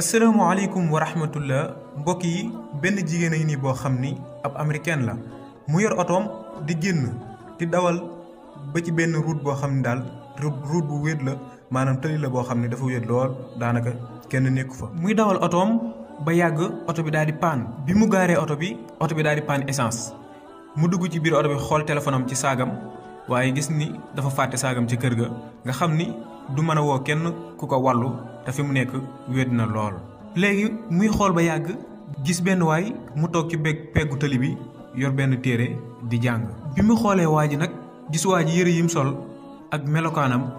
asalaamaaleykum wa rahmatullah mbokk yi benn jigéen a nii boo xam ni ab américaine la mu yor otoom di génn di dawal ba ci benn route boo xam ne daal route bu wéet la maanaam tëli la boo xam ne dafa wéet lool daanaka kenn nekku fa. muy dawal otoom ba yàgg oto bi daal di paan bi mu gaaree oto bi oto bi daal di paan essence mu dugg ci biir oto bi xool téléphone am ci saagam waaye gis ni dafa fàtte saagam ci kër ga nga xam ni du mën a woo kenn ku ko wàllu. te fi mu nekk wéet na lool. léegi muy xool ba yàgg gis benn waay mu toog ci beg peggu tali bi yor benn téere di jàng. bi mu xoolee waa ji nag gis waa ji yëre yim sol ak melokaanam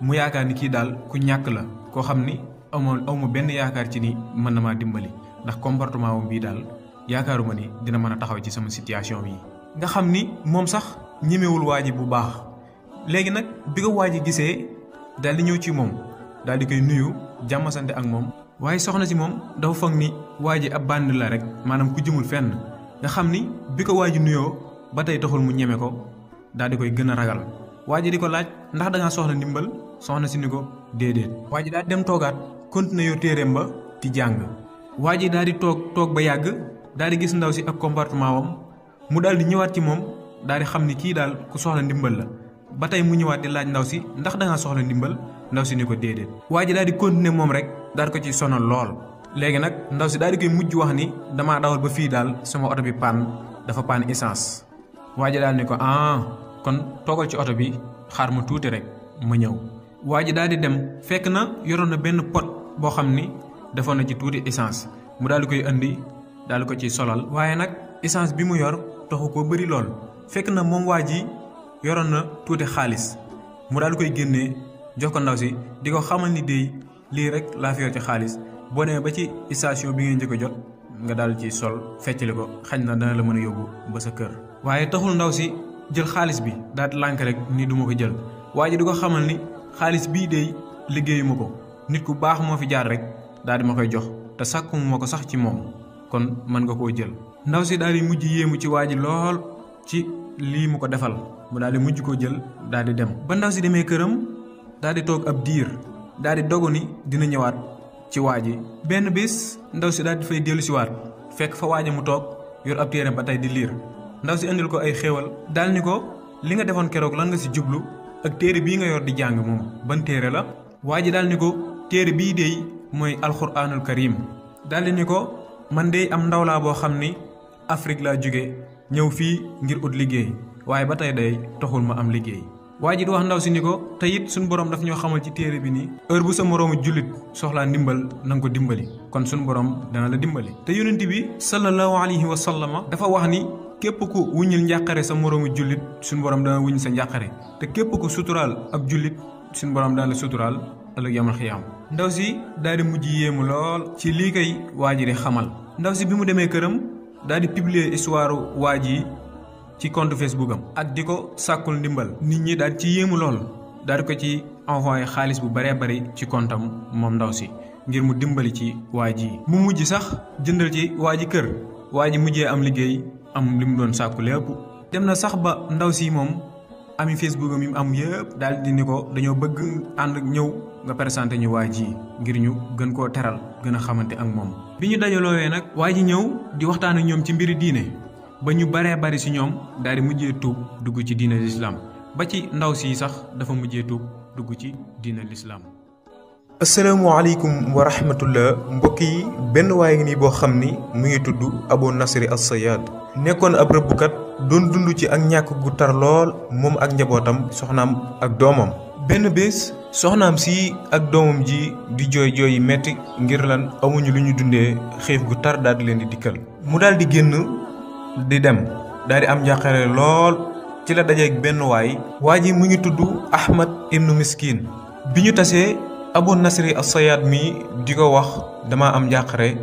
mu yaakaar ni kii daal ku ñàkk la koo xam ni amoon awma benn yaakaar ci ni mën na maa dimbali ndax comportement wam bii daal yaakaaruma ni dina mën a taxaw ci sama situation yi nga xam ni moom sax ñemewul waa ji bu baax léegi nag bi ko waa ji gisee daal di ñëw ci moom. daal di koy nuyu jàmm sante ak moom. waaye soxna si moom dafa foog ni waa ji ab bànd la rek maanaam ku jëmul fenn nga xam ni bi ko waa ji nuyoo ba tey taxul mu ñeme ko daal di koy gën a ragal. waa ji di ko laaj ndax da soxla ndimbal soxna si ni ko déedéet. waa ji daal dem toogaat continué yow téeréem ba di jàng. waa ji daal di toog toog ba yàgg daal di gis ndaw si ak comportement wam mu daal di ñëwaat ci moom daal di xam ni kii daal ku soxla ndimbal la ba tey mu ñëwaat di laaj ndaw si ndax da soxla ndimbal. ndaw si ni ko déedéet waa ji daal di continuer moom rek daal ko ci sono lool léegi nag ndaw si daal di koy mujj wax ni damaa dawal ba fii daal sama oto bi panne dafa paan essence waa ji daal ni ko ah kon toogal ci oto bi xaar ma tuuti rek ma ñëw waa ji daal di dem fekk na yoroon na benn pot boo xam ni defoon na ci tuuti essence mu daal di koy indi daal ko ci solal waaye nag essence bi mu yor toxu koo bari lool fekk na moom waa ji yoroon na tuuti xaalis mu daal koy génnee jox ko ndaw si di ko xamal ni dey lii rek laa fi yor ci xaalis boo demee ba ci station bi ngeen njëkk a jot nga daal ci sol feccali ko xañ na dana la mën a yóbbu ba sa kër. waaye taxul ndaw si jël xaalis bi daal di lànk rek ni du ma ko jël waa ji di ko xamal ni xaalis bii dey liggéeyu ma ko nit ku baax moo fi jaar rek daal di ma koy jox te sàkkumu ko sax ci moom kon mën nga koo jël. ndaw si daal di mujj yéemu ci waa ji lool ci lii mu ko defal mu daal di mujj koo jël daal di dem ba daal di toog ab diir daal di dogu ni dina ñëwaat ci waa ji benn bés ndaw si daal di fay dellu si fekk fa waaja mu toog yor ab téere ba tey di liir ndaw si indil ko ay xéewal daal ni ko li nga defoon keroog lan nga si jublu ak téere bii nga yor di jàng moom ban téere la waa ji daal ni ko téere bii dey mooy alxuraanul karim daal di ni ko man dey am ndaw laa boo xam ni Afrique laa jóge ñëw fii ngir ut liggéey waaye ba tey day toxul ma am liggéey waa ji di wax ndaw si ni ko teyit it suñu borom daf ñoo xamal ci téere bi ni heure bu sa moroomu jullit soxlaa ndimbal na ko dimbali kon suñu borom dana la dimbali te yonent bi sallallahu alayhi wa sallama dafa wax ni képp ku wuññil njàqare sa moroomu jullit suñu borom dana wuñ sa njàqare te képp ku suturaal ab jullit suñu borom dana la suturaal ëllëg yamal xiyaam ndaw si daal di mujj yéemu lool ci lii kay waa ji xamal ndaw si bi mu demee këram daal di publier histoire waa ji ci compte Facebook am ak di ko sàkkul ndimbal nit ñi daal ci yéemu lool daal ko ci envoyé xaalis bu baree bari ci kontam am moom ndaw si ngir mu dimbali ci waa ji mu mujj sax jëndal ci waa ji kër waa ji mujjee am liggéey am li mu doon sàkku lépp dem na sax ba ndaw si moom ami Facebook am yi mu am yëpp daal di ni ko dañoo bëgg ànd ñëw nga présenté ñu waa ji ngir ñu gën koo teral gën a xamante ak moom bi ñu dajaloowee nag waa ji ñëw di waxtaan ñoom ci mbiri diine ba ñu baree bari si ñoom daal di mujjee tuub dugg ci diina lislaam ba ci ndaw sii sax dafa mujje tuub dugg ci diina lislaam asalaamaaleykum wa rahmatullah mbokk yi benn waaye nii boo xam ni mu ngi tudd Abu Nasri As-Sayyad nekkoon ab rëbbkat doon dund ci ak ñàkk gu tar lool moom ak njabootam soxnaam ak doomam benn bés soxnaam si ak doomam ji di jooy jooy yi metti ngir lan amuñu lu ñu dundee xiif gu tar daal di leen di dikkal mu daal génn di dem daal di am njàqare lool ci la dajeeg benn waay waa ji mu ngi tudd Ahmad ibnu Miskin bi ñu tasee Abu Nasri Assayaat mii di ko wax dama am njàqare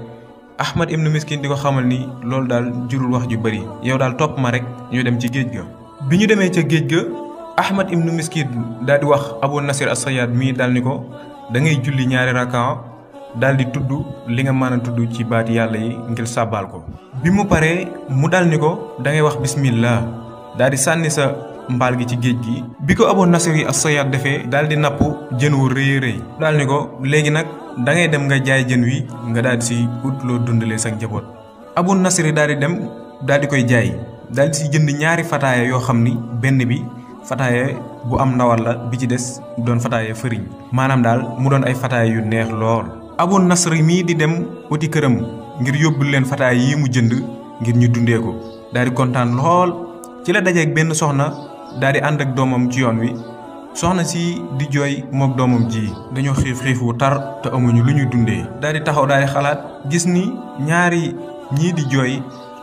Ahmad ibnu Miskin di ko xamal ni loolu daal jurul wax ju bari yow daal topp ma rek ñu dem ci géej ga bi ñu demee ca géej ga Ahmad ibnu Miskin daal di wax Abu Nasri Assayaat mii daal ni ko da ngay julli ñaari raka daal di tudd li nga mën a tudd ci baat yàlla yi ngir sàbbaal ko bi mu paree mu dal ni ko da ngay wax bismillah daal di sànni sa mbaal gi ci géej gi bi ko Abu Nasir yi as-Sayyad defee daal di napp jën wu rëy rëy daal ni ko léegi nag da ngay dem nga jaay jën wi nga daal di si ut loo dundalee sa njaboot Abu Nasir yi daal di dem daal di koy jaay daal di si jënd ñaari fataaya yoo xam ni benn bi fataaye bu am ndawal la bi ci des doon fataaye fëriñ maanaam daal mu doon ay fataaye yu neex lool abu nasr mii di dem wuti këram ngir yóbbul leen fataay yi mu jënd ngir ñu dundee ko daal di kontaan lool ci la dajeeg benn soxna daal di ànd ak doomam ci yoon wi soxna si di jooy moog doomam ji dañoo xiif xiif wu tar te amuñu lu ñu dundee. daal di taxaw daal xalaat gis ni ñaari ñii di jooy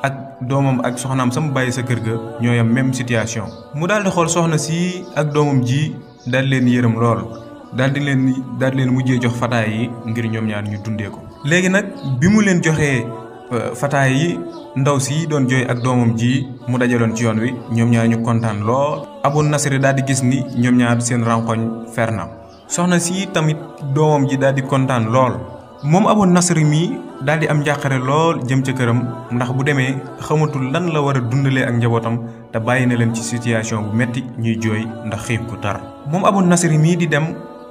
ak doomam ak soxnaam sama bàyyi sa kër ga ñooy am même situation. mu daal di xool soxna si ak doomam ji daal leen yërëm lool. daal di leen daal di leen mujjee jox fataay yi ngir ñoom ñaar ñu dundee ko. léegi nag bi mu leen joxee euh, fataay yi ndaw sii doon jooy ak doomam ji mu dajaloon ci yoon wi ñoom ñaar ñu kontaan lool. Abu Nasri daal di gis ni ñoom ñaar seen rankoñ fer na soxna si tamit doomam ji daal di kontaan lool. moom Abu Nasri mii daal di am njàqare lool jëm ca këram ndax bu demee xamatul lan la war a dundalee ak njabootam te bàyyi na leen ci situation bu metti ñuy jooy ndax xiif gu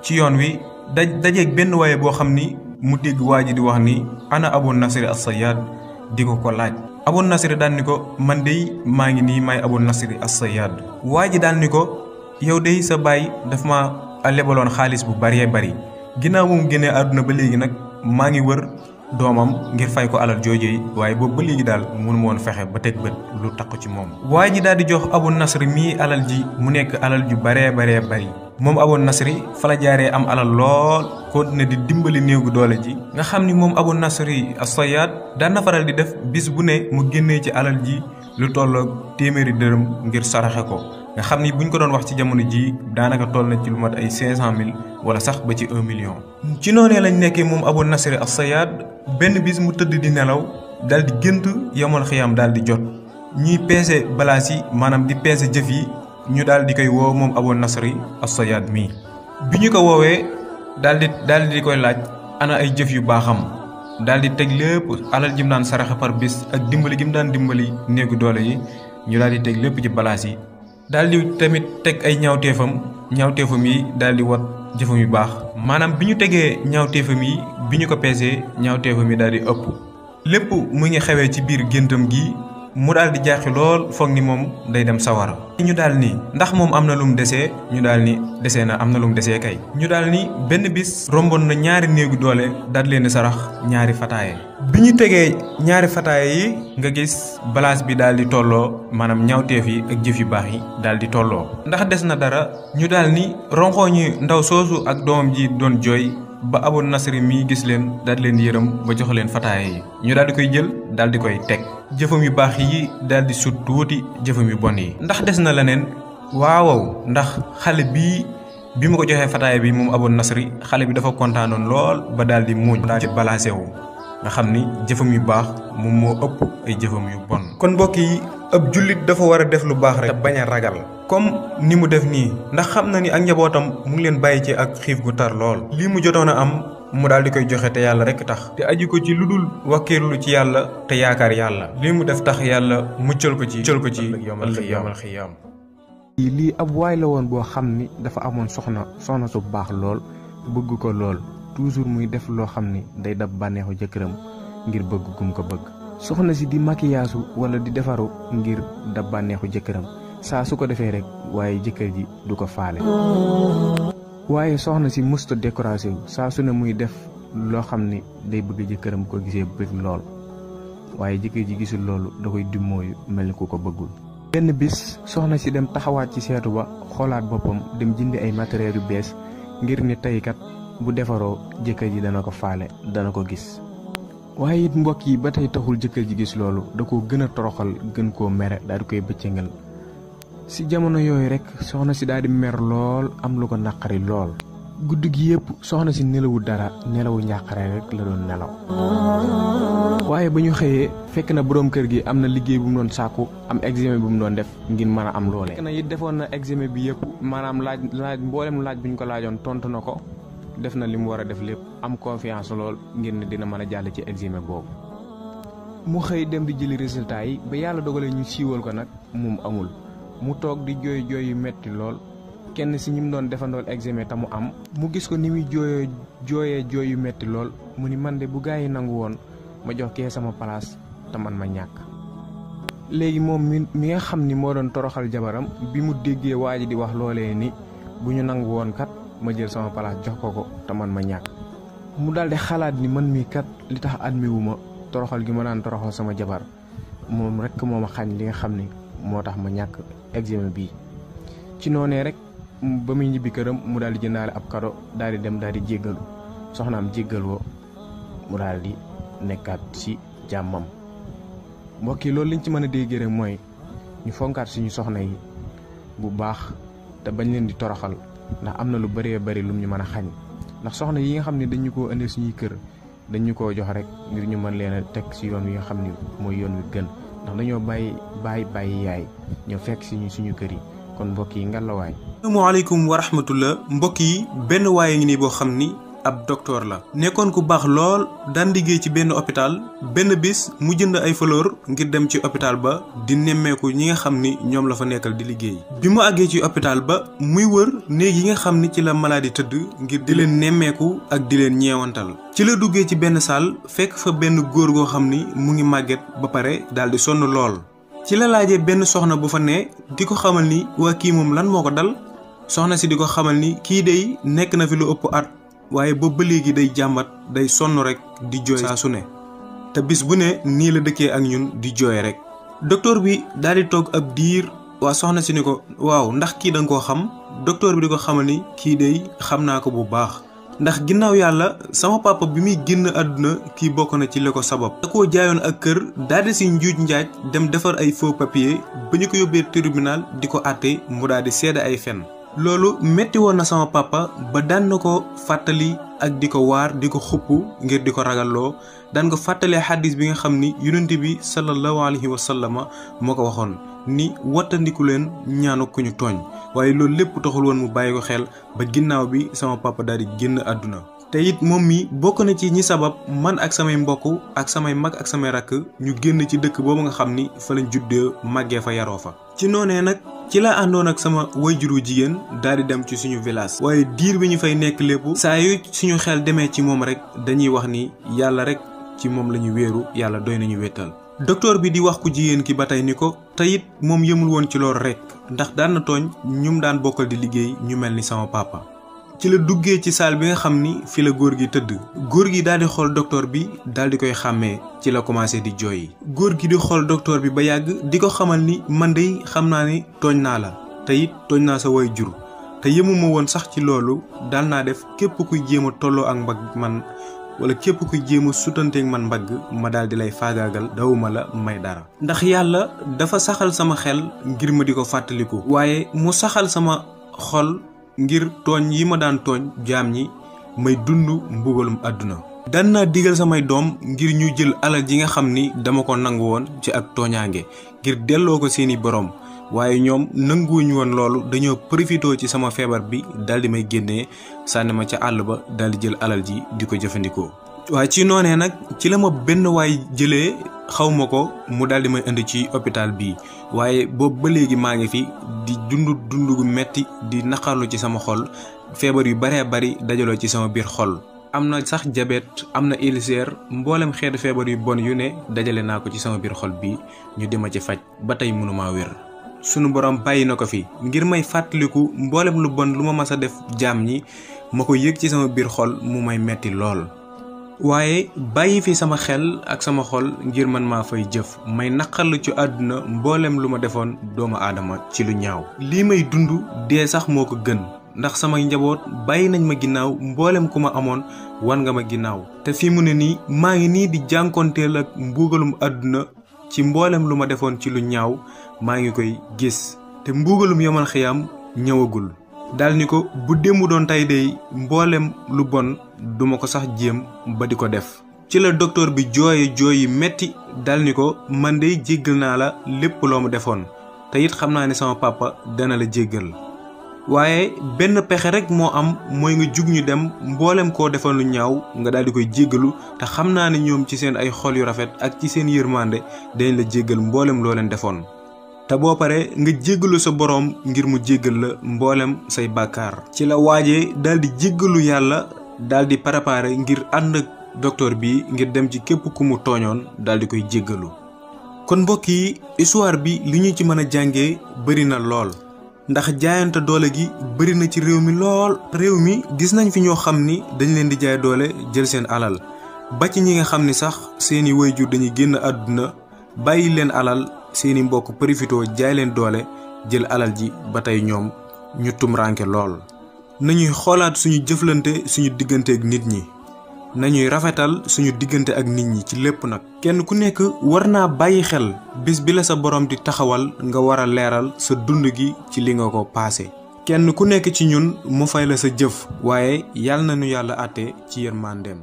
ci yoon wi da dajeeg benn waaye boo xam ni mu dégg waa ji di wax ni ana abu nasri assayaad di ko ko laaj abu nasri daan ni ko man dey maa ngi nii maay abu nasri assayaad waa ji daan ni ko yow dey sa baay dafa ma lebaloon xaalis bu baree bari ginnaaw moom génnee àdduna ba léegi nag maa ngi wër doomam ngir fay ko alal joojee waaye boobu ba léegi daal mënuma woon fexe ba teg bët lu taq ci moom. waa ji daal di jox abu nasr mii alal ji mu nekk alal ju baree baree bari moom Abou nasari fa jaaree am alal lool continué di dimbali néew gu doole ji nga xam ni moom Abou Nasri as-Sayyad daan na faral di def bis bu ne mu génnee ci alal ji lu tolloog téeméeri dërëm ngir saraxe ko nga xam ni buñ ko doon wax ci jamono ji daanaka toll na ci lu mat ay 500000 wala sax ba ci 1 million. ci noonee lañ nekkee moom Abou Nasri as-Sayyad benn bis mu tëdd di nelaw dal di gént yamal xiyam daal di jot ñuy peese balaas yi maanaam di peese jëf yi. ñu daal di koy woo moom Abu Nasri Assayaad mii bi ñu ko woowee daal di daal di koy laaj ana ay jëf yu baaxam daal di teg lépp alal mu daan saraxe par bés ak dimbali gi mu daan dimbali néegu doole yi ñu daal di teg lépp ci balaas yi daal di tamit teg ay ñaawteefam ñaawteefam yi daal di wat jëfam yu baax maanaam bi ñu tegee ñaawteefam yi bi ñu ko peesee ñaawteefam yi daal di ëpp lépp mu ngi xewee ci biir géntam gi mu daal di jaaxi lool foog ni moom day dem sawara ñu daal ni ndax moom am na lu mu desee ñu daal ni desee na am na lu mu desee kay ñu daal ni benn bis romboon na ñaari néegu doole daal leen sarax ñaari fataaye bi ñu tegee ñaari fataaye yi nga gis balaas bi daal di tolloo maanaam ñawteef yi ak jëf yu baax yi daal di tolloo ndax des na dara ñu daal ni ronxoo ñu ndaw soosu ak doomam ji doon jooy ba abon nasri mii gis leen daal leen yërëm ba jox leen fataaya yi ñu daal koy jël daal di koy teg jëfam yu baax yi daal di sut tuuti jëfam yu bon yi ndax des na leneen waawaw ndax xale bi bi mu ko joxee fataaya bi moom aboon nasri xale bi dafa kontaanoon lool ba daal di muuñ daal di balaase wu nga xam ni jëfam yu baax moom moo ëpp ay jëfam yu bon kon mbokk ab jullit dafa war a def lu baax rek te bañ a ragal comme ni mu def nii ndax xam na ni ak njabootam mu ngi leen bàyyi ci ak xiif gu tar lool lii mu jotoon a am mu daal di koy joxe te yàlla rek tax te aju ko ci lu dul wakkeerlu ci yàlla te yaakaar yàlla lii mu def tax yàlla muccal ko ci muccal ko ci yomal xiyaam xiyaam lii ab waay la woon boo xam ni dafa amoon soxna soxna su baax lool bëgg ko lool toujours muy def loo xam ni day dab bànneexu jëkkëram ngir bëgg gum ko bëgg soxna si di makiyaasu wala di defaru ngir dab bànneexu jëkkëram saa su ko defee rek waaye jëkkër ji du ko faale. waaye soxna si musta décoration saa su ne muy def loo xam ne day bëgg jëkkëram ko gisee bu bëgg lool waaye jëkkër ji gisul loolu da koy dimmooyu mel ni ku ko bëggul. benn bis soxna si dem taxawaat ci seetu ba xoolaat boppam dem jëndi ay matériel yu bees ngir ni tey bu defaroo jëkkër ji dana ko faale dana ko gis. waaye it mbokk yi ba tey taxul jëkkër ji gis loolu da koo gën a toroxal gën koo mere daal di koy bëccëngal si jamono yooyu rek soxna si daal di mer lool am lu ko naqari lool. guddi gi yëpp soxna si nelawu dara nelawu njàqare rek la doon nelaw. waaye ba ñu xëyee fekk na boroom kër gi am na liggéey bu mu doon sàkku am examen bu mu doon def ngir mën a am loolee. fekk na it defoon na examen bi yëpp maanaam laaj laaj mboolem laaj bu ñu ko laajoon tontu na ko def na li mu war a def lépp am confiance lool ngir ne dina mën a jàll ci examen boobu. mu xëy dem di jëli résultat yi ba yàlla dogalee ñu siiwal ko nag moom amul mu toog di jooy jooy yu metti lool kenn si ñu mu doon defandool examen te mu am. mu gis ko ni muy jooyoo jooye jooy yu metti lool mu ni man de bu gaa yi nangu woon ma jox kee sama place te man ma ñàkk. léegi moom mi mi nga xam ni moo doon toroxal jabaram bi mu déggee waa ji di wax loolee ni bu ñu nangu woon kat ma jël sama place jox ko ko te man ma ñàkk mu daal di xalaat ni man mii kat li tax at wu ma toroxal gi ma daan toroxal sama jabar moom rek moo ma xañ li nga xam ni moo tax ma ñàkk examen bii. ci noonee rek ba muy ñibbi këram mu daal di jëndaale ab kado daal di dem daal di jéggalu soxnaam jéggaloo mu daal nekkaat ci jàmmam mbokk yi loolu liñ ci mën a déggee rek mooy ñu fonkaat suñu soxna yi bu baax te bañ leen di toroxal. ndax am na lu bëree bëri lu ñu mën a xañ ndax soxna yi nga xam ne dañu koo indil suñuy kër dañu koo jox rek ngir ñu mën leen a teg si yoon wi nga xam ni mooy yoon wi gën ndax dañoo bàyyi bàyyi bàyyi yaay ñoo fekk si suñu kër yi kon mbokk yi ngalawaay. asalaamaaleykum wa rahmatullah mbokk yi benn waaye ngi nii boo xam ni. ab docteur la nekkoon ku baax lool daan liggéey ci benn hôpital benn bis mu jënd ay fleur ngir dem ci hôpital ba di nemmeeku ñi nga xam ni ñoom la fa nekkal di liggéey bi mu àggee ci hôpital ba muy wër néeg yi nga xam ni ci la maladie tëdd ngir di leen nemmeeku ak di leen ñeewantal ci la duggee ci benn salle fekk fa benn góor goo xam ni mu ngi màgget ba pare daal di sonn lool ci la laajee benn soxna bu fa ne di ko xamal ni waa kii moom lan moo ko dal soxna si di ko xamal ni kii dey nekk na fi lu ëpp at waaye boobu ba léegi day jàmbat day sonn rek di jooy saa ne te bis bu ne nii la dëkkee ak ñun di jooy rek. docteur bi daal di toog ab diir waa soxna si ni ko waaw ndax kii da koo xam docteur bi di ko xamal ni kii day xam naa ko bu baax. ndax ginnaaw yàlla sama papa bi muy génn àdduna kii bokk na ci li ko sabab. da koo jaayoon ak kër daal di si njuuj njaaj dem defar ay faux papier ba ñu ko yóbbee tribunal di ko àtte mu daal di seede ay fen. loolu métti woon na sama papa ba daan na ko fàttali ak di ko waar di ko xupp ngir di ko ragalloo daan ko fàttalee xaddis bi nga xam ni yonent bi sallallahu alayhi wa sallama moo ko waxoon ni wattandiku leen ñaanu ku ñu tooñ waaye loolu lépp taxul woon mu bàyyi ko xel ba ginnaaw bi sama papa daal di génn àdduna te it moom mi bokk na ci ñi sabab man ak samay mbokk ak samay mag ak samay rakk ñu génn ci dëkk boobu nga xam ni fa lañ juddee màggee fa yaroo fa ci noonee nag ci la àndoon ak sama woyjuru jigéen daal di dem ci suñu village waaye diir bi ñu fay nekk lépp saa yu suñu xel demee ci moom rek dañuy wax ni yàlla rek ci moom la ñu wéeru yàlla doy nañu wéttal docteur bi di wax ku jigéen ki ba tey ni ko te it moom yëmul woon ci loolu rek ndax daan na tooñ ñum daan bokkal di liggéey ñu mel ni sama pàppa ci la duggee ci saal bi nga xam ni fi la góor gi tëdd góor gi daal di xool docteur bi daal di koy xàmmee ci la commencé di jooy góor gi di xool docteur bi ba yàgg di ko xamal ni man de xam naa ni tooñ naa la te tooñ naa sa way jur te yemuma woon sax ci loolu daal naa def képp kuy jéem a tolloo ak mbagg man wala képp kuy jéema a sutanteeg man mbagg ma daal di lay faagaagal dawuma la may dara. ndax yàlla dafa saxal sama xel ngir ma di ko fàttaliku. waaye mu saxal ngir tooñ yi ma daan tooñ jaam ñi may dund mbugalum àdduna daan naa digal samay doom ngir ñu jël alal ji nga xam ni dama ko nangu woon ci ak tooñaange ngir delloo ko seeni borom waaye ñoom nanguwuñu woon loolu dañoo profitoo ci sama feebar bi daal di may génnee sànni ma ca àll ba daal di jël alal ji di ko jëfandikoo waa ci noonee nag ci la ma benn waay jëlee xaw ma ko mu daal di may indi ci hôpital bii waaye boobu ba léegi maa ngi fi di dund dund gu metti di naqarlu ci sama xol feebar yu baree bari dajaloo ci sama biir xol. am na sax diabète am na ulcère mboolem xeetu feebar yu bon yu ne dajale naa ko ci sama biir xol bi ñu di ma ci faj ba tey mënumaa wér. sunu borom bàyyi na ko fi ngir may fàttaliku mboolem lu bon lu ma mas a def jaam yi ma ko yëg ci sama biir xol mu may metti lool. waaye bàyyi fi sama xel ak sama xol ngir man maa fay jëf may naqarlu ci àdduna mboolem lu ma defoon doomu aadama ci lu ñaaw lii may dund dee sax moo ko gën ndax sama njaboot bàyyi nañ ma ginnaaw mboolem ku ma amoon war nga ma ginnaaw te fii mu ne nii maa ngi nii di jànkonteel ak mbuugalum àdduna ci mboolem lu ma defoon ci lu ñaaw maa ngi koy gis te mbuugalum yomal xiyaam ñëwagul dal ko bu mu doon tey dey mboolem lu bon duma ko sax jéem ba di ko def ci la docteur bi jooye jooy yi metti dal ni ko man dey jéggal naa la lépp loo mu defoon te it xam naa ne sama papa dana la jéggal waaye benn pexe rek moo am mooy nga jug ñu dem mboolem koo defoon lu ñaaw nga daal di koy jéggalu te xam naa ne ñoom ci seen ay xol yu rafet ak ci seen yërmande dañ la jéggal mboolem loo leen defoon te boo paree nga jéggalu sa boroom ngir mu jéggal la mboolem say bàkkaar ci la waajee daal daal di préparé ngir ànd ak docteur bi ngir dem ci képp ku mu tooñoon daal di koy jéggalu. kon mbokk yi histoire bi li ñu ci mën a jàngee bëri na lool ndax jaayante doole gi bëri na ci réew mi lool. réew mi gis nañ fi ñoo xam ni dañ leen di jaay doole jël seen alal ba ci ñi nga xam ni sax seeni waajur dañuy génn àdduna bàyyi leen alal seeni mbokk profitoo jaay leen doole jël alal ji ba tey ñoom ñu tumranke lool. nañuy xoolaat suñu jëflante suñu diggante ak nit ñi nañuy rafetal suñu diggante ak nit ñi ci lépp nag kenn ku nekk war naa bàyyi xel bés bi la sa borom di taxawal nga war a leeral sa dund gi ci li nga ko paase. kenn ku nekk ci ñun mu fay la sa jëf waaye yàlla na nu yàlla àtte ci yërmandeem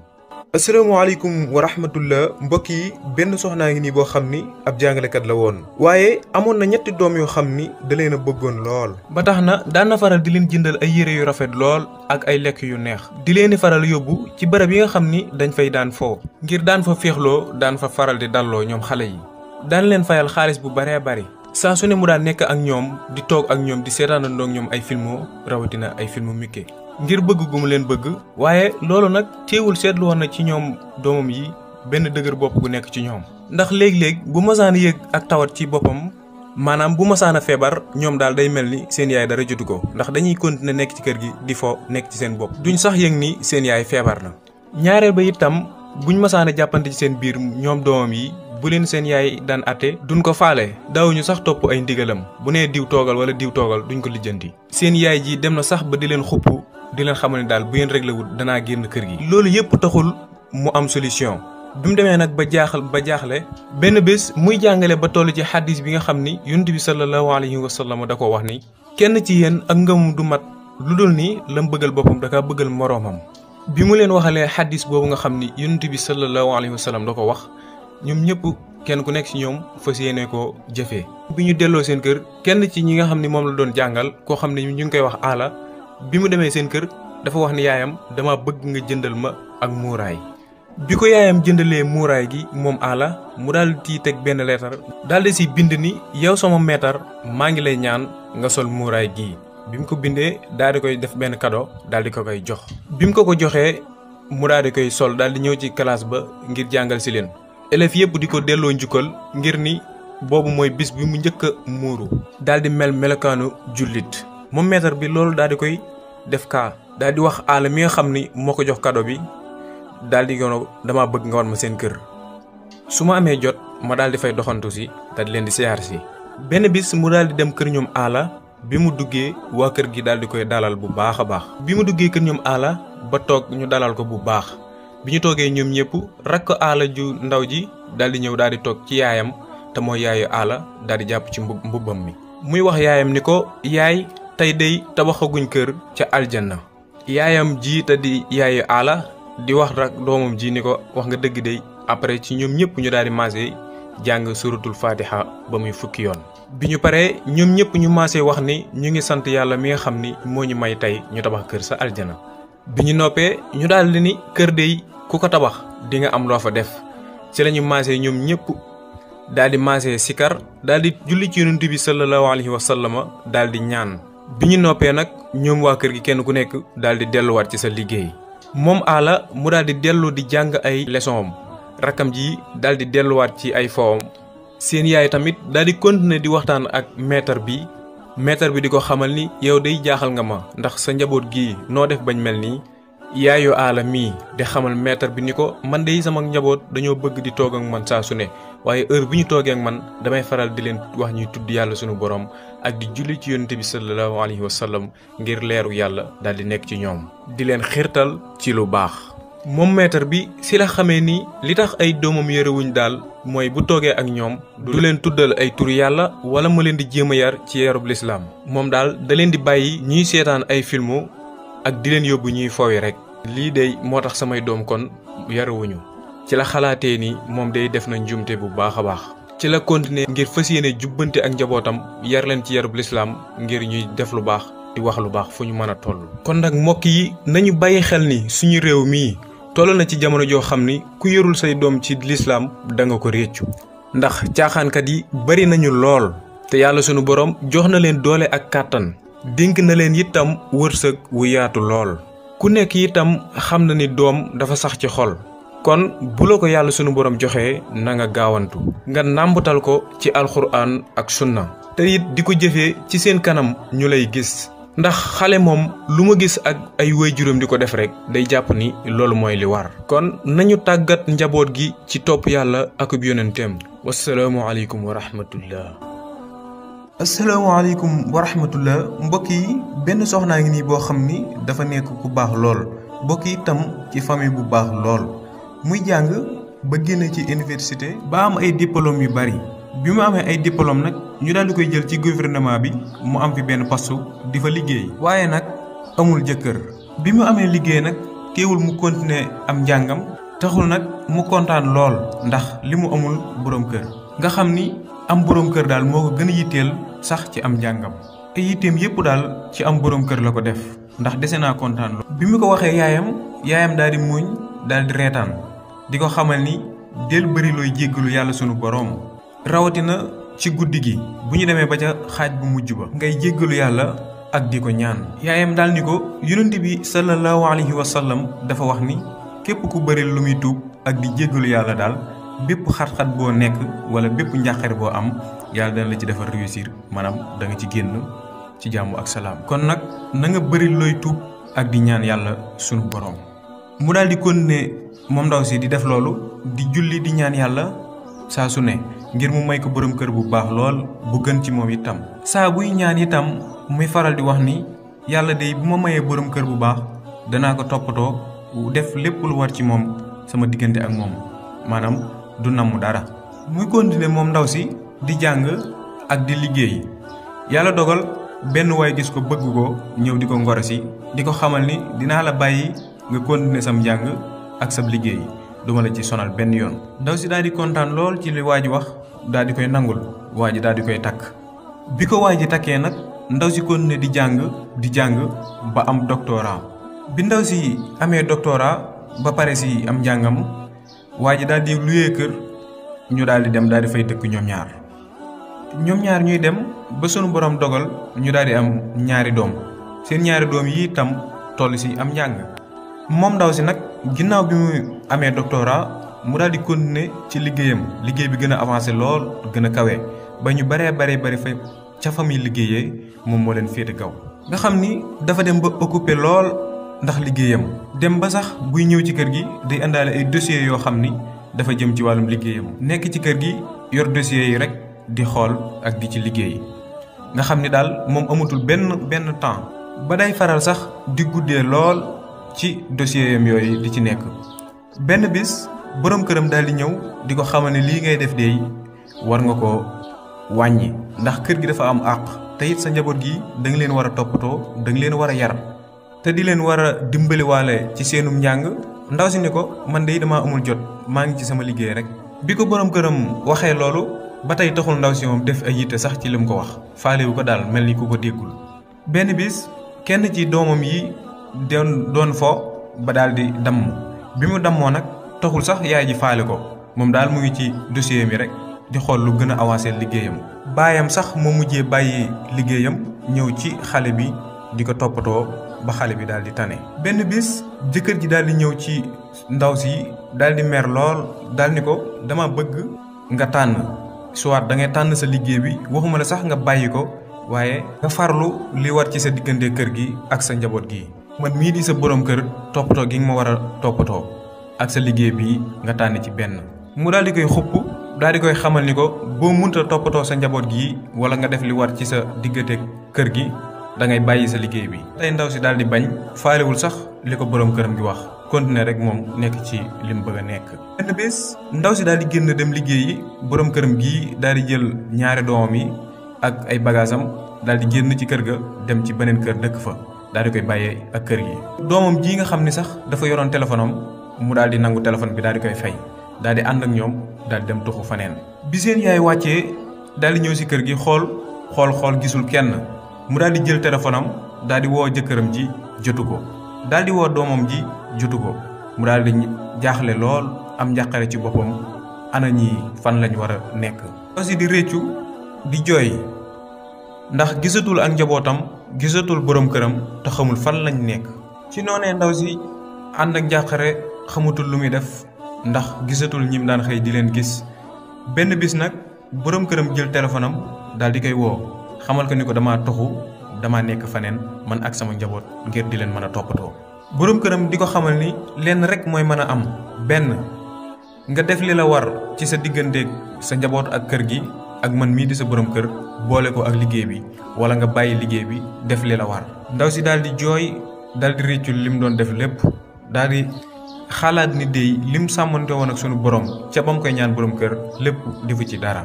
asalaamaaleykum wa rahmatullah mbokk yi benn soxnaa ngi nii boo xam ni ab jàngalekat la woon waaye amoon na ñetti doom yoo xam ni da leen a bëggoon lool. ba tax na daana faral di leen jëndal ay yére yu rafet lool ak ay lekk yu neex di leen faral yóbbu ci barab yi nga xam ni dañ fay daan foo ngir daan fa féexloo daan fa faral di dalloo ñoom xale yi daan leen fayal xaalis bu baree bari. saa su ne mu daan nekk ak ñoom di toog ak ñoom di seetaanandoo ak ñoom ay filmo rawatina ay filmu Mickey ngir bëgg gu mu leen bëgg waaye loolu nag teewul seetlu woon na ci ñoom doomam yi benn dëgër bopp gu nekk ci ñoom ndax léeg-léeg bu masaan yëg ak tawat ci boppam maanaam bu masaan a feebar ñoom daal day mel ni seen yaay dara jotu ko ndax dañuy continuer nekk ci kër gi di fo nekk ci seen bopp duñu sax yéeg ni seen yaay feebar na ñaareel ba itam buñ masaan a jàppante ci seen biir ñoom doomam yi bu leen seen yaay daan atte duñ ko faale daawuñu sax topp ay ndigalam bu nee diw toogal wala diw toogal duñ ko lijjanti seen yaay ji dem na sax ba di leen xupp di leen xamul ne daal bu ngeen réglé wul danaa génn kër gi. loolu yëpp taxul mu am solution. bi mu demee nag ba jaaxal ba jaaxle benn bés muy jàngale ba toll ci xaddis bi nga xam ni yonent bi sallallahu alayhi wa sallam da ko wax ni kenn ci yéen ak ngëmum du mat lu dul nii la bëggal boppam da bëggal moroomam. bi mu leen waxalee xaddis boobu nga xam ni yonent bi sallallahu alayhi wa sallam da ko wax ñoom ñëpp kenn ku nekk ci ñoom fas yéene koo jëfee. bi ñu delloo seen kër kenn ci ñi nga xam ni moom la doon jàngal koo xam ne ñu ngi koy wax ala bi mu demee seen kër dafa wax ni yaayam dama bëgg nga jëndal ma ak muuraay bi ko yaayam jëndalee muuraay gi moom aala mu daal di teg benn leetar daal di si bind ni yow sama meetar maa ngi lay ñaan nga sol muuraay gii bi mu ko bindee daal di koy def benn kado daal di ko koy jox bi mu ko ko joxee mu daal di koy sol daal di ñëw ci classe ba ngir jàngal si leen élèves yëpp di ko delloo njukkal ngir ni boobu mooy bis bi mu njëkk a muuru daal di mel melokaanu jullit moom maître bi loolu daal koy def kaa daal di wax aala mi nga xam ni moo ko jox kado bi daal di yono dama bëgg nga wan ma seen kër su ma amee jot ma daal di fay doxantu si daal leen di siyaar si benn bis mu daldi dem kër ñoom aala bi mu duggee waa kër gi daal di koy dalal bu baax a baax bi mu duggee kër ñoom aala ba toog ñu dalal ko bu baax bi ñu toogee ñoom ñëpp rakk aala ju ndaw ji daal di ñëw daal di toog ci yaayam te mooy yaayu aala daal di jàpp ci mbubbam mi muy wax yaayam tey day tabaxaguñ kër ca aljanna yaayam ji te di yaayu aala di wax rak doomam ji ni ko wax nga dëgg day après ci ñoom ñëpp ñu daal di maase jàng suratul fatiha ba muy fukki yoon. bi ñu paree ñoom ñëpp ñu maase wax ni ñu ngi sant yàlla mi nga xam ni moo ñu may tey ñu tabax kër sa aljana. bi ñu noppee ñu daal di ni kër day ku ko tabax dinga am loo fa def ci lañuy ñu maase ñoom ñëpp daal di maase sikar daal di julli ci yonent bi sallallahu alayhi wa sallama daal di ñaan. bi ñu noppee nag ñoom waa kër gi kenn ku nekk daal di delluwaat ci sa liggéey moom aala mu daal di dellu di jàng ay leçon am rakkam ji daal di delluwaat ci ay fowam seen yaay tamit daal di continuer di waxtaan ak maître bi maître bi di ko xamal ni yow day jaaxal nga ma ndax sa njaboot gii noo def bañ mel nii yaayu aala mii di xamal maître bi ni ko man dey sama njaboot dañoo bëgg di toog ak man saa su ne waaye heure bi ñu toogee man damay faral di leen wax ñuy tudd yàlla sunu borom ak di julli ci yonent bi sallallahu alayhi wa sallam ngir leeru yàlla daal di nekk ci ñoom di leen xirtal ci lu baax moom maître bi si la xamee ni li tax ay doomam yarewuñ daal mooy bu toogee ak ñoom du leen tuddal ay tur yàlla wala ma leen di jéem a yar ci yarub lislaam moom daal da leen di bàyyi ñuy seetaan ay filmu ak di leen yóbbu ñuy fowi rek lii day moo tax samay doom kon yarewuñu ci la xalaatee ni moom day def na njuumte bu baax a baax ci la continuer ngir fas yéene jubbante ak njabootam yar leen ci yarub lislaam ngir ñuy def lu baax di wax lu baax fu ñu mën a toll. kon nag mbokk yi nañu bàyyi xel ni suñu réew mii toll na ci jamono joo xam ni ku yarul say doom ci lislaam danga ko réccu ndax caaxaankat yi bari nañu lool te yàlla sunu borom jox na leen doole ak kàttan dink na leen itam wërsëg wu yaatu lool ku nekk itam xam na ni doom dafa sax ci xol. kon bu la ko yàlla sunu borom joxe na nga gaawantu nga nàmbutal ko ci alxuraan ak sunna te it di ko jëfee ci seen kanam ñu lay gis ndax xale moom lu ma gis ak ay waajuram di ko def rek day jàpp ni loolu mooy li war kon nañu tàggat njaboot gi ci topp yàlla akub yonenteem wasalaamualeykum wa rahmatullah asalaamaaleykum wa rahmatullah mbokk yi benn soxnaa ngi nii boo xam ni dafa nekk ku baax lool mbokk itam ci famille bu baax lool muy jàng ba génn ci université. ba am ay diplôme yu bari bi mu amee ay diplôme nag ñu daal di koy jël ci gouvernement bi mu am fi benn poste di fa liggéey. waaye nag amul jëkkër. bi mu amee liggéey nag teewul mu continuer am njàngam taxul nag mu kontaan lool ndax li mu amul boroom kër. nga xam ni am boroom kër daal moo ko gën a yitteel sax ci am njàngam. te yitteem yépp daal ci am boroom kër la ko def ndax dese naa kontaan lool. bi mu ko waxee yaayam yaayam daal di muuñ. daal di reetaan di ko xamal ni del bëri looy jéggalu yàlla sunu boroom rawatina ci guddi gi bu ñu demee ba ca xaaj bu mujj ba ngay jéggalu yàlla ak di ko ñaan yaayam daal ni ko yonent bi sallallahu alayhi wa sallam dafa wax ni képp ku bëri lu muy tuub ak di jéggalu yàlla daal bépp xat-xat boo nekk wala bépp njàqare boo am yàlla dana la ci defal réussir maanaam danga ci génn ci jàmm ak salaam kon nag na nga bëri looy tuub ak di ñaan yàlla sunu boroom mu daal di continuer moom ndaw si di def loolu di julli di ñaan yàlla saa su ne ngir mu may ko borom kër bu baax lool bu gën ci moom itam. saa buy ñaan itam muy faral di wax ni yàlla de bu ma mayee borom kër bu baax danaa ko toppatoo def lépp lu war ci moom sama diggante ak moom maanaam du namm dara. muy continuer moom ndaw si di jàng ak di liggéey yàlla dogal benn waay gis ko bëgg ko ñëw di ko ngoro si di ko xamal ni dinaa la bàyyi. nga ne sam njàng ak sab liggéey duma la ci sonal benn yoon. ndaw si daal di kontaan lool ci li waa ji wax daal di koy nangul waa ji daal di koy takk bi ko waa ji takkee nag ndaw si continuer di jàng di jàng ba am doctorat bi ndaw si amee doctorat ba pare si am njàngam waa ji daal di luyee kër ñu daal di dem daal di fay dëkk ñoom ñaar ñoom ñaar ñuy dem ba sunu borom dogal ñu daal di am ñaari doom seen ñaari doom yi itam toll si am njàng. moom ndaw si nag ginnaaw bi muy amee doctorat mu daal di ne ci liggéeyam liggéey bi gën a avancé lool gën a kawe ba ñu baree baree bari fa ca famille liggéeyee moom moo leen féete kaw. nga xam ni dafa dem ba occupé lool ndax liggéeyam dem ba sax buy ñëw ci kër gi day indaale ay dossiers yoo xam ni dafa jëm ci wàllum liggéeyam nekk ci kër gi yor dossiers yi rek di xool ak di ci liggéey nga xam ni daal moom amatul benn benn temps ba day faral sax di guddee lool. ci dossier yam yooyu li ci nekk. benn bis borom këram daal di ñëw di ko xamal ne lii ngay def de war nga ko wàññi ndax kër gi dafa am àq te sa njaboot gi da leen war a toppatoo da leen war a yar te di leen war a dimbaliwaale ci seenum njàng. ndaw si ni ko man dey damaa amul jot maa ngi ci sama liggéey rek bi ko borom këram waxee loolu ba tey taxul ndaw si moom def ay yitte sax ci li mu ko wax faalewu ko daal mel ni ku ko déggul. benn bis kenn ci doon doon fo ba daal di damm bi mu dammoo nag taxul sax yaay ji faale ko moom daal mu ngi ci dossier mi rek di xool lu gën a avancé liggéeyam. baayam sax mu mujjee bàyyi liggéeyam ñëw ci xale bi di ko toppatoo ba xale bi daal di tane. benn bis jëkkër ji daal di ñëw ci ndaw si daal di mer lool daal ni ko dama bëgg nga tànn soit da ngay tànn sa liggéey bi waxuma la sax nga bàyyi ko waaye nga farlu li war ci sa diggante kër gi ak sa njaboot gi. man mii di sa borom kër toppatoo gi nga ma war a toppatoo ak sa liggéey bii nga tànn ci benn. mu daal di koy xupp daal di koy xamal ni ko boo munta toppatoo sa njaboot gi wala nga def li war ci sa diggante kër gi da ngay bàyyi sa liggéey bi. tey ndaw si daal di bañ faalewul sax li ko borom këram gi wax continuer rek moom nekk ci li mu bëgg a nekk. benn bés ndaw si daal di génn dem liggéeyi borom këram gi daal di jël ñaari doomam yi ak ay bagaasam daal di génn ci kër ga dem ci beneen kër dëkk fa. daal di koy bàyyee ak kër gi. doomam ji nga xam ni sax dafa yoroon téléphone am mu daal di nangu téléphone bi daal koy fay daal di ànd ak ñoom daal di dem tuxu faneen. bi seen yaay wàccee daal di ñëw si kër gi xool xool xool gisul kenn mu daal jël téléphone am daal di woo jëkkëram ji jotu ko daal di woo doomam ji jotu ko mu daal di jaaxle lool am njàqare ci boppam ana ñi fan lañ war a nekk. aussi di réccu di jooy ndax gisatul ak njabootam. gisatul borom këram te xamul fan lañu nekk. ci noonee ndaw si ànd ak jàqare xamatul lu muy def ndax gisatul ñim daan xëy di leen gis benn bis nag borom këram jël téléphone am daal di koy woo xamal ko ni ko damaa toxu damaa nekk faneen man ak sama njaboot ngir di leen mën a toppatoo. borom këram di ko xamal ni lenn rek mooy mën a am benn nga def li la war ci sa digganteeg sa njaboot ak kër gi. ak man mii di sa borom kër boole ko ak liggéey bi wala nga bàyyi liggéey bi def li la war. ndaw si daal di jooy daal di réccul li mu doon def lépp daal di xalaat ni dey lim sàmmante woon ak sunu borom ca ba mu koy ñaan borom kër lépp defu ci dara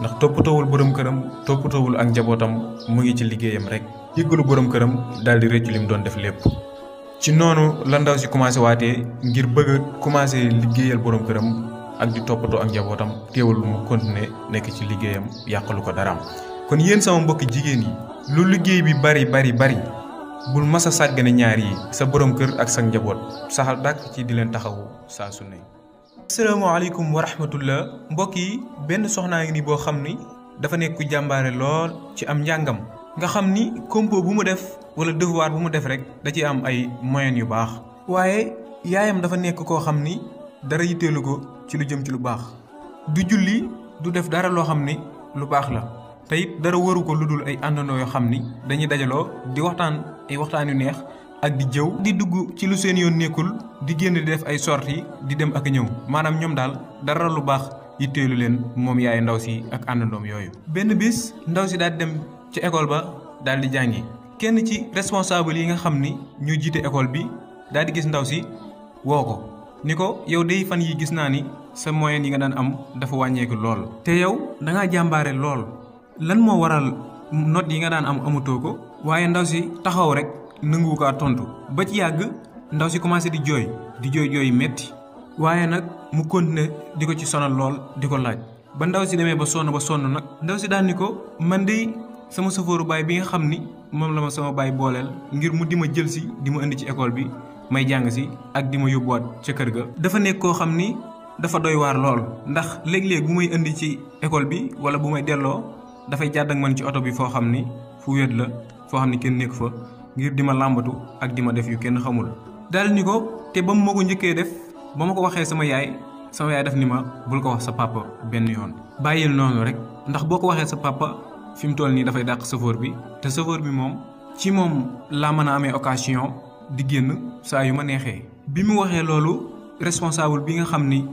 ndax toppatoowul borom këram toppatoowul ak njabootam mu ngi ci liggéeyam rek yëggalu borom këram daal di li lim doon def lépp. ci noonu la ndaw si commencé waate ngir bëgg a commencé liggéeyal borom këram. ak di toppatoo ak njabootam teewal mu continuer nekk ci liggéeyam yàqalu ko daraam. kon yéen sama mbokki jigéen yi lu liggéey bi bari bari bari bul mas a sàggane ñaar yi sa borom kër ak sa njaboot saxal dàkk ci di leen taxawu saa su ne. asalaamaaleykum wa rahmatullah mbokk yi benn soxnaa ngi ni boo xam ni dafa nekk jàmbaare lool ci am njàngam. nga xam ni compo bu mu def wala devoir bu mu def rek da ci am ay moyens yu baax waaye yaayam dafa nekk koo xam ni dara yitteelu ko ci lu jëm ci lu baax du julli du def dara loo xam ni lu baax la te dara waru ko lu dul ay àndandoo yoo xam ni dañuy dajaloo di waxtaan ay waxtaan yu neex ak di jëw di dugg ci lu seen yoon nekkul di génn di def ay sorties di dem ak ñëw maanaam ñoom daal dara lu baax yitteelu leen moom yaay ndaw si ak àndandoom yooyu. benn bis ndaw si daal di dem ci école ba daal di jàngi kenn ci responsable yi nga xam ni ñu jiite école bi daal di gis ndaw si woo ko. ni ko yow day fan yi gis naa ni sa moyen yi nga daan am dafa wàññeeku lool. te yow da jàmbaare lool lan moo waral note yi nga daan am amutoo ko waaye ndaw si taxaw rek nanguwu kaa tontu ba ci yàgg ndaw si commencé di jooy di jooy jooy metti waaye nag mu kont ne di ko ci sonal lool di ko laaj ba ndaw si demee ba sonn ba sonn nag ndaw si daan ni ko man de sama sofooru baay bi nga xam ni moom la ma sama baay booleel ngir mu di ma jël si di ma indi ci école bi. may jàng si ak di ma yóbbuwaat ca kër ga. dafa nekk koo xam ni dafa doy waar lool ndax léeg-léeg bu may indi ci école bi wala bu may delloo dafay jàdd ak man ci oto bi foo xam ni fu wéet la foo xam ni kenn nekk fa ngir di ma làmbatu ak di ma def yu kenn xamul. daal ni ko te ba mu ma ko njëkkee def ba ma ko waxee sama yaay sama yaay daf ni ma bul ko wax sa papa benn yoon. bàyyil noonu rek ndax boo ko waxee sa papa fi mu toll nii dafay dàq chauffeur bi te chauffeur bi moom di génn saa yu ma neexee. bi mu waxee loolu responsable bi nga xam ni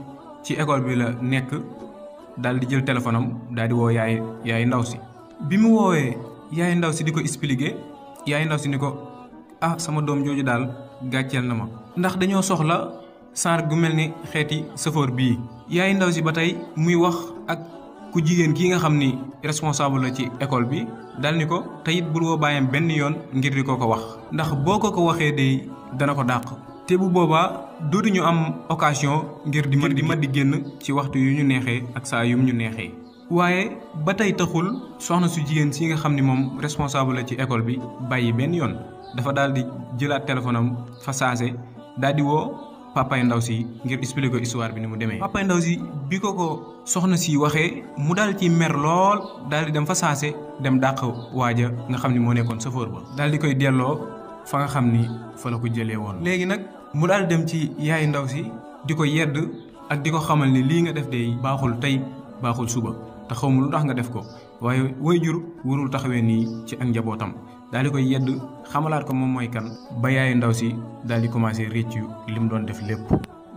ci école bi la nekk daal di jël téléphone am daal di woo yaay yaay ndaw si. bi mu woowee yaay ndaw si di ko expliquer yaay ndaw si ni ko ah sama doom jooju daal gàcceel na ma. ndax dañoo soxla sànq gu mel ni xeeti safoor bii. yaay ndaw si ba tey muy wax ak. ku jigéen kii nga xam ni responsable la ci école bi dal ni ko te it bul woo bàyyam benn yoon ngir di ko ko wax ndax boo ko ko waxee day dana ko dàq te bu boobaa dootuñu am occasion ngir di ma di mën di génn ci waxtu yu ñu neexee ak saa yum ñu neexee waaye ba tey taxul soxna su jigéen si nga xam ni moom responsable la ci école bi bàyyi benn yoon dafa daal di jëlaat téléphone am fa saase daal di woo papay ndaw si ngir expliquer ko bi ni mu demee. papay ndaw si bi ko ko soxna si waxee mu daal ci mer lool daal di dem fa saase dem dàq waaja nga xam ni moo nekkoon chauffeur ba. daal di koy delloo fa nga xam ni fa la ko jëlee woon. léegi nag mu daal dem ci yaay ndaw si di ko yedd ak di ko xamal ni lii nga def de baaxul tey baaxul suba te xaw lu tax nga def ko waaye woy jur wurul taxawee nii ci ak njabootam. daal di koy yedd xamalaat ko moom mooy kan ba yaayu ndaw si daal di commencé réccu li mu doon def lépp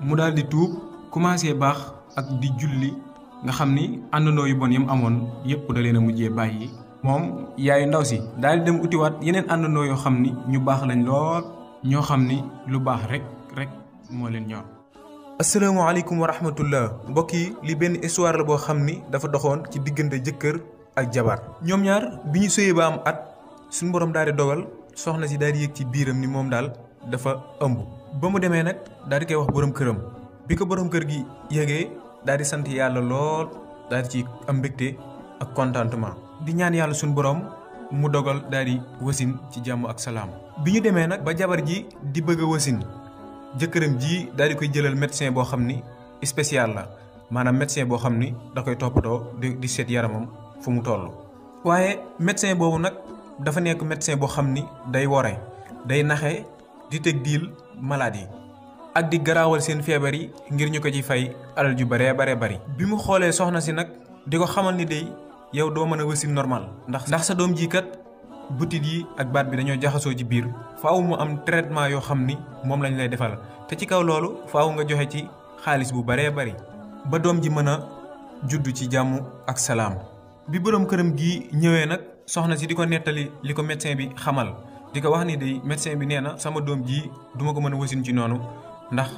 mu daal di tuub commencé baax ak di julli nga xam ni àndandoo yu bon yam amoon yëpp da leen a mujjee bàyyi moom yaayu ndaw si daal di dem utiwaat yeneen àndandoo yoo xam ni ñu baax lañ lool ñoo xam ni lu baax rek rek moo leen ñor. asalaamaaleykum wa rahmatullah mbokk yi li benn histoire la boo xam ni dafa doxoon ci diggante jëkkër ak jabar ñoom ñaar bi suñu borom daal di dogal soxna si daal di yëg ci biiram ni moom daal dafa ëmb. ba mu demee nag daal di koy wax boroom këram bi ko boroom kër gi yëgee daal di sant yàlla lool daal di ci am mbégte ak contentement. di ñaan yàlla suñu boroom mu dogal daal di wasin ci jàmm ak salaam. bi ñu demee nag ba jabar ji di bëgg a wasin jëkkëram ji daal di koy jëlal médecin boo xam ni spécial la maanaam médecin boo xam ni da koy toppatoo di di seet yaramam fu mu toll. waaye dafa nekk médecin boo xam ni day wore day naxe di teg diil malade yi ak di garaawal seen feebar yi ngir ñu ko ci fay alal ju baree baree bari. bi mu xoolee soxna si nag di ko xamal ni day yow doo mën a wasin normal ndax ndax sa doom ji kat butit yi ak baat bi dañoo jaxasoo ci biir faaw mu am traitement yoo xam ni moom lañ lay defal te ci kaw loolu faaw nga joxe ci xaalis bu baree bari ba doom ji mën a judd ci jàmm ak salaam bi boroom këram gi ñëwee nag soxna si di ko nettali li ko médecin bi xamal di ko wax nii day médecin bi nee na sama doom jii duma ko mën a wasin ci noonu ndax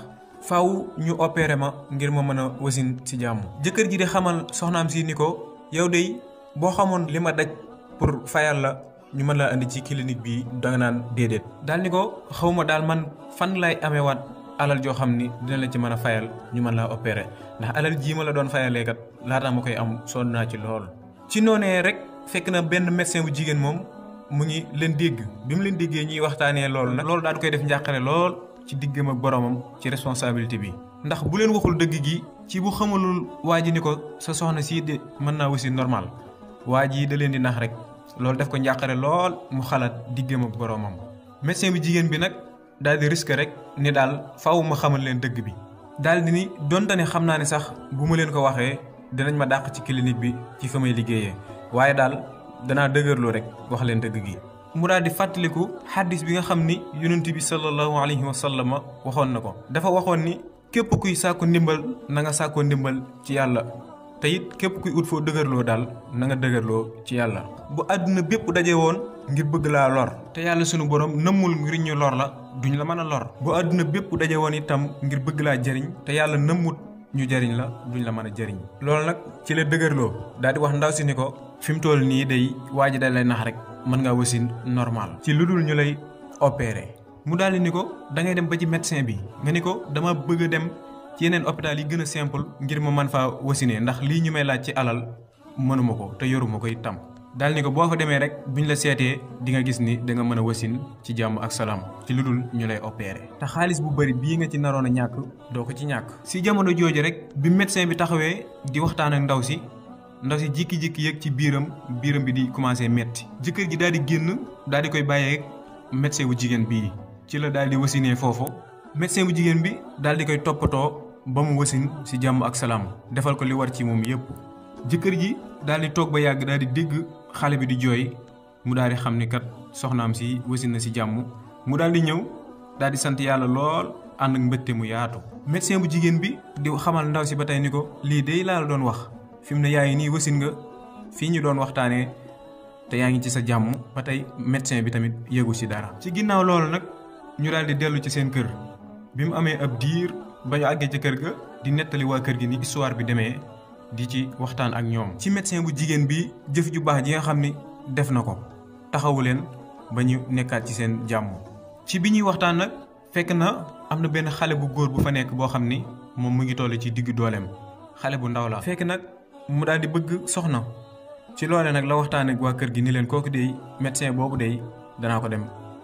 faw ñu opéré ma ngir ma mën a wasin ci jàmm. jëkkër ji di xamal soxnaam si ni ko yow day boo xamoon li ma daj pour fayal la ñu mën laa indi ci clinique bi danga naan déedéet. daal ni ko xaw daal man fan laay amewaat alal joo xam ni dina la ci mën a fayal ñu mën laa opéré ndax alal jii ma la doon fayalee kat laataa ma koy am sonn naa ci lool. fekk na benn médecin bu jigéen moom mu ngi leen dégg bi mu leen déggee ñuy waxtaanee loolu nag loolu daal koy def njàqare lool ci diggam ak boromam ci responsabilité bi ndax bu leen waxul dëgg gi ci bu xamalul waa ji ni ko sa soxna sii de mën naa aussi normal waa ji da leen di nax rek loolu def ko njàqare lool mu xalaat diggam ak boromam. médecin bi jigéen bi nag daal di risque rek ni daal fawuma ma xamal leen dëgg bi daal di ni donte ne xam naa ne sax bu ma leen ko waxee dinañ ma dàq ci clinique bi ci fa may liggéeyee. waaye daal danaa dëgërloo rek wax leen dëgg gi mu daal di fàttaliku xaddis bi nga xam ni yonent bi sallallahu alayhi wa sallam waxoon na ko dafa waxoon ni képp kuy sàkku ndimbal nanga nga sàkkoo ndimbal ci yàlla te képp kuy ut foo dëgërloo daal na nga dëgërloo ci yàlla bu àdduna bépp daje woon ngir bëgg laa lor te yàlla sunu borom nëmmul ngir ñu lor la duñu la mën a lor bu àdduna bépp daje woon itam ngir bëgg laa jëriñ te yàlla nëmmut ñu jariñ la duñ la mën a jëriñ nag ci la dëgërloo daal wax ndaw si ni ko fi mu toll nii day waa ji da lay nax rek mën ngaa wasin normal. ci lu dul ñu lay opérer mu daal di ni ko dangay dem ba ci médecin bi nga ni ko dama bëgg dem ci yeneen hôpital yi gën a simple ngir ma mën faa wasinee ndax lii ñu may laaj ci alal mënuma ko te yoruma koy tam. daal ni ko boo fa demee rek bu ñu la seetee di nga gis ni da nga mën a wasin ci jàmm ak salaam ci lu dul ñu lay opéré. te xaalis bu bëri bii nga ci naroon a ñàkk doo ko ci ñàkk. si jamono jooju rek bi médecin bi taxawee di waxtaan ndaw si ndaw si jékki-jékki yeeg ci biiram biiram bi di commencé metti jëkkër ji daal di génn daal di koy bàyyeeg médecin bu jigéen bii ci la daal di wasinee foofu médecin bu jigéen bi daal di koy toppatoo ba mu wasin si jàmm ak salaam defal ko li war ci moom yépp jëkkër ji daal di toog ba yàgg daal di dégg xale bi di jooy mu daal di xam ni kat soxnaam si wasin na si jàmm mu daal di ñëw daal di sant yàlla lool ànd ak mbëtte mu yaatu médecin bu jigéen bi di xamal ndaw si ba tey ko lii day laa la doon wax fi mu ne yaa ngi nii wasin nga fii ñu doon waxtaanee te yaa ngi ci sa jàmm ba tey médecin bi tamit yëgu si dara. ci ginnaaw loolu nag ñu daal di dellu ci seen kër bi mu amee ab diir ba ñu àggee ci kër ga di nettali waa kër gi ni histoire bi demee di ci waxtaan ak ñoom. ci médecin bu jigéen bi jëf ju baax ji nga xam ni def na ko taxawu leen ba ñu nekkaat ci seen jàmm. ci bi ñuy waxtaan nag fekk na am na benn xale bu góor bu fa nekk boo xam ni moom mu ngi toll ci diggu dooleem bu ndaw la mu daal di bëgg soxna ci loole nag la waxtaanee waa kër gi ni leen kooku dey médecin boobu dey danaa ko dem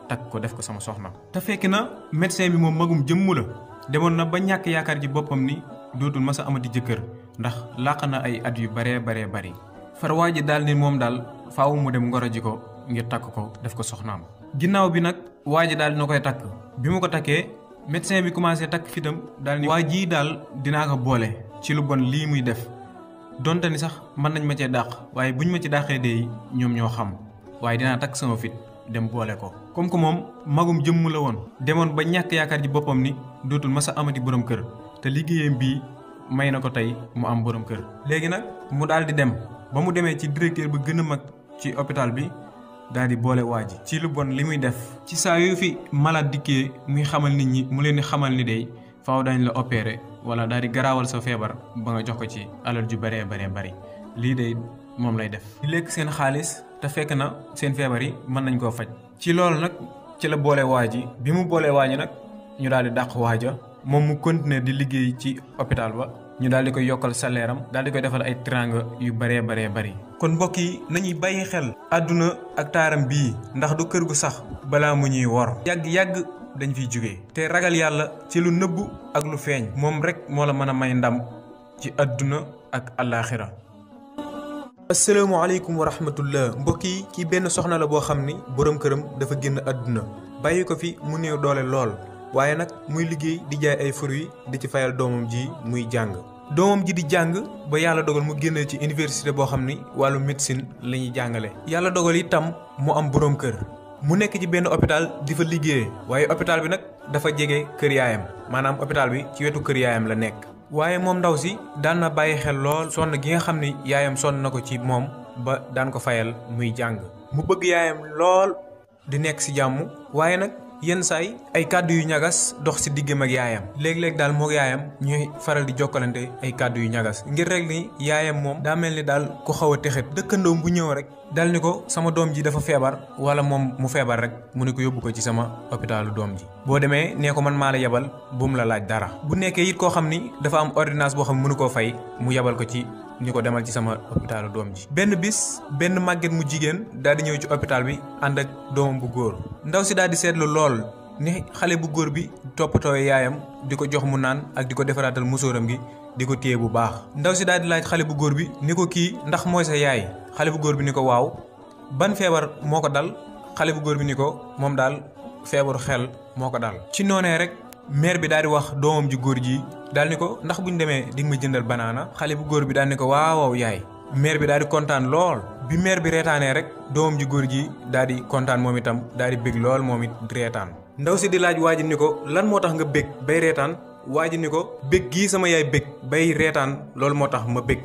takk ko def ko sama soxna. te fekk na médecin bi moom magum jëmmu la demoon na ba ñàkk yaakaar ji boppam ni dootul masa amati jëkkër ndax làq na ay at yu baree baree bari far waa ji daal moom daal faaw mu dem ngoro ji ko ngir takk ko def ko soxnaam. ginnaaw bi nag waa ji daal dina koy takk bi mu ko takkee médecin bi commencé takk fitam daal ni waa daal dinaa ko boole ci lu bon lii muy def donte ni sax man nañ ma cee dàq waaye buñ ma ci dàqee de ñoom ñoo xam waaye dinaa takk sama fit dem boole ko. comme que moom magum jëmm la woon demoon ba ñàkk yaakaar ji boppam ni dootul ma sa amati boroom kër te liggéeyam bii may na ko tey mu am borom kër. léegi nag mu daal di dem ba mu demee ci directeur bi gën a mag ci hôpital bi. daal di boole waa ji ci lu bon li muy def ci saa yu fi malade dikkee muy xamal nit ñi mu leen di xamal ni day faaw dañ la opéré wala daal di garaawal sa feebar ba nga jox ko ci alal ju bëree bëree bëri lii de moom lay def. di lekk seen xaalis te fekk na seen feebar yi mën nañ koo faj. ci lool nag ci la boole waa ji bi mu boole waa ji nag ñu daal di dàq waaja moom mu continuer di liggéey ci hôpital ba. ñu daal di yokkal salaire am daal di koy defal ay teranga yu bëree bëree bëri. kon mbokk yi nañuy bàyyi xel. àdduna ak taaram bii ndax du kër gu sax balaa mu ñuy wor. yàgg yàgg dañu fiy jóge te ragal yàlla ci lu nëbb ak lu feeñ moom rek moo la mën a may ndam ci àdduna ak àllaaxira asalaamaaleykum wa rahmatullah mbokk yi kii benn soxna la boo xam ni boroom këram dafa génn àdduna bàyyi ko fi mu néew doole lool waaye nag muy liggéey di jaay ay fruits di ci fayal doomam ji muy jàng doomam ji di jàng ba yàlla dogal mu génn ci université boo xam ni wàllu médecine la ñuy jàngale yàlla dogal itam mu am boroom kër mu nekk ci benn hôpital di fa liggéeye waaye hôpital bi nag dafa jege kër yaayam maanaam hôpital bi ci wetu kër yaayam la nekk. waaye moom ndaw si daan na bàyyi xel lool sonn gi nga xam ni yaayam sonn na ko ci moom ba daan ko fayal muy jàng mu bëgg yaayam lool di nekk si jàmm waaye nag yenn saay ay kàddu yu ñagas dox si diggam ak yaayam léegi léeg daal moog yaayam ñuy faral di jokkalante ay kàddu yu ñagas ngir rek ni yaayam moom daa mel ni daal ku xaw a texet dëkkandoom bu ñëw rek dal ni ko sama doom ji dafa feebar wala moom mu feebar rek mu ne ko yóbbu ko ci sama hôpitalu doom ji boo demee nee ko man maa la yebal bu la laaj dara bu nekkee it koo xam ni dafa am ordonnance boo xam ne mënu koo fay mu yebal ko ci ñu ko demal ci sama hôpitalu doom ji benn bis benn màgget mu jigéen daal di ñëw ci hôpital bi ànd ak doomam bu góor ndaw si daal di seetlu lool ni xale bu góor bi toppatoo yaayam di ko jox mu naan ak di ko defaraatal musóoram gi di ko téye bu baax ndaw si daal di laaj xale bu góor bi ni ko kii ndax mooy sa yaay xale bu góor bi ni ko waaw ban feebar moo ko dal xale bu góor bi ni ko moom daal feebaru xel moo ko dal. ci noonee rek mère bi daal di wax doomam ji góor ji daal ni ko ndax bu ñu demee di ma jëndal banaana xale bu bi daal ni ko waaw yaay. mère bi daal kontaan lool bi mère bi reetaanee rek doomam ji góor ji daal kontaan moom itam daal di bég lool moom it reetaan ndaw si di laaj waa ji ni ko lan moo tax nga bég bay reetaan waa ji ni ko bég gii sama yaay bég bay reetaan loolu moo tax ma bég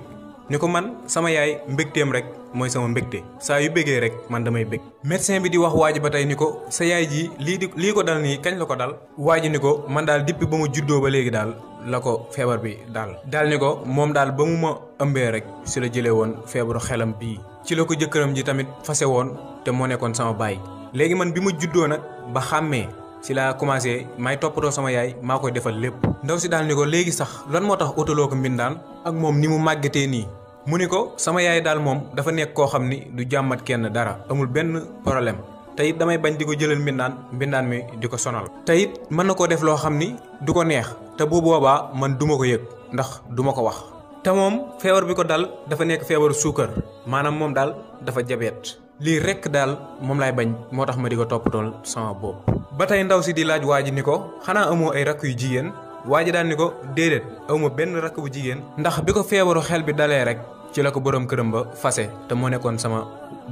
ni ko man sama yaay mbégteem rek mooy sama mbégte saa yu béggee rek man damay bég médecin bi di wax waaju ba tey ni ko sa yaay ji lii di lii ko dal nii kañ la ko dal waa ji ni ko man daal dippi ba mu juddoo ba léegi daal la ko feebar bi daal daal ni ko moom daal ba mu ma ëmbee rek si la jëlee woon feebaru xelam bii ci la ko jëkkëram ji tamit fase woon te moo nekkoon sama baay léegi man bi ma juddoo nag ba xàmmee ci laa commencé may toppatoo sama yaay maa koy defal lépp ndaw si daal ni ko léegi sax lan moo tax utaloo ko mbindaan ak moom ni mu màggatee nii mu ni ko sama yaay daal moom dafa nekk koo xam ni du jàmmat kenn dara amul benn problème tey damay bañ di ko jëlal mbindaan mbindaan mi di ko sonal tey mën na koo def loo xam ni du ko neex te bu boobaa man duma ko yëg ndax duma ko wax te moom feebar bi ko dal dafa nekk feebaru suukar maanaam moom daal dafa jabeet lii rekk daal moom laay bañ moo tax ma di ko toppatoo sama bopp. ba tey ndaw si di laaj waa ji ni ko xanaa amoo ay rakk yu jigéen waa ji daal ni ko déedéet awma benn rakk bu jigéen. ndax bi ko feebaru xel bi dalee rek ci la ko boroom këram ba fase te moo nekkoon sama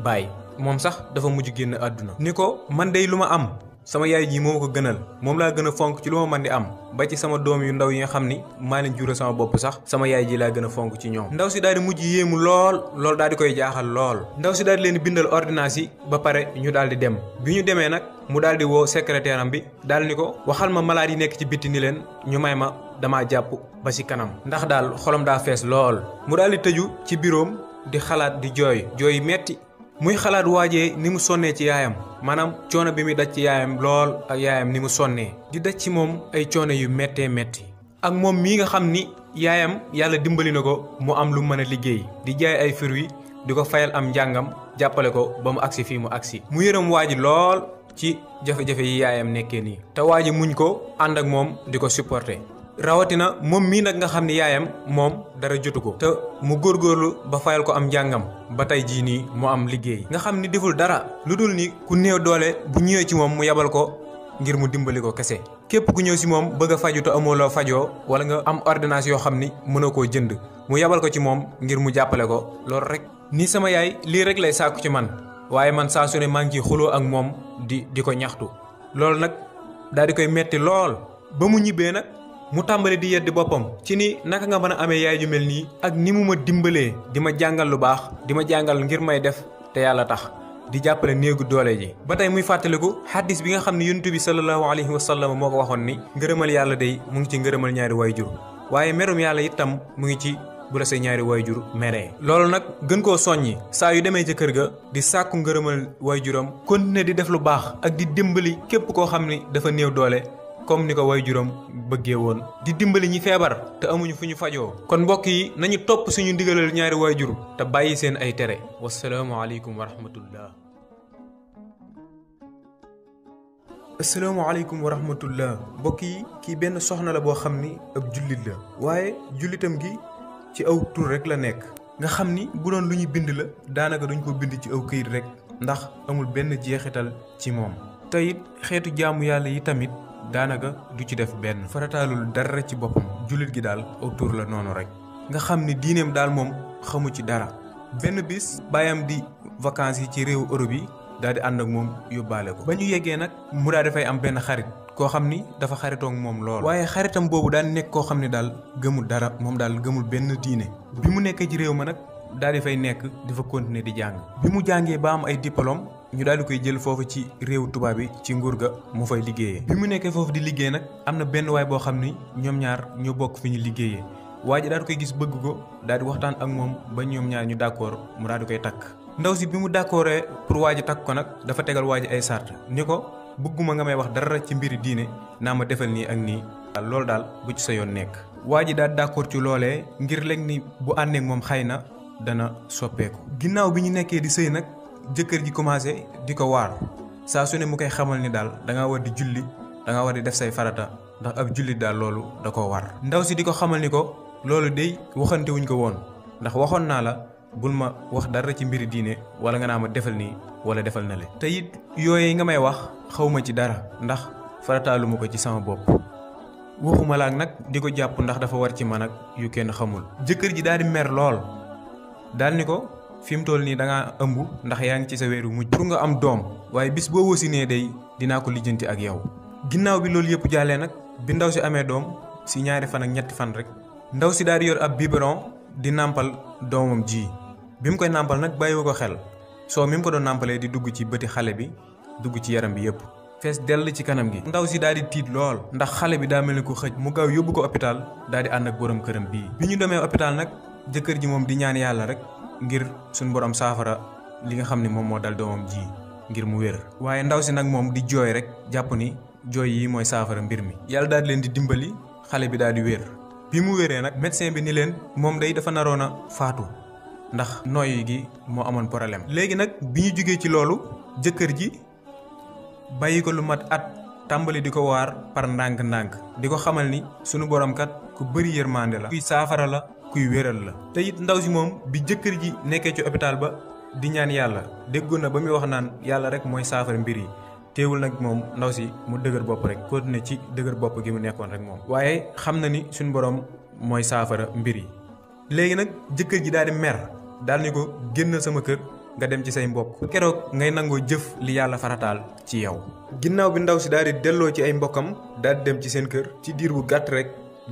baay moom sax dafa mujj génn àdduna. ni ko man day lu ma am. sama yaay ji moo ko gënal moom laa gën fonk ci lu ma mën di am ba ci sama doom yu ndaw yi nga xam ni maa leen jure sama bopp sax sama yaay ji laa gën a fonk ci ñoom ndaw si daal di mujj yéemu lool loolu daal di koy jaaxal lool ndaw si daal leen bindal ordonnance yi ba pare ñu daal di dem bi ñu demee nag mu daal di woo secrétaire am bi daal ni ko waxal ma malaat yi nekk ci bitti ni leen ñu may ma damaa jàpp ba si kanam ndax daal xolom daa fees lool mu daal di tëju ci biroom di xalaat di jooy jooy muy xalaat waajee ni mu sonnee ci yaayam maanaam coono bi muy daj ci yaayam lool ak yaayam ni mu sonnee di daj ci moom ay coono yu méttee métti ak moom mii nga xam ni yaayam yàlla dimbali na ko mu am lu mën a liggéey di jaay ay fruits di ko fayal am njàngam jàppale ko ba mu agsi fii mu agsi mu yërëm waa ji lool ci jafe-jafe yi yaayam nekke nii te waa ji muñ ko ànd ak moom di ko supporter rawatina moom mii nag nga xam ni yaayam moom dara jotu ko te mu góor góorgóorlu ba fayal ko am njàngam ba tey jii nii mu am liggéey nga xam ni deful dara lu dul ni ku néew doole bu ñëwee ci moom mu yabal ko ngir mu dimbali ko kese képp ku ñëw si moom bëgg a faju te amoo fajoo wala nga am ordonnance yoo xam ni mënoo koo jënd mu yabal ko ci moom ngir mu jàppale ko loolu rek nii sama yaay lii rek lay saaku ci man waaye man saa su ne maa ngi xuloo ak moom di di ko ñaxtu loolu nag daal di koy metti lool ba mu ñibbee mu tàmbali di yedd boppam ci ni naka nga mën a amee yaay ju mel nii ak ni mu ma dimbalee di ma jàngal lu baax di ma jàngal ngir may def te yàlla tax di jàppale néegu doole ji ba tey muy fàttaliku xaddis bi nga xam ne yonent bi sallallahu alayhi wa sallam moo ko waxoon ni ngërëmal yàlla day mu ngi ci ngërëmal ñaari waajur waaye merum yàlla itam mu ngi ci bu la say ñaari waajur meree loolu nag gën koo soññi saa yu demee ca kër ga di sàkku ngërëmal waajuram continuer di def lu baax ak di dimbali képp koo xam ni dafa néew doole comme ni ko way juróom bëggee woon di dimbali ñi feebar te amuñu fu ñu fajoo kon mbokk yi nañu topp suñu ndigalal ñaari way jur te bàyyi seen ay tere wasalaamaaleykum wa rahmatullah asalaamaaleykum wa rahmatullah mbokk yi kii benn soxna la boo xam ni ab jullit la waaye jullitam gi ci aw tur rek la nekk nga xam ni bu doon lu ñuy bind la daanaka duñ ko bind ci aw këyit rek ndax amul benn jeexital ci moom te xeetu jaamu yàlla yi tamit daanaka du ci def benn farataalul dara ci boppam jullit gi daal autour la noonu rek nga xam ni diineem daal moom xamu ci dara benn bis baayam di vacances yi ci réew Europe yi daal ànd ak moom yóbbaale ko ba ñu yeggee nag mu daal dafay am benn xarit koo xam ni dafa xaritoog moom lool waaye xaritam boobu daan nekk koo xam ne daal gëmul dara moom daal gëmul benn diine bi mu nekkee ci réew ma nag daal di fay nekk dafa continuer di jàng bi mu jàngee ba am ay diplôme ñu daal di koy jël foofu ci réewu tubaab yi ci nguur ga mu fay liggéeyee. bi mu nekkee foofu di liggéey nag am na benn waay boo xam ni ñoom ñaar ñu bokk fi ñu liggéeyee waa ji daal koy gis bëgg ko daal waxtaan ak moom ba ñoom ñaar ñu d'accord mu daal di koy takk. ndaw si bi mu d'accordee pour waa ji takk ko nag dafa tegal waa ji ay sart ni ko bëgguma nga may wax dara ci mbiri diine naa ma defal nii ak nii. daal loolu daal bu ci sa yoon nekk. waa ji daal d'accord ci loolee ngir léegi ni bu àndeek moom xëy na dana soppeeku. ginnaaw bi ñu nekkee di sëy nag jëkkër ji commencé di ko waar saa su ne mu koy xamal ni daal danga war di julli danga war di def say farata ndax ab jullit daal loolu da koo war. ndaw si di ko xamal ni ko loolu day waxante ko woon ndax waxoon naa la bul ma wax dara ci mbiri diine wala nga naa ma defal nii wala defal na le te it yi nga may wax xaw ci dara ndax farataalu ko ci sama bopp. waxuma laak nag di ko jàpp ndax dafa war ci man ak yu kenn xamul jëkkër ji daal di mer lool fi mu toll nii da ngaa ëmb ndax yaa ngi ci sa weeru mujj pour nga am doom waaye bis boo wasinee day dinaa ko lijjanti ak yow ginnaaw bi loolu yëpp jàllee nag bi ndaw si amee doom si ñaari fan ak ñetti fan rek ndaw si daal di yor ab biberon di nàmpal doomam ji bi mu koy nàmpal nag bàyyiwu ko xel soo mi mu ko doon nàmpalee di dugg ci bëti xale bi dugg ci yaram bi yëpp fees dell ci kanam gi ndaw si daal di tiit lool ndax xale bi daa mel ni ko xëj mu gaaw yóbbu ko hôpital daal di ànd këram bii ñu demee hôpital nag jëkkër ji moom di ñaan yàlla rek ngir suñ borom saafara li nga xam ne moom moo dal doomam ji ngir mu wér waaye ndaw si nag moom di jooy rek jàpp ni jooy yi mooy saafara mbir mi yàlla daal di leen di dimbali xale bi daal di wér bi mu wéree nag médecin bi ni leen moom day dafa naroon a faatu ndax nooyi gi moo amoon problème léegi nag bi ñu jógee ci loolu jëkkër ji bàyyi ko lu mat at tàmbali di ko waar par ndànk-ndànk di ko xamal ni sunu borom ku bëri yërmande la kuy saafara kuy wéral la te it ndaw si moom bi jëkkër ji nekkee ci hôpital ba di ñaan yàlla déggoon na ba muy wax naan yàlla rek mooy saafara mbir yi teewul nag moom ndaw si mu dëgër bopp rek continué ci dëgër bopp gi mu nekkoon rek moom waaye xam na ni suñu boroom mooy saafara mbir yi léegi nag jëkkër ji daal di mer daal ko génn sama kër nga dem ci say mbokk keroog ngay nangoo jëf li yàlla farataal ci yow ginnaaw bi ndaw si daal delloo ci ay mbokkam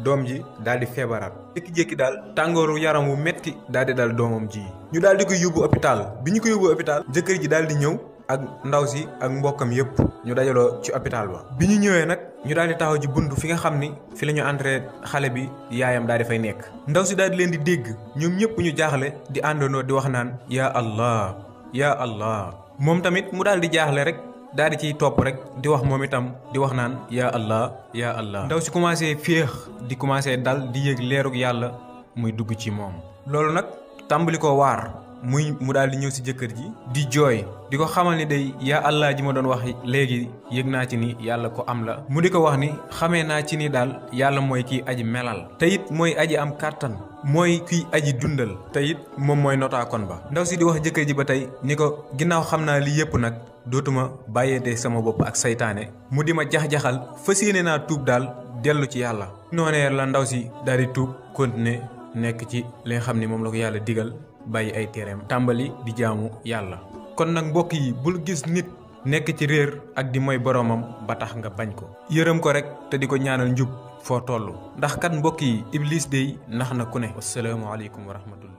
doom ji daal di feebaraat jékki-jékki daal tàngooru yaram wu metti daal di dal doomam ji ñu daal di ko yóbbu hôpital bi ñu ko yóbbu hôpital jëkkër ji daal di ñëw ak ndaw si ak mbokkam yépp ñu dajaloo ci hôpital ba bi ñu ñëwee nag ñu daal di taxaw ci bunt fi nga xam ni fi la ñu entré xale bi yaayam daal di fay nekk ndaw si daal di leen di dégg ñoom ñëpp ñu jaaxle di àndandoo di wax naan ya allah ya allah moom tamit mu daal di jaaxle rek daal di ciy topp rek di wax moom itam di wax naan yaa allah yaa allah ndaw si commencé féex di commencé dal di yëg leerug yàlla muy dugg ci moom loolu nag tàmbali ko waar muy mu daal di ñëw si jëkkër ji di jooy di ko xamal ni day yaa allah ji ma doon wax léegi yëg naa ci ni yàlla ko am la mu di ko wax ni xamee naa ci ni daal yàlla mooy kiy aji melal teyit mooy aji am kàttan mooy kiy aji dundal te it moom mooy notaakon ba ndaw si di wax jëkkër ji ba tey ni ko ginnaaw xam naa li yëpp nag dootuma bàyyeetee sama bopp ak seytaane mu di ma jax-jaxal fas yéene naa tuub daal dellu ci yàlla noonee la ndaw si daal di tuub continuer nekk ci li xam ni moom la ko yàlla digal bàyyi ay tereem tàmbali di jaamu yàlla kon nag mbokk yi bul gis nit nekk ci réer ak di mooy boromam ba tax nga bañ ko yërëm ko rek te di ko ñaanal njub foo toll ndax kat mbokk yi iblis day nax na ku ne wasalaamaaleykum wa rahmatullah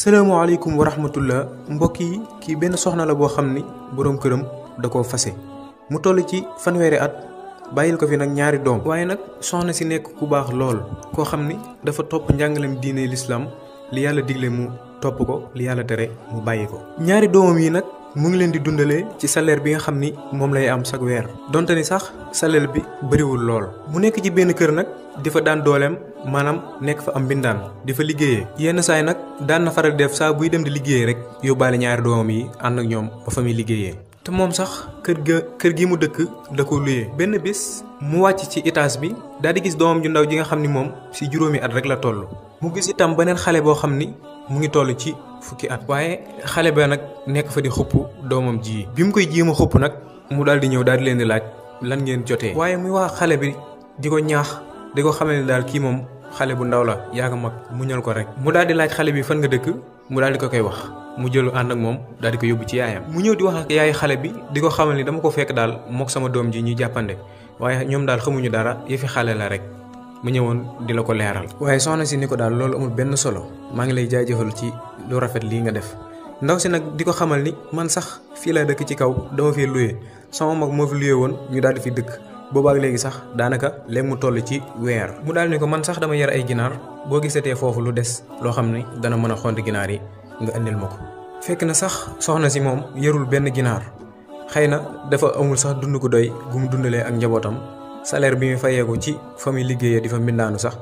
salaamaaleykum wa rahmatullah mbokk yi kii benn soxna la boo xam ni boroom këram da koo fase mu toll ci fanweeri at bàyyil ko fi nag ñaari doom waaye nag soxna si nekk ku baax lool koo xam ni dafa topp njàngaleem diine lislaam li yàlla digle mu topp ko li yàlla tere mu bàyyi ko ñaari doomam yi nag mu ngi leen di dundalee ci salaire bi nga xam ni moom lay am chaque weer donte ni sax salaire bi bëriwul lool. mu nekk ci benn kër nag di fa daan dooleem maanaam nekk fa am mbindaan di fa liggéeye yenn saay nag daan na faral def saa buy dem di liggéeye rek yóbbaale ñaari doomam yi ànd ak ñoom ba fa muy liggéeyee. te moom sax kër ga kër gi mu dëkk da ko luyee benn bis mu wàcc ci étage bi daal di gis doomam ju ndaw ji nga xam ni moom si juróomi at rek la toll. mu gis itam beneen xale boo xam ni mu ngi toll ci fukki at waaye xale ba nag nekk fa di xupp doomam ji bi mu koy jéem a xupp nag mu daal di ñëw daal di leen di laaj lan ngeen jotee waaye muy wax xale bi di ko ñaax di ko xamal ne daal kii moom xale bu ndaw la yaa nga mag muñal ko rek mu daal di bi fan nga dëkk mu daal di ko koy wax mu jëlu ànd ak moom daal ko yóbbu ci yaayam mu ñëw di wax ak yaay xale bi di ko xamal ni dama ko fekk daal mook sama doom ji ñuy jàppande waaye ñoom daal xamuñu dara yëfi xale la rek mu ñëwoon di la ko leeral. waaye soxna si ni ko daal loolu amul benn solo maa ngi lay jaajëfal ci lu rafet lii nga def ndaw si nag di ko xamal ni man sax fii laa dëkk ci kaw dama fee luye sama mag moo fi luye woon ñu daal di fi dëkk boobaa léegi sax daanaka leen mu toll ci weer. mu daal ni ko man sax dama yar ay ginaar boo gisatee foofu lu des loo xam ne dana mën a xont ginaar yi nga indil ma ko. fekk na sax soxna si moom yarul benn ginaar xëy na dafa amul sax dund ko doy gu mu dundalee ak njabootam. salaire bi muy fayeeku ci fa muy liggéeyee di fa mbindaanu sax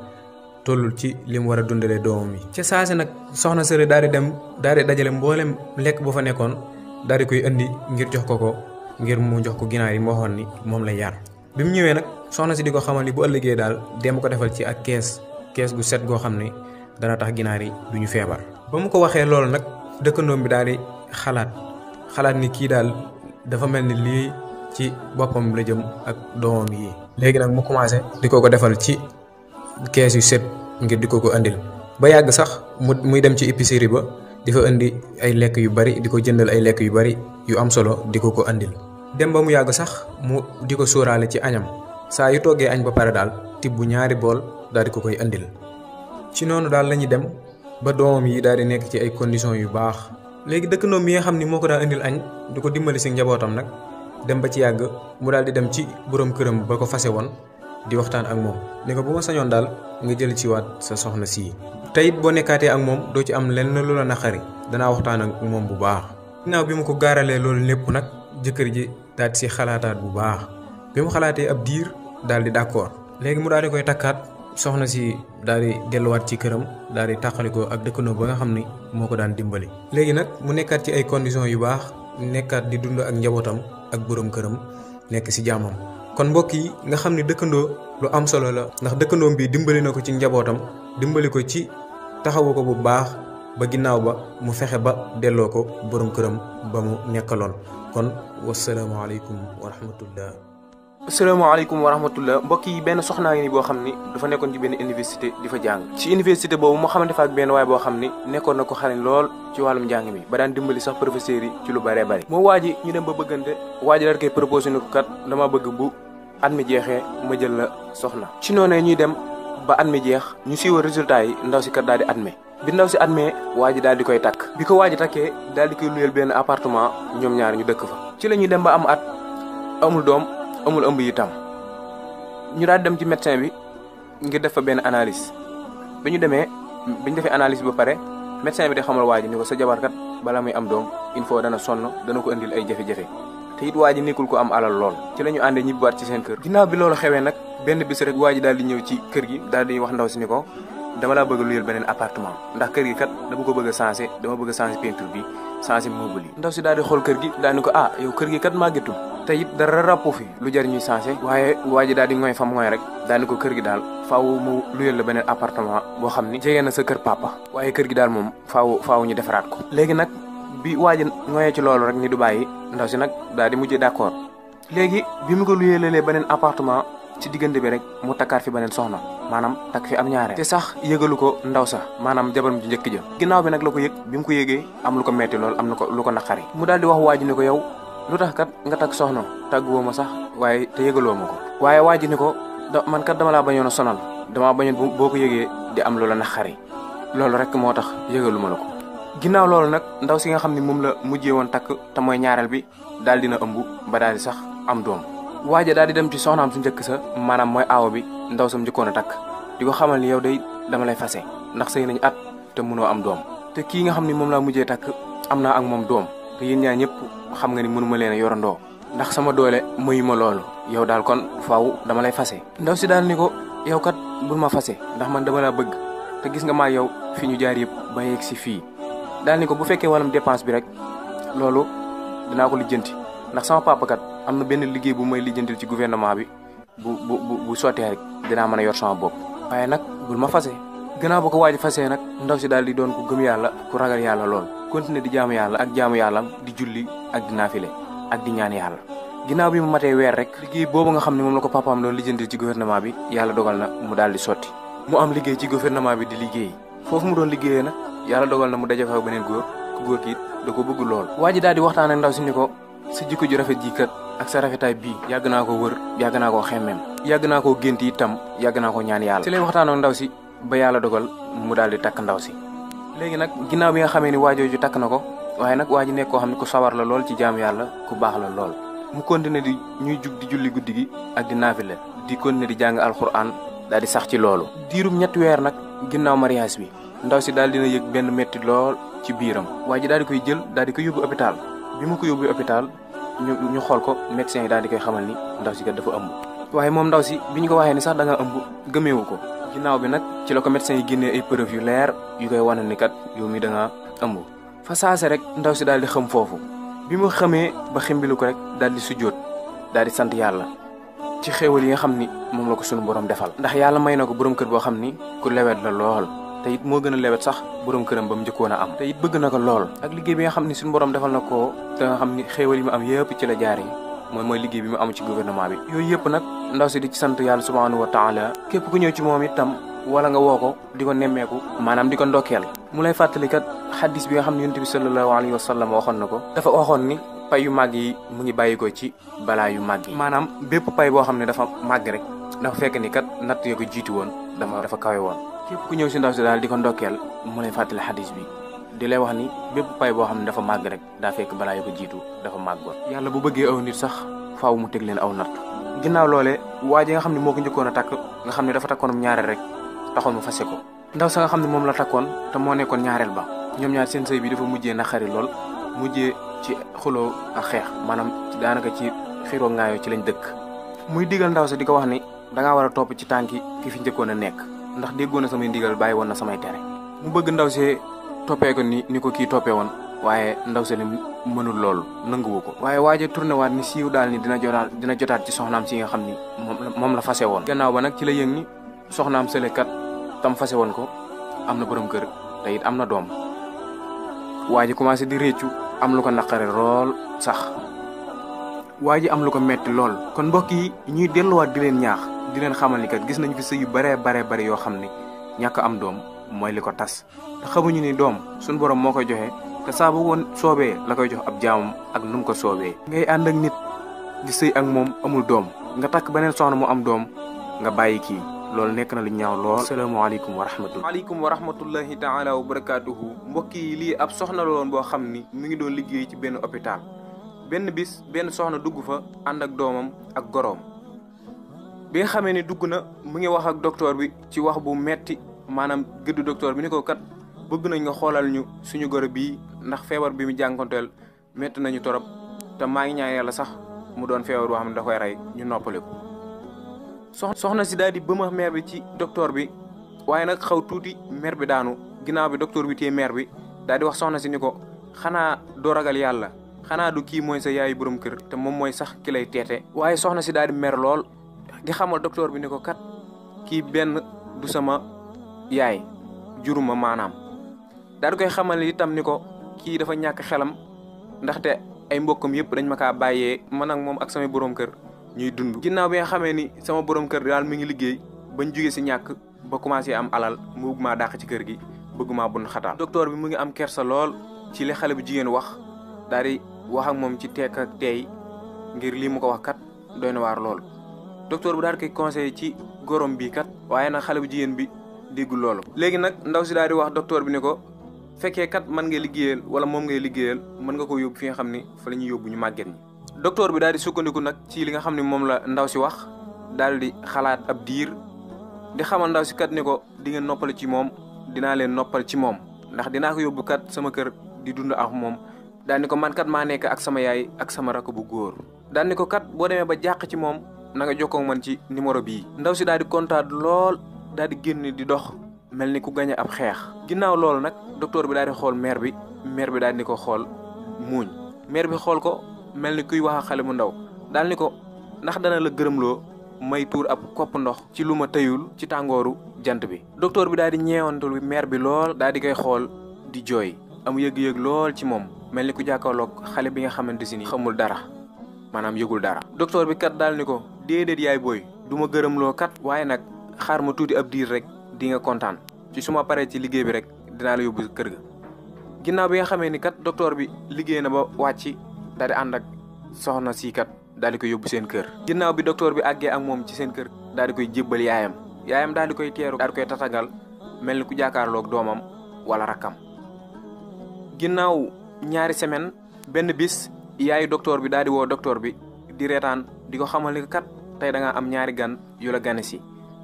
tollul ci li mu war a dundalee doomam yi. ca saasi nag soxna sëri daal di dem daal di dajale mboolem lekk bu fa nekkoon daal di koy indi ngir jox ko ko ngir mu jox ko ginaar yi mu ni moom la yar. bi mu ñëwee nag soxna si di ko xamal ni bu ëllëgee daal dem ko defal ci ak kees kees gu set goo xam ne dana tax ginaar yi du ñu feebar. ba mu ko waxee loolu nag dëkkandoom bi daal xalaat xalaat ci boppam la jëm ak doomam yi léegi nag mu commencé di ko ko defal ci kees yu set ngir di ko ko indil ba yàgg sax mu muy dem ci épicerie ba di fa indi ay lekk yu bari di ko jëndal ay lekk yu bari yu am solo di ko ko andil dem ba mu yàgg sax mu di ko sóoraale ci añam saa yu toggee añ ba pare daal tibb ñaari bool daal di ko koy andil ci noonu daal la ñuy dem ba doomam yi daal di nekk ci ay conditions yu baax léegi dëkkandoom yi nga xam ni moo ko daan indil añ di ko dimbali si njabootam nag dem ba ci yàgg mu daal di dem ci boroom këram ba ko fase woon di waxtaan ak moom ni ko bu ma sañoon daal nga jël ci waat sa soxna sii tey it boo nekkaatee ak moom doo ci am lenn lu la naqari danaa waxtaan ak moom bu baax naaw bi mu ko gaaralee loolu lépp nag jëkkër ji daal si xalaataat bu baax bi mu xalaatee ab diir daal di d'accord léegi mu daal di koy takkaat soxna si daal di delluwaat ci këram daal di tàqalikoo ak dëkkandoo ba nga xam ni moo ko daan dimbali léegi conditions yu baax nekkaat di dund ak njabootam ak borom këram nekk ci jàmmam. kon mbokk yi nga xam ne dëkkandoo lu am solo la ndax dëkkandoom bi dimbali na ko ci njabootam dimbali ko ci taxawu ko bu baax ba ginnaaw ba mu fexe ba delloo ko borom këram ba mu nekkaloon kon wasalaamaaleykum wa rahmatullah asalaamaaleykum wa rahmatullah mbokk yi benn soxnaa ngi ni boo xam ni dafa nekkoon ci benn université di fa jàng ci université boobu moo xamante fa ak benn waay boo xam ni nekkoon na ko xarañ lool ci wàllum njàng mi ba daan dimbali sax professeurs yi ci lu bëree bëri moo waa ji ñu dem ba bëggante waa ji daal koy proposé ni ko kat dama bëgg bu at mi jeexee ma jël la soxna ci noonu ñuy dem ba at mi jeex ñu siiwal résultat yi ndaw si kat daal di admet bi si admet waa ji di koy takk bi ko waa ji takkee daal di koy benn appartement ñoom ñaar ñu dëkk fa ci la ñuy dem ba am at amul doom amul ëmb itam ñu daal dem ci médecin bi ngir def fa benn analise bi ñu demee bi defe defee analyse ba pare médecin bi di xamal waa ji ni ko sa jabarkat bala muy am doom il faut dana sonn dana ko indil ay jafe-jafe te it waa ji nekkul ko am alal lool ci la ñu àndee waat ci seen kër ginnaaw bi loolu xewee nag benn bis rek waa ji daal di ñëw ci kër gi daal di wax ndaw si ni ko dama laa bëgg a luyal beneen appartement ndax kër gi kat dama ko bëgg a changé bëgg a bi changé meuble yi ndaw si daal di xool kër gi daal ko ah yow kër gi kat màggetul te it dara ràppu fi lu jar ñuy sensé waaye waaj ji daal di ngoy fam ngoy rek daal ko kër gi daal faaw mu luyal la beneen apartement boo xam ni jege na sa kër papa waaye kër gi daal moom faaw faaw ñu defaraat ko léegi nag bi waaj ji ngoyee ci loolu rek ni du bàyyi ndaw si nag daal di mujj d'accord léegi bi mu ko luyeelalee beneen appartement ci diggante bi rek mu takkaat fi beneen soxna maanaam takk fi am ñaare te sax yëgalu ko ndaw sax maanaam jabaram ji njëkk ja ginnaaw nag la ko yëg bi mu ko yëgee am ko metti am na ko lu ko naqari mu daal di wax waa ne ko yow lu tax kat nga takk soxna tàgguwoo ma sax waaye te yëgaloo ma ko waaye waa ji ni ko da dama laa bañoon a sonal dama bañoon boo ko yëgee di am loola naqari loolu rek moo tax yëgalu ma la ko ginnaaw loolu nag ndaw si nga xam ni moom la mujjee woon takk te ñaareel bi daal dina ëmb ba daal di sax am doom waa daal di dem ci soxnaam su njëkk sa maanaam mooy aawo bi ndaw sam njëkkoon a takk di ko xamal ni yow day dama lay fase ndax sëy nañu at te mënoo am doom te kii nga xam ne moom la mujjee takk am naa ak moom doom te yéen ñaa ñëpp xam nga ni mënuma leen a yorandoo ndax sama doole mayu ma loolu yow daal kon faaw dama lay fase ndaw si daal ni ko yow kat bul ma fase ndax man dama laa bëgg te gis nga maa yow fi ñu jaar yëpp ba yegg si fii daal ni ko bu fekkee wàllum dépense bi rek loolu dinaa ko lijjanti ndax sama papa am na benn liggéey bu may lijjantil ci gouvernement bi bu bu bu bu sottee rek dinaa mën a yor sama bopp. waaye nag bul ma fase gannaaw ba ko waaj a fase nak ndaw si daal di doon ku gëm yàlla ku ragal yàlla lool. continuer di jaamu yàlla ak jaamu yàlla di julli ak di naafile ak di ñaan yàlla. ginnaaw bi mu matee weer rek liggéey boobu nga xam ne moom la ko papaam doon lijjanti ci gouvernement bi yàlla dogal na mu daal di sotti mu am liggéey ci gouvernement bi di liggéey foofu mu doon liggéeyee nag yàlla dogal na mu daje fa beneen góor ku góor it da ko bëgg lool. waa ji daal di waxtaan ndaw si ni ko sa jikko ju rafet ji kat ak sa rafetaay bii yàgg naa ko wër yàgg naa koo xemmeem yàgg naa koo gént itam yàgg naa ko ñaan yàlla. ci lay waxtaan ndaw si ba yàlla dogal mu daal di takk ndaw si léegi nag ginnaaw bi nga xamee ni waajooju takk na ko waaye nag waa ji nekk xam ne ku sawar la lool ci jaamu yàlla ku baax la lool. mu continué di ñuy jug di julli guddi gi ak di naafile di continué di jàng alxuraan daal di sax ci loolu. diirum ñetti weer nag ginnaaw mariage bi ndaw si daal na yëg benn métti lool ci biiram. waa ji koy jël daal di ko yóbbu hôpital bi mu ko yóbbu hôpital ñu ñu xool ko médecin yi daal di koy xamal ni ndaw si kat dafa ëmb. waaye moom ndaw si bi ñu ko waxee ni sax da nga ëmb gëmeewu ko. ginnaaw bi nag ci la ko médecin yi génnee ay preuve yu leer yu koy wane ni kat yow mi da nga ëmb fa saase rek ndaw si daal di xam foofu bi mu xamee ba ximbilu ko rek daal di sujjóot daal di sant yàlla ci xéewal yi nga xam ni moom la ko sunu borom defal ndax yàlla may na ko borom kër boo xam ni ku lewet la lool te yit moo gën a lewet sax borom këram ba mu njëkkoon a am te it bëgg na ko lool ak liggéey bi nga xam ni suñu borom defal na ko te xam ni xéewal yi mu am yëpp ci la jaar yi mooy mooy liggéey bi mu am ci gouvernement bi yooyu yëpp nag ndaw si di ci sant yàlla subhanahu wa taala képp ku ñëw ci moom itam wala nga woo ko di ko nemmeeku maanaam di ko ndokkeel mu lay fàttalikat xaddis bi nga xam ne yonent bi sallallahu alayhi wa sallam waxoon na ko dafa waxoon ni pay yu màgg yi mu ngi bàyyi ci balaa yu màgg yi maanaam bépp pay boo xam ne dafa màgg rek dafa fekk ni kat natt yo ko jiitu woon dafa dafa kawe képp ku ñëw si ndaw si daal di ko ndokkeel mu lay fàttali xaddis bi di lay wax ni bépp pay boo xam ne dafa màgg rek daa fekk balaa yu ko jiitu dafa màggoon. yàlla bu bëggee aw nit sax faaw mu teg leen aw natt. ginnaaw loole waa ji nga xam ne moo ko njëkkoon a takk nga xam ne dafa takkoonam ñaareel rek taxoon mu fase ko ndaw sa nga xam ne moom la takkoon te moo nekkoon ñaareel ba ñoom ñaar seen sëy bi dafa mujjee naqari lool mujjee ci xuloo ak xeex maanaam daanaka ci xiroo ngaayoo ci lañ dëkk muy digal ndaw sa di ko wax ni dangaa war a topp ci tànki ki fi njëkkoon a nekk ndax déggoon na samay ndigal bàyyi woon na samay tere toppee ko ni ni ko kii toppee woon waaye ndaw sali mënul loolu nanguwu ko waaye waaja tourné waat ni siiw daal ni dina jotaat dina jotaat ci soxnaam si nga xam ni moom moom la fase woon gannaaw ba nag ci la yëg ni soxnaam sële kat tam fase woon ko am na borom kër te it am na doom waa ji commencé di réccu am lu ko naqare lool sax waa ji am lu ko metti lool kon mbokk yi ñuy delluwaat di leen ñaax di leen xamal ni kat gis nañu fi sëy yu bare bare bare yoo xam ne ñàkk am doom mooy li ko tas te xamuñu ni doom suñu borom moo koy joxe te saa bu woon soobee la koy jox ab jaamam ak nu mu ko soobee. ngay ànd ak nit di sëy ak moom amul doom nga takk beneen soxna mu am doom nga bàyyi kii loolu nekk na lu ñaaw lool. salaamaaleykum wa rahmatulah. waaleykum wa rahmatullahi taala wa barakaatuhu. mbokk yi lii ab soxna la woon boo xam ni mi ngi doon liggéey ci benn hôpital benn bis benn soxna dugg fa ànd ak doomam ak goroom bi nga xamee ni dugg na mu ngi wax ak docteur bi ci wax bu metti maanaam gëdd docteur bi ni ko kat bëgg nañ nga xoolal ñu suñu goro bii ndax feebar bi mu jànkonteel métti nañu torop te maa ngi ñaar yàlla sax mu doon feebar boo xam ne da koy rey ñu noppali ko soxna si daal di bëma mère bi ci docteur bi waaye nag xaw tuuti mère bi daanu ginaaw bi docteur bi téye mère bi daal di wax soxna si ni ko xanaa doo ragal yàlla xanaa du kii mooy sa yaayu borom kër te moom mooy sax ki lay teete waaye soxna si daal di mer lool di xamal docteur bi ni ko kat kii benn du sama yaay juruma maanaam daal koy xamal ni itam ni ko kii dafa ñàkk xelam ndaxte ay mbokkam yëpp dañ ma kaa bàyyee man moom ak samay borom kër ñuy dund. ginnaaw bi nga xamee ni sama borom kër daal mi ngi liggéey bañ jugee si ñàkk ba commencé am alal mu bëgg maa dàq ci kër gi bëgg bu bun xataal. bi mu ngi am kersa lool ci li xale bu jigéen wax daal di wax ak moom ci tekk ak tey ngir lii mu ko wax kat doy na waar lool docteur bi daal di koy conseillé ci gorom bii kat waaye nag xale bu jigéen bi. gu loolu. léegi nag ndaw si daal di wax docteur bi ni ko fekkee kat man nga liggéeyal wala moom ngay liggéeyal mën nga ko yóbbu fi nga xam ni fa la ñuy yóbbu ñu màgget ñi. docteur bi daal di sukkandiku nag ci li nga xam ni moom la ndaw si wax daal di xalaat ab diir di xamal ndaw si kat ni ko di ngeen ci moom dinaa leen noppal ci moom ndax dinaa ko yóbbu kat sama kër di dund ak moom. daal ko man kat maa nekk ak sama yaay ak sama rakk bu góor daal ko kat boo demee ba jàq ci moom nanga nga man ci numéro bii ndaw si daal di lool daal di génn di dox mel ni ku gañe ab xeex ginnaaw loolu nag docteur bi daal di xool maire bi maire bi daal di ko xool muuñ maire bi xool ko mel ni kuy wax xale bu ndaw daal ni ko ndax dana la gërëmloo may tuur ab kopp ndox ci lu ma tëyul ci tàngooru jant bi docteur bi daal di ñeewantul maire bi lool daal di koy xool di jooy am yëg-yëg lool ci moom mel ni ku jàkkaarloog xale bi nga xamante si ni xamul dara maanaam yëgul dara docteur bi kat daal ni ko déedéet yaay booy du ma gërëmloo kat waaye nag xaar ma tuuti ab diir rek di nga kontaan ci suma paree ci liggéey bi rek dinaa la yóbbu kër ga. ginnaaw bi nga xamee ni kat docteur bi liggéey na ba wàcc daal di ànd ak soxna sii kat daal di koy yóbbu seen kër. ginnaaw bi docteur bi àggee ak moom ci seen kër daal di koy jébbal yaayam yaayam daal di koy teeru daal koy tatagal mel ni ku jàkkaarloog doomam wala rakkam ginnaaw ñaari semaine benn bis yaay docteur bi daal di woo docteur bi di reetaan di ko xamal kat tey da am ñaari gan yu la si.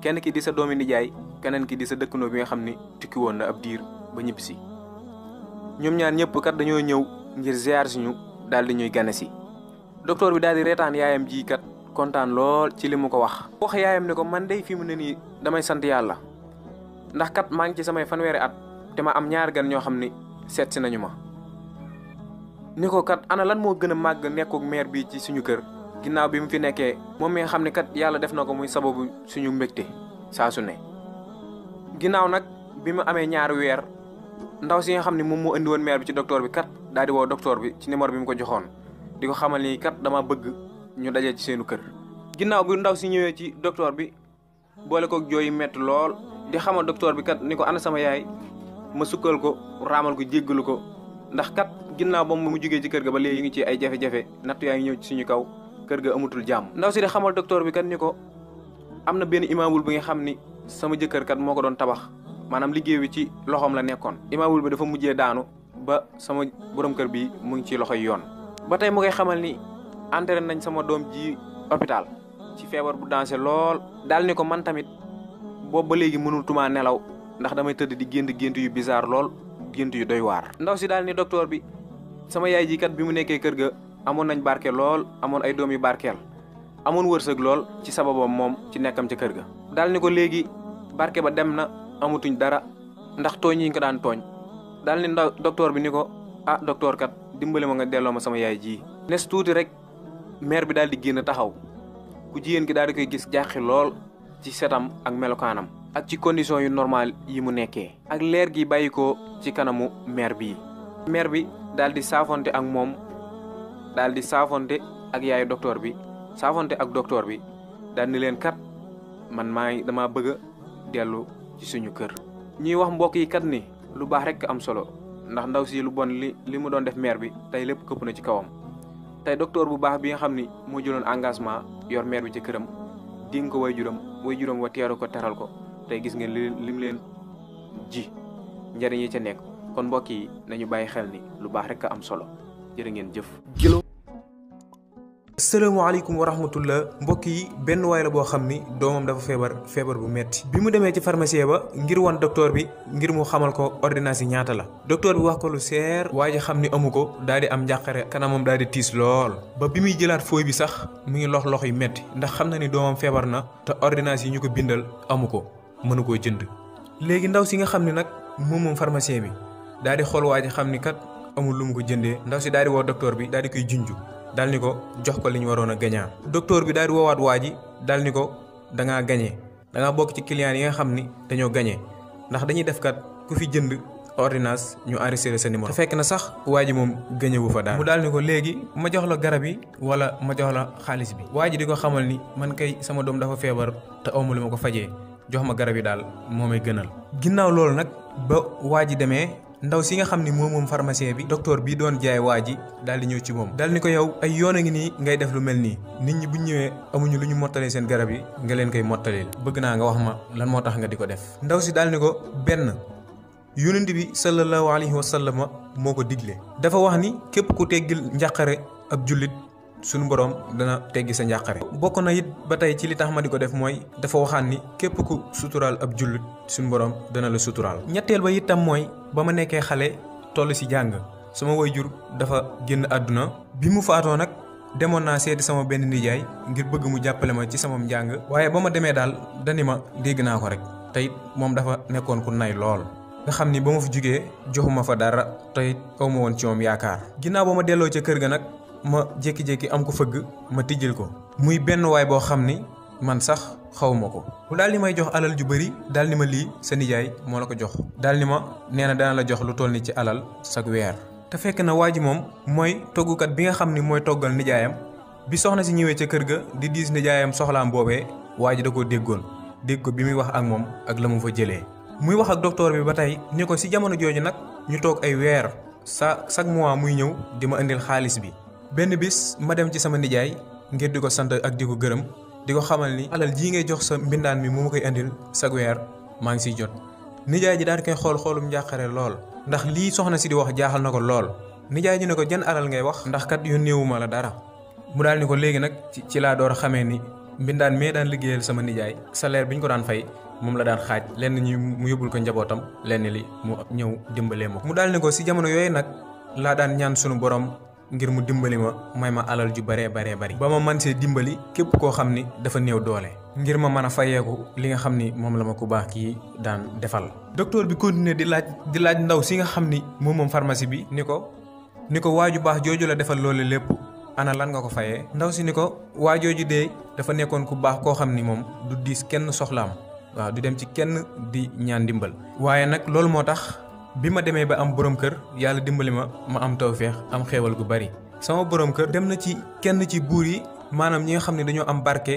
kenn ki di sa doomi nijaay keneen ki di sa dëkkandoo bi nga xam ne tukki woon na ab diir ba ñibbisi ñoom ñaar ñëpp kat dañoo ñëw ngir ziar suñu daal di ñuy gane si docteur bi daal di reetaan yaayam ji kat kontaan lool ci li mu ko wax. wax yaayam ne ko man day fii mu ne nii damay sant yàlla ndax kat maa ngi ci samay fanweeri at te ma am ñaar gan ñoo xam ni seet nañu ma. ni ko kat ana lan moo gën a màgg nekkook maire bi ci suñu kër. ginnaaw bi mu fi nekkee moom mi xam ne kat yàlla def na ko muy sababu suñu mbégte saa su ne ginnaaw nag bi mu amee ñaari weer ndaw si xam ne moom moo indi woon maire bi ci docteur bi kat daal di woo bi ci numéro bi mu ko joxoon di ko xamal ni kat dama bëgg ñu daje ci seenu kër. ginnaaw bi ndaw si ñëwee ci docteur bi boole ko jooy metti lool di xamal docteur bi kat ni ko ana sama yaay ma sukkal ko raamal ko jéggalu ko ndax kat ginnaaw ba mu jugee ci kër ga ba léegi ngi ci ay jafe-jafe yaa ngi ñëw ci suñu kaw. kër ga amatul jàmm ndaw si di xamal docteur bi kat ni ko am na benn immeuble bu nga xam ni sama jëkkër kat moo ko doon tabax maanaam liggéey bi ci loxoom la nekkoon immeuble bi dafa mujjee daanu ba sama borom kër bi mu ngi ci loxoy yoon ba tey mu koy xamal ni enterré nañ sama doom ji hôpital ci feebar bu dansé lool daal ni ko man tamit boo ba léegi mënutuma nelaw ndax damay tëdd di gént gént yu bizarre lool gént yu doy waar ndaw si daal ni docteur kër ga amoon nañ barke lool amoon ay doom yu barkeel amoon wërsëg lool ci sababam moom ci nekkam ca kër ga. dal ni ko léegi barke ba dem na amatuñ dara ndax tooñ yi ñu ko daan tooñ daal ni ndaw bi ni ko ah docteur kat dimbali ma nga delloo ma sama yaay ji. nes tuuti rek maire bi daal di génn taxaw ku jigéen ki daal di koy gis jaaxi lool ci setam ak melokaanam. ak ci condition yu normal yi mu nekkee. ak leer gi bàyyi ko ci kanamu maire bii maire bi daal di saafonte ak moom. daal di saafonte ak yaayu docteur bi saafonte ak docteur bi daal ni leen kat man maay dama bëgg a dellu ci suñu kër. ñuy wax mbokk yi kat ni lu baax rek am solo ndax ndaw si lu bon li li mu doon def maire bi tey lépp këpp na ci kawam tey docteur bu baax bi nga xam ni moo jëloon engagement yor maire bi ci këram dinga ko way juróom way juróom wa teeru ko teral ko tey gis ngeen li limu leen ji njëriñ yi ca nekk kon mbokk yi nañu bàyyi xel ni lu baax rek am solo jërë jëf. salaamaaleykum wa rahmatullah mbokk yi benn waay la boo xam ni doomam dafa feebar feebar bu metti bi mu demee ci pharmacien ba ngir wan docteur bi ngir mu xamal ko ordonnance yi ñaata la docteur bi wax ko lu seer waa ji xam ni amu ko daal di am njàqare kanamam daal di tiis lool ba bi muy jëlaat fooy bi sax mu ngi lox lox yu metti ndax xam na ni doomam feebar na te ordonnance yi ñu ko bindal amu ko mënu koo jënd léegi ndaw si nga xam ni nag moom moom pharmacien bi daal di xool waa ji xam ni kat amul lu mu ko jëndee ndaw si daal di docteur bi daal di koy junju daal ni ko jox ko li ñu waroon a gañaa docteur bi daal di woowaat waa ji daal ni ko da gañe gañee bokk ci client yi nga xam ni dañoo gañe ndax dañuy def kat ku fi jënd ordonnance ñu enregistré sa numéro. te fekk na sax waa ji moom gañewu fa daal. mu daal ni ko léegi ma jox la garab yi wala ma jox la xaalis bi. waa ji di ko xamal ni man kay sama doom dafa feebar te awma lu ma ko fajee jox ma garab yi daal moo may gënal. ginnaaw loolu nag ba waa ji demee ndaw si nga xam ni moom moom pharmacien bi docteur bii doon jaay waa ji daal di ñëw ci moom daal ni ko yow ay yoon a ngi nii ngay def lu mel nii nit ñi bu ñëwee amuñu lu ñu mottalee seen garab yi nga leen koy mottaleel bëgg naa nga wax ma lan moo tax nga di ko def ndaw si daal ni ko benn yonent bi sallallahu alayhi wa sallam moo ko digle dafa wax ni képp ku teggil njàqare ab jullit sunu borom dana teggi sa njàqare bokk na it ba tey ci li tax ma di ko def mooy dafa waxaan ni képp ku suturaal ab jullit sunu borom dana la suturaal ñetteel ba tam mooy ba ma nekkee xale toll si jàng sama waajur dafa génn àdduna bi mu faatoo nag demoon naa seeti sama benn nijaay ngir bëgg mu jàppale ma ci sama njàng waaye ba ma demee daal dani ma dégg naa ko rek tey moom dafa nekkoon ku nay lool nga xam ni ba ma fa jógee joxuma fa dara tey aw ma woon ci moom yaakaar ginnaaw ba delloo ca kër ga nag ma jékki-jékki am ko fëgg ma tijjil ko muy benn waay boo xam ni man sax xawuma ko mu daal di may jox alal ju bëri daal ni ma lii sa nijaay moo la ko jox daal ni ma nee na dana la jox lu toll ni ci alal sag weer te fekk na waa ji moom mooy toggukat bi nga xam ni mooy toggal nijaayam bi soxna si ñëwee ca kër ga di diis nijaayam soxlaam boobee waa ji da koo déggoon dégg ko bi muy wax ak moom ak la mu fa jëlee muy wax ak docteur bi ba tey ni ko si jamono jooju nag ñu toog ay sa chaque mois muy ñëw di ma indil xaalis bi benn bis ma dem ci sama nijaay ngir di ko sant ak di ko gërëm di ko xamal ni alal jii ngay jox sa mbindaan mi mu ma koy indil sa weer maa ngi siy jot. nijaay ji daal di koy xool xoolum njàqare lool ndax lii soxna si di wax jaaxal na ko lool nijaay ji ne ko jan alal ngay wax. ndax kat yónneewu ma la dara mu daal ni ko léegi nag ci ci laa door a xamee ni mbindaan mee daan liggéeyal sama nijaay sa salaire bi ñu ko daan fay. moom la daan xaaj lenn ñi mu yóbbul ko njabootam lenn li mu ñëw dimbalee ma mu daal ne si jamono yooyu nag laa daan ñaan sunu borom ngir mu dimbali ma may ma alal ju baree baree bari ba ma man see dimbali képp koo xam ni dafa néew doole ngir ma mën a fayeeku li nga xam ni moom la ma ku baax kii daan defal docteur bi continuer di laaj di laaj ndaw si nga xam ni moom moom pharmacie bi ni ko ni ko waaju baax jooju la defal loolu lépp ana lan nga ko fayee ndaw si ni ko waa jooju dee dafa nekkoon ku baax koo xam ni moom du diis kenn soxlaam waaw du dem ci kenn di ñaan dimbal waaye nag loolu moo tax bi ma demee ba am borom kër yàlla dimbali ma ma am tawféex am xeewal gu bari sama borom kër dem na ci kenn ci buur yi maanaam ñi nga xam ne dañoo am barke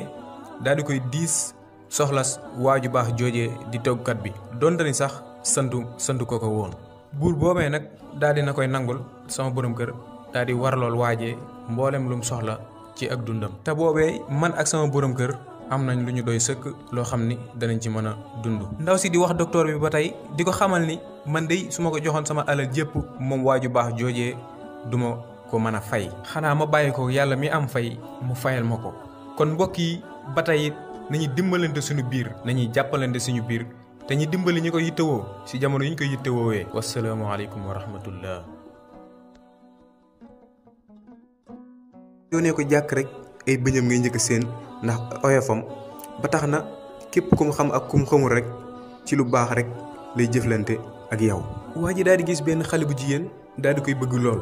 daal di koy diis soxla waaju baax jooje di toggkat bi donte ni sax santu santu ko ko woon. buur boobee nag daal di na koy nangul sama borom kër daal di warlool waajee mboolem lum soxla ci ak dundam. te boobee man ak sama boroom kër. am nañ lu ñu doy sëkk loo xam ni danañ ci mën a dund. ndaw si di wax docteur bi ba tey di ko xamal ni man de su ma ko joxoon sama alal jëpp moom waa ju baax joojee du ma ko mën a fay. xanaa ma bàyyi ko yàlla mi am fay mu fayal ma ko kon mbokk yi ba tey nañu dimbalante suñu biir nañuy jàppalante suñu biir te ñu dimbali ñu ko yittewoo ci jamono yi ñu ko yittewoowee. wasalaamaaleykum wa rahmatullah. yónnee ko jàkk rek ay bëñam ngay njëkk seen. ndax oyofam ba tax na képp ku xam ak ku xamul rek ci lu baax rek lay jëflante ak yow. waa ji daal di gis benn xale bu jigéen daal di koy bëgg lool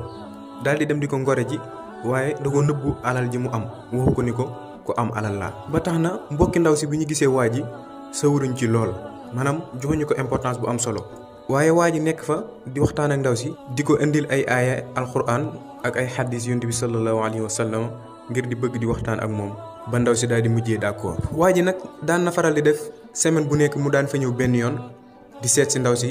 daal di dem di ko ngore ji waaye da ko nëbbu alal ji mu am waxu ko ni ko ku am alal laa. ba tax na mbokki ndaw si bi ñu gisee waa ji sawuruñ ci lool maanaam joxuñu ko importance bu am solo. waaye waa ji nekk fa di waxtaan ak ndaw si di ko indil ay aaya alquran ak ay xaddis yonent bi sallallahu alayhi wa sallam ngir di bëgg di waxtaan ak moom ba ndaw si daal di mujjee d'accord. waa ji nag daan na faral di def semaine bu nekk mu daan fa ñëw benn yoon di seet si ndaw si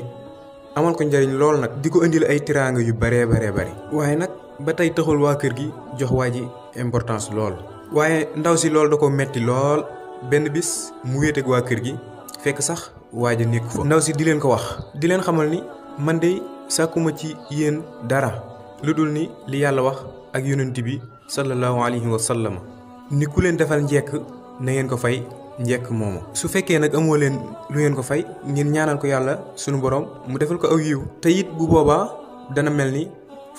amal ko njariñ lool nag. di ko indil ay tiraanga yu baree baree bari. waaye nag ba tey taxul waa kër gi jox waa ji importance lool. waaye ndaw si loolu da ko metti lool benn bis mu wéeteeg waa kër gi fekk sax waa ji nekk fa. ndaw si di leen ko wax. di leen xamal ni man de sàkkuma ci yéen dara lu dul ni li yàlla wax ak yonent bi sallallahu alayhi wa sallam. ni ku leen defal njekk na ngeen ko fay njekk moomu su fekkee nag amoo leen lu ngeen ko fay ngeen ñaanal ko yàlla sunu borom mu defal ko aw yiw te it bu boobaa dana mel ni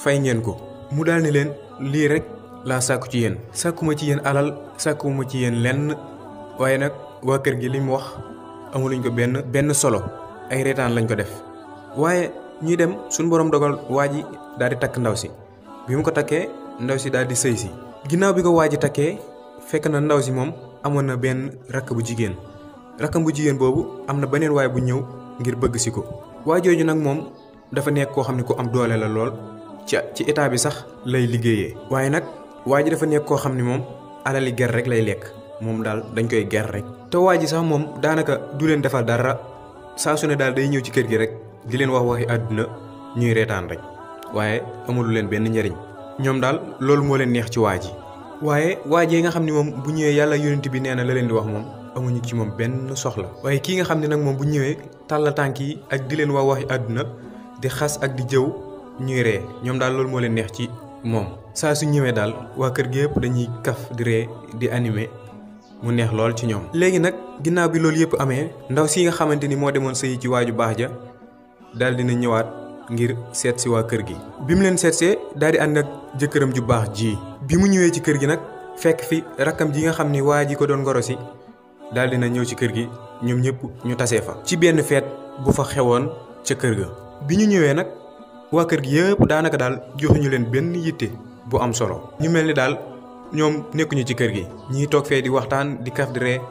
fay ngeen ko mu daal ni leen lii rek laa sàkku ci yéen sàkkuma ci yéen alal sàkkuma ci yéen lenn waaye nag waa kër gi li mu wax amuluñ ko benn benn solo ay reetaan lañ ko def waaye ñuy dem suñu borom dogal waa ji daal di takk ndaw si bi mu ko takkee ndaw si daal di sëy si ginnaaw fekk na ndaw si moom amoon na benn rakk bu jigéen rakkam bu jigéen boobu am na beneen waay bu ñëw ngir bëgg si ko. waa jooju nag moom dafa nekk koo xam ne ku am doole la lool ci ci état bi sax lay liggéeyee. waaye nag waa ji dafa nekk koo xam ne moom alali ger rek lay lekk moom daal dañ koy ger rek. te waa ji sax moom daanaka du leen defal dara saa su ne daal day ñëw ci kër gi rek di leen wax waxi àdduna ñuy reetaan rek waaye amul leen benn njariñ ñoom daal loolu moo leen neex ci waa ji waaye waa waajee nga xam ne moom bu ñëwee yàlla yonent bi nee na la leen di wax moom amuñu ci moom benn soxla waaye kii nga xam ne nag moom bu ñëwee tàll tànk yi ak di leen wax waxi àdduna di xas ak di jëw ñuy ree ñoom daal loolu moo leen neex ci moom saa su ñëwee daal waa kër gi yëpp dañuy kaf di ree di animé mu neex lool ci ñoom léegi nag ginnaaw bi loolu yëpp amee ndaw sii nga xamante ni moo demoon sëyi ci waa ju baax ja daal na ñëwaat ngir seet si waa kër gi bi mu leen seetsee daal di ànd ak jëkkëram ju baax ji bi mu ñëwee ci kër gi nag fekk fi rakkam ji nga xam ni waa ji ko doon goro si daal dina ñëw ci kër gi ñoom ñëpp ñu tasee fa. ci benn feet bu fa xewoon ca kër ga. bi ñu ñëwee nag waa kër gi yëpp daanaka daal joxuñu leen benn yitte bu am solo. ñu mel ni daal ñoom nekkuñu ci kër gi. ñii toog fee di waxtaan di kaf di ree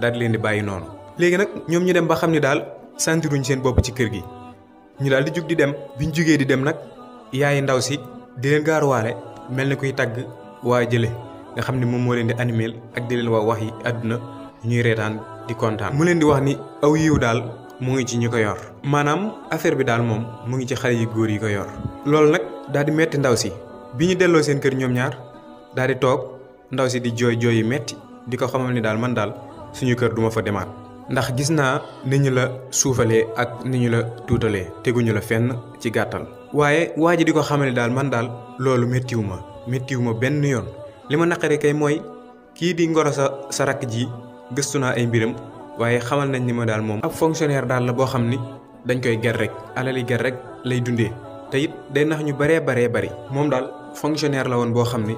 daal di leen di bàyyi noonu. léegi nag ñoom ñu dem ba xam ni daal santiruñ seen bopp ci kër gi ñu daal di jug di dem. bi ñu jugee di dem nag yaay ndaw si di leen mel ni kuy tagg. waa jële nga xam ne moom moo leen di animeel ak di leen waa wax yi àdduna ñuy reetaan di kontaan mu leen di wax ni aw yiw daal mu ngi ci ñi ko yor maanaam affaire bi daal moom mu ngi ci xale yi góor yi ko yor loolu nag daal di metti ndaw si bi ñu delloo seen kër ñoom ñaar daal di toog ndaw si di jooy jooy yi metti di ko xamal ni daal man daal suñu kër duma fa demaan ndax gis naa ni ñu la suufalee ak ni ñu la tuutalee teguñu la fenn ci gàttal waaye waa ji di ko xamal ni daal man daal loolu méttiwu ma méttiwu ma benn yoon li ma naqari kay mooy kii di ngoro sa sa rakk ji gëstu naa ay mbiram waaye xamal nañ ni ma daal moom. ab fonctionnaire daal la boo xam ni dañ koy ger rek alali ger rek lay dunde te day nax ñu baree baree bari moom daal fonctionnaire la woon boo xam ni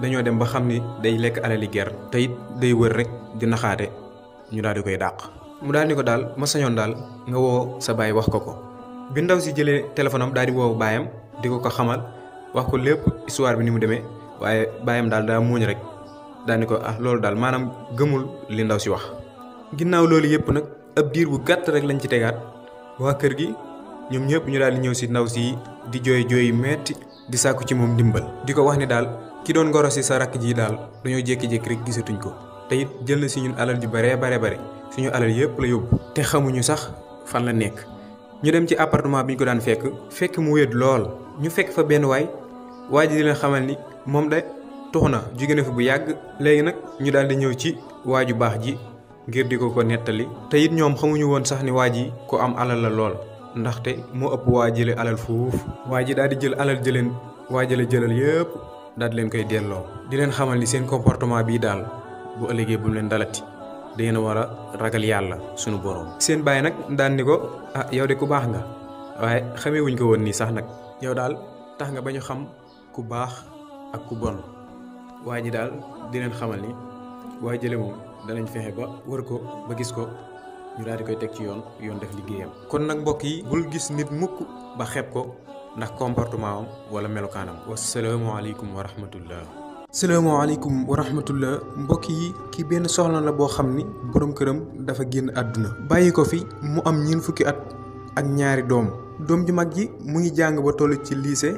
dañoo dem ba xam ni day lekk alali ger te day wër rek di naxaate ñu daal di koy dàq. mu daal ni ko daal ma sañoon daal nga woo sa baay wax ko ko bi ndaw si jëlee téléphone am daal di woo baayam di ko ko xamal. wax ko lépp histoire bi ni mu demee waaye bàyyam daal daa muuñ rek daani ko ah loolu daal maanaam gëmul li ndaw si wax. ginnaaw loolu yëpp nag ab diir bu gàtt rek lañ ci tegaat waa kër gi ñoom ñëpp ñu daal di ñëw si ndaw si di jooy jooy yu metti di sàkku ci moom ndimbal. di ko wax ni daal ki doon ngoro si sa rakk ji daal dañoo jékki-jékki rek gisatuñ ko te it jël na si ñun alal ju baree bare bare ñu alal yëpp la yóbbu te xamuñu sax fan la nekk. ñu dem ci appartement bi ñu ko daan fekk fekk mu wéet lool ñu fekk fa benn waay waa ji di leen xamal ni moom de tox na jóge na fi bu yàgg léegi nag ñu daal di ñëw ci waa ju baax ji ngir di ko ko nettali te it ñoom xamuñu woon sax ni waa ji ko am alal la lool ndaxte moo ëpp waa jële alal fuuf waa ji daal di jël alal jëleen waa jële jëlal yëpp daal di leen koy delloo di leen xamal ni seen comportement bii daal bu ëllëgee bu mu leen dalati dangeen a war a ragal yàlla sunu borom. seen bàyyi nag daan ni ko ah yow de ku baax nga waaye xamee ko woon nii sax nag yow daal tax nga ba ñu xam ku baax ak ku bon waa ji daal di leen xamal ni waa jële moom danañ fexe ba wër ko ba gis ko ñu daal di koy teg ci yoon yoon def liggéeyam. kon nag mbokk yi bul gis nit mukk ba xeeb ko ndax comportement am wala melokaanam. wasalaamualeykum wa rahmatullah. salaamaaleykum wa rahmatullah mbokk yi ki benn soxna la boo xam ni borom këram dafa génn àdduna bàyyi ko fi mu am ñeent fukki at ak ñaari doom doom ju mag ji mu ngi jàng ba toll ci lycée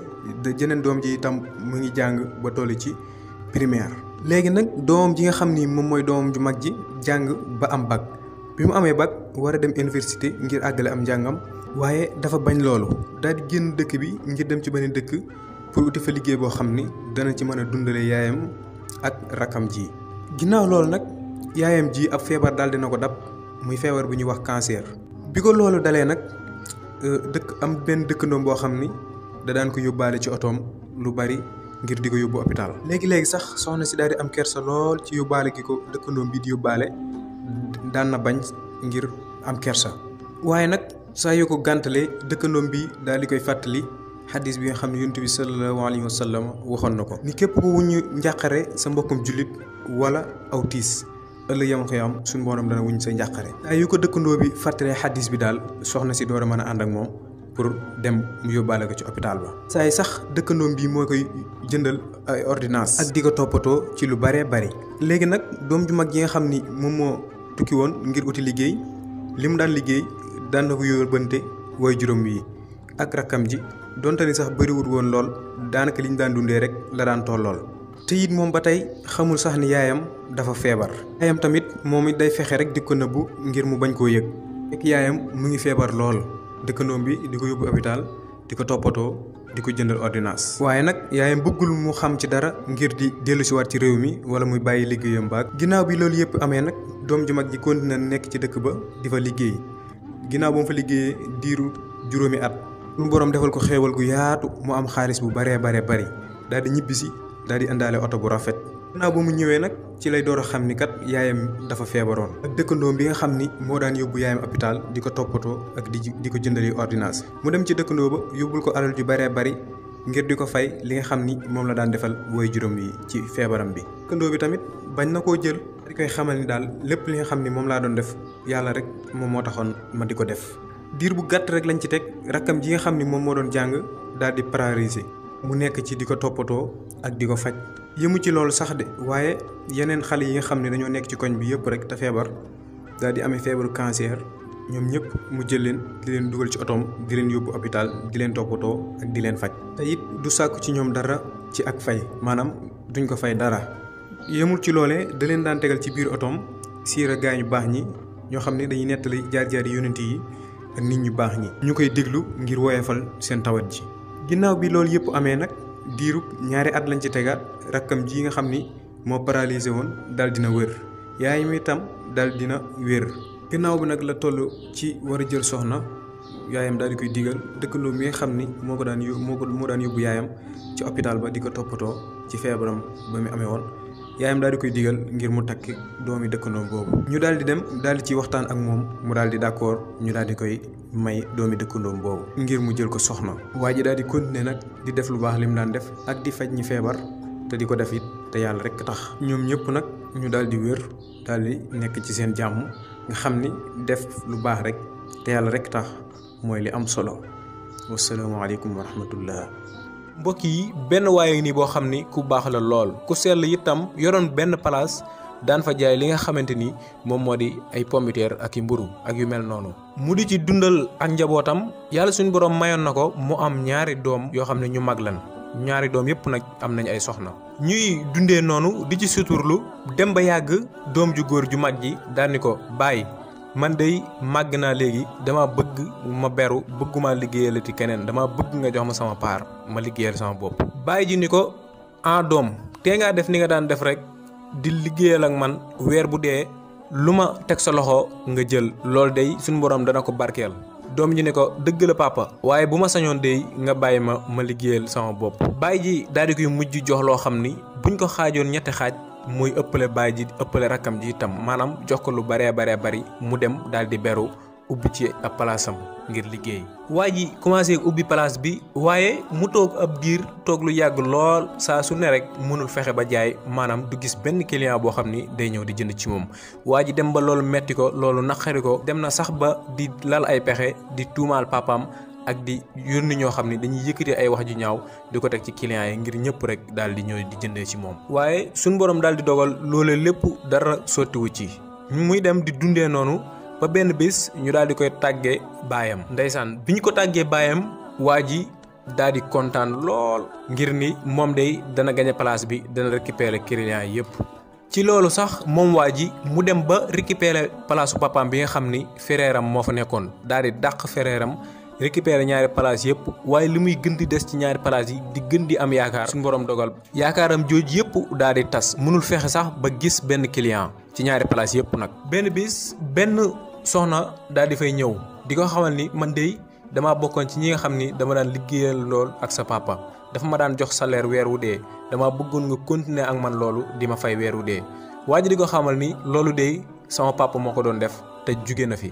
jeneen doom ji itam mu ngi jàng ba toll ci primaire. léegi nag doom ji nga xam ni moom mooy doom ju mag ji jàng ba am bag bi mu amee bac war a dem université ngir àggale am njàngam waaye dafa bañ loolu daal génn dëkk bi ngir dem ci beneen dëkk. pour uti fa liggéey boo xam ni dana ci mën a dundale yaayam ak rakam ji. ginnaaw loolu nag yaayam ji ab feebar daal na ko dab muy feebar bu ñuy wax cancer. bi ko loolu dalee nag euh, dëkk am benn dëkkandoom boo xam ni da daan ko yóbbaale ci otoom lu bari ngir di ko yóbbu hôpital. léegi léegi sax soxna si daal di am kersa lool ci yóbbaale gi ko dëkkandoom bii di yóbbaale daan na bañ ngir am kersa. waaye nag saa yoo ko gàntalee dëkkandoom bi daal di koy fàttali. xadis bi nga xam ne yonent bi sallallahu alayhi wa sallam waxoon na ko ni képp ku wuñu njàqare sa mbokkum jullit wala aw tiis ëllëg yam xiyam suñu boroom dana wuñ sa njàqare ay ko dëkkandoo bi fàttalee xadis bi daal soxna si door a mën ànd ak moom pour dem mu yóbbaale ko ci hôpital ba saa yi sax dëkkandoom bi moo koy jëndal ay ordonnance ak di ko toppatoo ci lu baree bari léegi nag doom ju mag ji nga xam ni moom moo tukki woon ngir wuti liggéey li mu daan liggéey daan na ko yóbbante juróom yi ak rakkam ji donte sax bëriwut woon lool daanaka li ñu daan dundee rek la daan tollool te it moom ba tey xamul sax ni yaayam dafa feebar. yaayam tamit moom it day fexe rek di ko nëbbu ngir mu bañ koo yëg. fekk yaayam mu ngi feebar lool dëkkandoom bi di ko yóbbu hôpital di ko toppatoo di ko jëndal ordinance waaye nag yaayam bëggul mu xam ci dara ngir di dellusiwaat ci réew mi wala muy bàyyi liggéeyam baag. ginnaaw bi loolu yëpp amee nag doom ju mag ji continué nekk ci dëkk ba di fa liggéey ginnaaw ba mu fa juróomi at. suñu borom defal ko xeewal gu yaatu mu am xaalis bu baree baree bari daal di ñibbisi daal di indaale oto bu rafet. gannaaw mu ñëwee nag ci lay door a xam ni kat yaayam dafa feebaroon. ak dëkkandoom bi nga xam ni moo daan yóbbu yaayam hôpital di ko toppatoo ak di di ko jëndali ordonnance. mu dem ci dëkkandoo ba yóbbul ko alal ju baree bari ngir di ko fay li nga xam ni moom la daan defal woy juróom yi ci feebaram bi. dëkkandoo bi tamit bañ na koo jël. di koy xamal ni daal lépp li nga xam ni moom laa doon def yàlla rek moom moo taxoon ma di ko def. diir bu gàtt rek lañ ci teg rakkam ji nga xam ni moom moo doon jàng daal di mu nekk ci di ko toppatoo ak di ko faj yëmu ci loolu sax de waaye yeneen xale yi nga xam ne dañoo nekk ci koñ bi yëpp rek te feebar daal di amee feebaru cancer ñoom ñëpp mu jël leen di leen dugal ci otoom di leen yóbbu hôpital di leen toppatoo ak di leen faj. te it du sàkku ci ñoom dara ci ak fay maanaam duñ ko fay dara yëmul ci loolee da leen daan tegal ci biir otoom siira gaañu baax ñi ñoo xam ne dañuy nettali jaar-jaar yonent ak nit ñu baax ñi ñu koy déglu ngir woyefal seen tawat ji ginnaaw bi loolu yëpp amee nag diiru ñaari at lañ ci tegaat rakkam ji nga xam ni moo paralysé woon daal na wér yaay itam tam daal dina wér ginnaaw bi nag la toll ci war a jël soxna yaayam daal di koy digal dëkkandoo mi nga xam ni moo ko daan yó daan yóbbu yaayam ci hôpital ba di ko toppatoo ci feebaram ba mu amee woon yaayam daal di koy digal ngir mu takk doomi dëkkandoom boobu ñu daal di dem daal di ci waxtaan ak moom mu daal di d'accord ñu daal di koy may doomi dëkkandoom boobu ngir mu jël ko soxna waa ji daal di continuer nag di def lu baax li mu daan def ak di faj ñi feebar te di ko def it te yàlla rek tax ñoom ñëpp nag ñu daal di wér daal nekk ci seen jàmm nga xam ni def lu baax rek te yàlla rek tax mooy li am solo wasalaamaaleykum wa rahmatullah mbokk yi benn waaye nii boo xam ni ku baax la lool ku sell itam yoroon benn place daan fa jaay li nga xamante ni moom moo di ay pommiteer ak i mburu ak yu mel noonu. mu di ci dundal ak njabootam yàlla suñu borom mayoon na ko mu am ñaari doom yoo xam ne ñu mag lan ñaari doom yëpp nag am nañ ay soxna. ñuy dundee noonu di ci suturlu dem ba yàgg doom ju góor ju mag ji daan ko bàyyi. man day màgg naa léegi dama bëgg ma beru bëgguma liggéeyalati keneen dama bëgg nga jox ma sama paar ma liggéeyal sama bopp. bàyyi ji ni ko en ah, doom tee ngaa def ni nga daan def rek di liggéeyal ak man weer bu dee lu ma teg sa loxo nga jël loolu day suñu borom dana ko barkeel. doom ji ne ko dëgg la papa waaye bu ma sañoon dey nga bàyyi ma ma liggéeyal sama bopp bàyyi ji daal di koy mujj jox loo xam ni buñ ko xaajoon ñetti xaaj muy ëppale baay ji ëppale rakkam ji itam maanaam jox ko lu baree baree bari mu dem daal di beru ubbi ci ab palaasam ngir liggéey waa ji commencé ubbi palaas bi waaye mu toog ab diir toog lu yàgg lool saa su ne rek mënul fexe ba jaay maanaam du gis benn client boo xam ni day ñëw di jënd ci moom waa ji dem ba loolu metti ko loolu naqari ko dem na sax ba di lal ay pexe di tuumaal papaam ak di yónni ñoo xam ne dañuy yëkkati ay wax ju ñaaw di ko teg ci clients yi ngir ñëpp rek daal di ñëw di jëndee ci moom. waaye suñu borom daal di dogal loolee lépp dara sottiwu ci muy dem di dundee noonu ba benn bis ñu daal di koy tàggee baayam. ndeysaan bi ñu ko tàggee baayam waa ji daal di kontaan lool ngir ni moom day dana gañe place bi dana récupérer clients yi yëpp. ci loolu sax moom waa ji mu dem ba récupérer palaasu papaam bi nga xam ni fereeram moo fa nekkoon daal di dàq fereeram récupérer ñaari place yëpp waaye li muy gën di des ci ñaari place yi di gën di am yaakaar suñu borom dogal yaakaaram jooju yëpp daal di tas mënul fexe sax ba gis benn client ci ñaari place yëpp nag. benn bis benn soxna daal di fay ñëw di ko xamal ni man dey damaa bokkoon ci ñi nga xam ni dama daan liggéeyal lool ak sa papa dafa ma daan jox saleer weer wu dee dama bëggoon nga continuer ak man loolu di ma fay weer wu dee waa ji di ko xamal ni loolu de sama papa moo ko doon def te jóge na fi.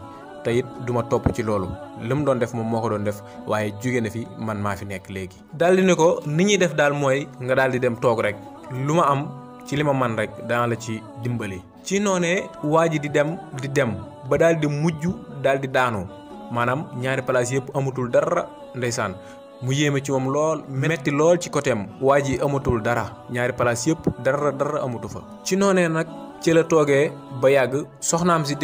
te it du ma topp ci loolu li mu doon def moom moo ko doon def waaye jóge na fi man maa fi nekk léegi. daal di ne ko ni ñuy def daal mooy nga daal di dem toog rek lu ma am ci li ma man rek dana la ci dimbali. ci noonee waa ji di dem di dem ba daal di mujj daal di daanu maanaam ñaari place yëpp amatul dara ndeysaan mu yéeme ci moom lool metti lool ci côté am waa ji amatul dara ñaari place yëpp dara dara amatu fa. ci noonee nag ci la toogee ba yàgg soxnaam si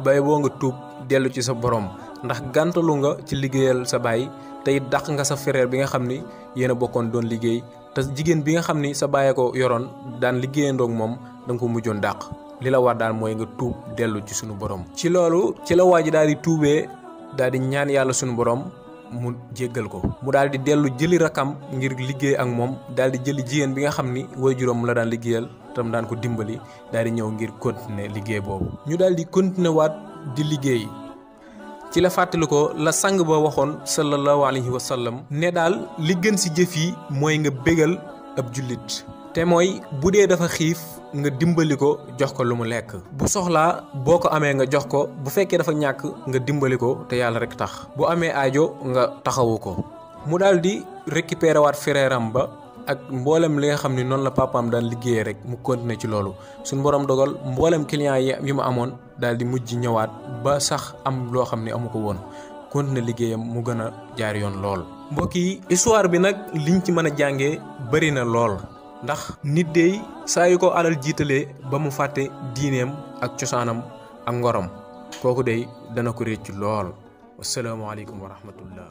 bay boo nga tuub dellu ci sa borom ndax gàntalu nga ci liggéeyal sa baay tey dàq nga sa frère bi nga xam ni yéen a bokkoon doon liggéey te jigéen bi nga xam ni sa baay ko yoroon daan liggéeyandoo moom danga ko mujjoon dàq li la war daal mooy nga tuub dellu ci sunu borom. ci loolu ci la waa ji daal di tuubee daal di ñaan yàlla sunu boroom mu jéggal ko mu daal di dellu jëli rakam ngir liggéey ak moom daal di jëli jigéen bi nga xam ni waajuram mu la daan liggéeyal tam daan ko dimbali daal di ñëw ngir continuer liggéey boobu. ñu daal di continuer waat di liggéey ci la fàttali ko la sang ba waxoon sallallahu alayhi wa sallam ne daal li gën si jëf yi mooy nga bégal ab jullit te mooy bu dee dafa xiif. nga dimbali ko jox ko lu mu lekk bu soxlaa boo ko amee nga jox ko bu fekkee dafa ñàkk nga dimbali ko te yàlla rek tax bu amee aajo nga taxawu ko mu daal di récupérer waat fereeram ba ak mboolem li nga xam ni noonu la papaam daan liggéeye rek mu continuer ci loolu suñu borom dogal mboolem client yi yi mu amoon daal di mujj ñëwaat ba sax am loo xam ni amu ko woon continuer liggéeyam mu gën a jaar yoon lool. mbokk yi histoire bi nag liñ ci mën a jàngee bëri na lool ndax nit dey saa yu ko alal jiitalee ba mu fàtte diineem ak cosaanam ak ngorom kooku dey dana ko réccu lool asalaamaaleykum wa rahmatullah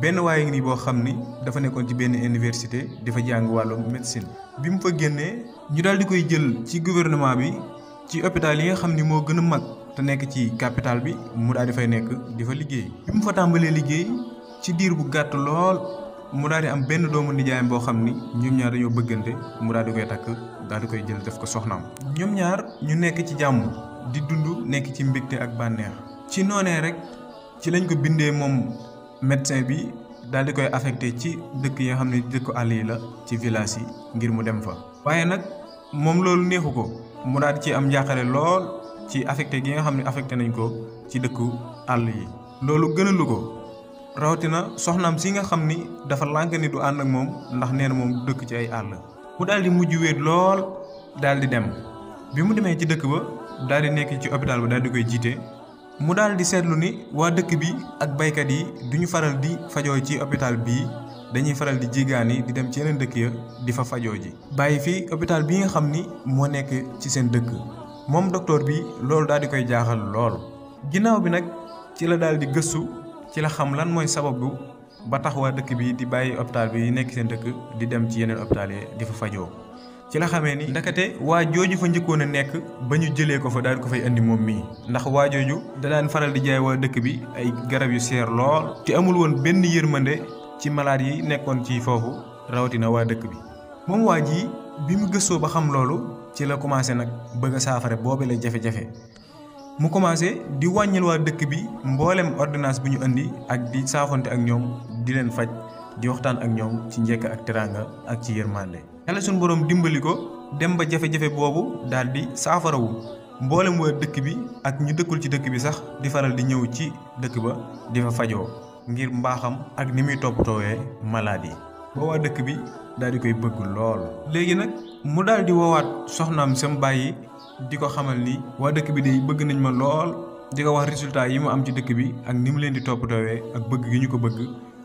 benn waaye ngi nii boo xam ni dafa nekkoon ci benn université dafa jàng wàllu médecine bi mu fa génnee ñu daal di koy jël ci gouvernement bi ci hôpital yi nga xam ni moo gën a mag te nekk ci capital bi mu daal di fay nekk di fa liggéey bi mu fa tàmbalee liggéey ci diir bu gàtt lool mu daal di am benn doomu nijaayam boo xam ni ñoom ñaar dañoo bëggante mu daal di koy takk daal di koy jël def ko soxnaam. ñoom ñaar ñu nekk ci jàmm di dund nekk ci mbégte ak bànneex. ci noonee rek ci lañ ko bindee moom médecin bi daal di koy affecté ci dëkk yi nga xam ne dëkku àll yi la ci village yi ngir mu dem fa. waaye nag moom loolu neexu ko mu daal di ci am njàqare lool ci affecté gi nga xam ne affecté nañ ko ci dëkku àll yi. loolu gënalu ko. rawatina soxnaam si nga xam ni dafa lànk ni du ànd ak moom ndax nee na moom dëkk ci ay àll. mu daal di mujj wéet lool daal di dem bi mu demee ci dëkk ba daal di nekk ci hôpital ba daal di koy jiite mu daal di seetlu ni waa dëkk bi ak baykat yi duñu faral di fajoo ci hôpital bii dañuy faral di jéggaani di dem ci yeneen dëkk ya di fa fajoo ji. bàyyi fi hôpital bii nga xam ni moo nekk ci seen dëkk moom docteur bi loolu daal di koy jaaxal lool ginnaaw bi nag ci di gëstu. ci la xam lan mooy sababu ba tax waa dëkk bi di bàyyi hôpital bi nekk seen dëkk di dem ci yeneen hôpital yi di fa fajoo ci la xamee ni ndakate waa jooju fa njëkkoon a nekk ba ñu jëlee ko fa daan ko fay indi moom mii ndax waa jooju da daan faral di jaay waa dëkk bi ay garab yu seer lool te amul woon benn yërmande ci malaat yi nekkoon ci foofu rawatina waa dëkk bi moom waa ji bi mu gëstoo ba xam loolu ci la commencé nag bëgg a saafara boobe la jafe mu commencé di wàññil waa dëkk bi mboolem ordonnance bu ñu indi ak di saafonte ak ñoom di leen faj di waxtaan ak ñoom ci njekk ak teraanga ak ci yërmande. yàlla suñu borom dimbali ko dem ba jafe-jafe boobu daal di saafarawu mboolem waa dëkk bi ak ñu dëkkul ci dëkk bi sax di faral di ñëw ci dëkk ba di fa fajoo ngir mbaaxam ak ni muy toppatoowee malade yi ba waa dëkk bi daal di koy bëgg lool. léegi nag mu daal di soxnaam sam bàyyi di ko xamal ni waa dëkk bi day bëgg nañ ma lool di ko wax résultat yi mu am ci dëkk bi ak ni mu leen di toppatoowee ak bëgg gi ñu ko bëgg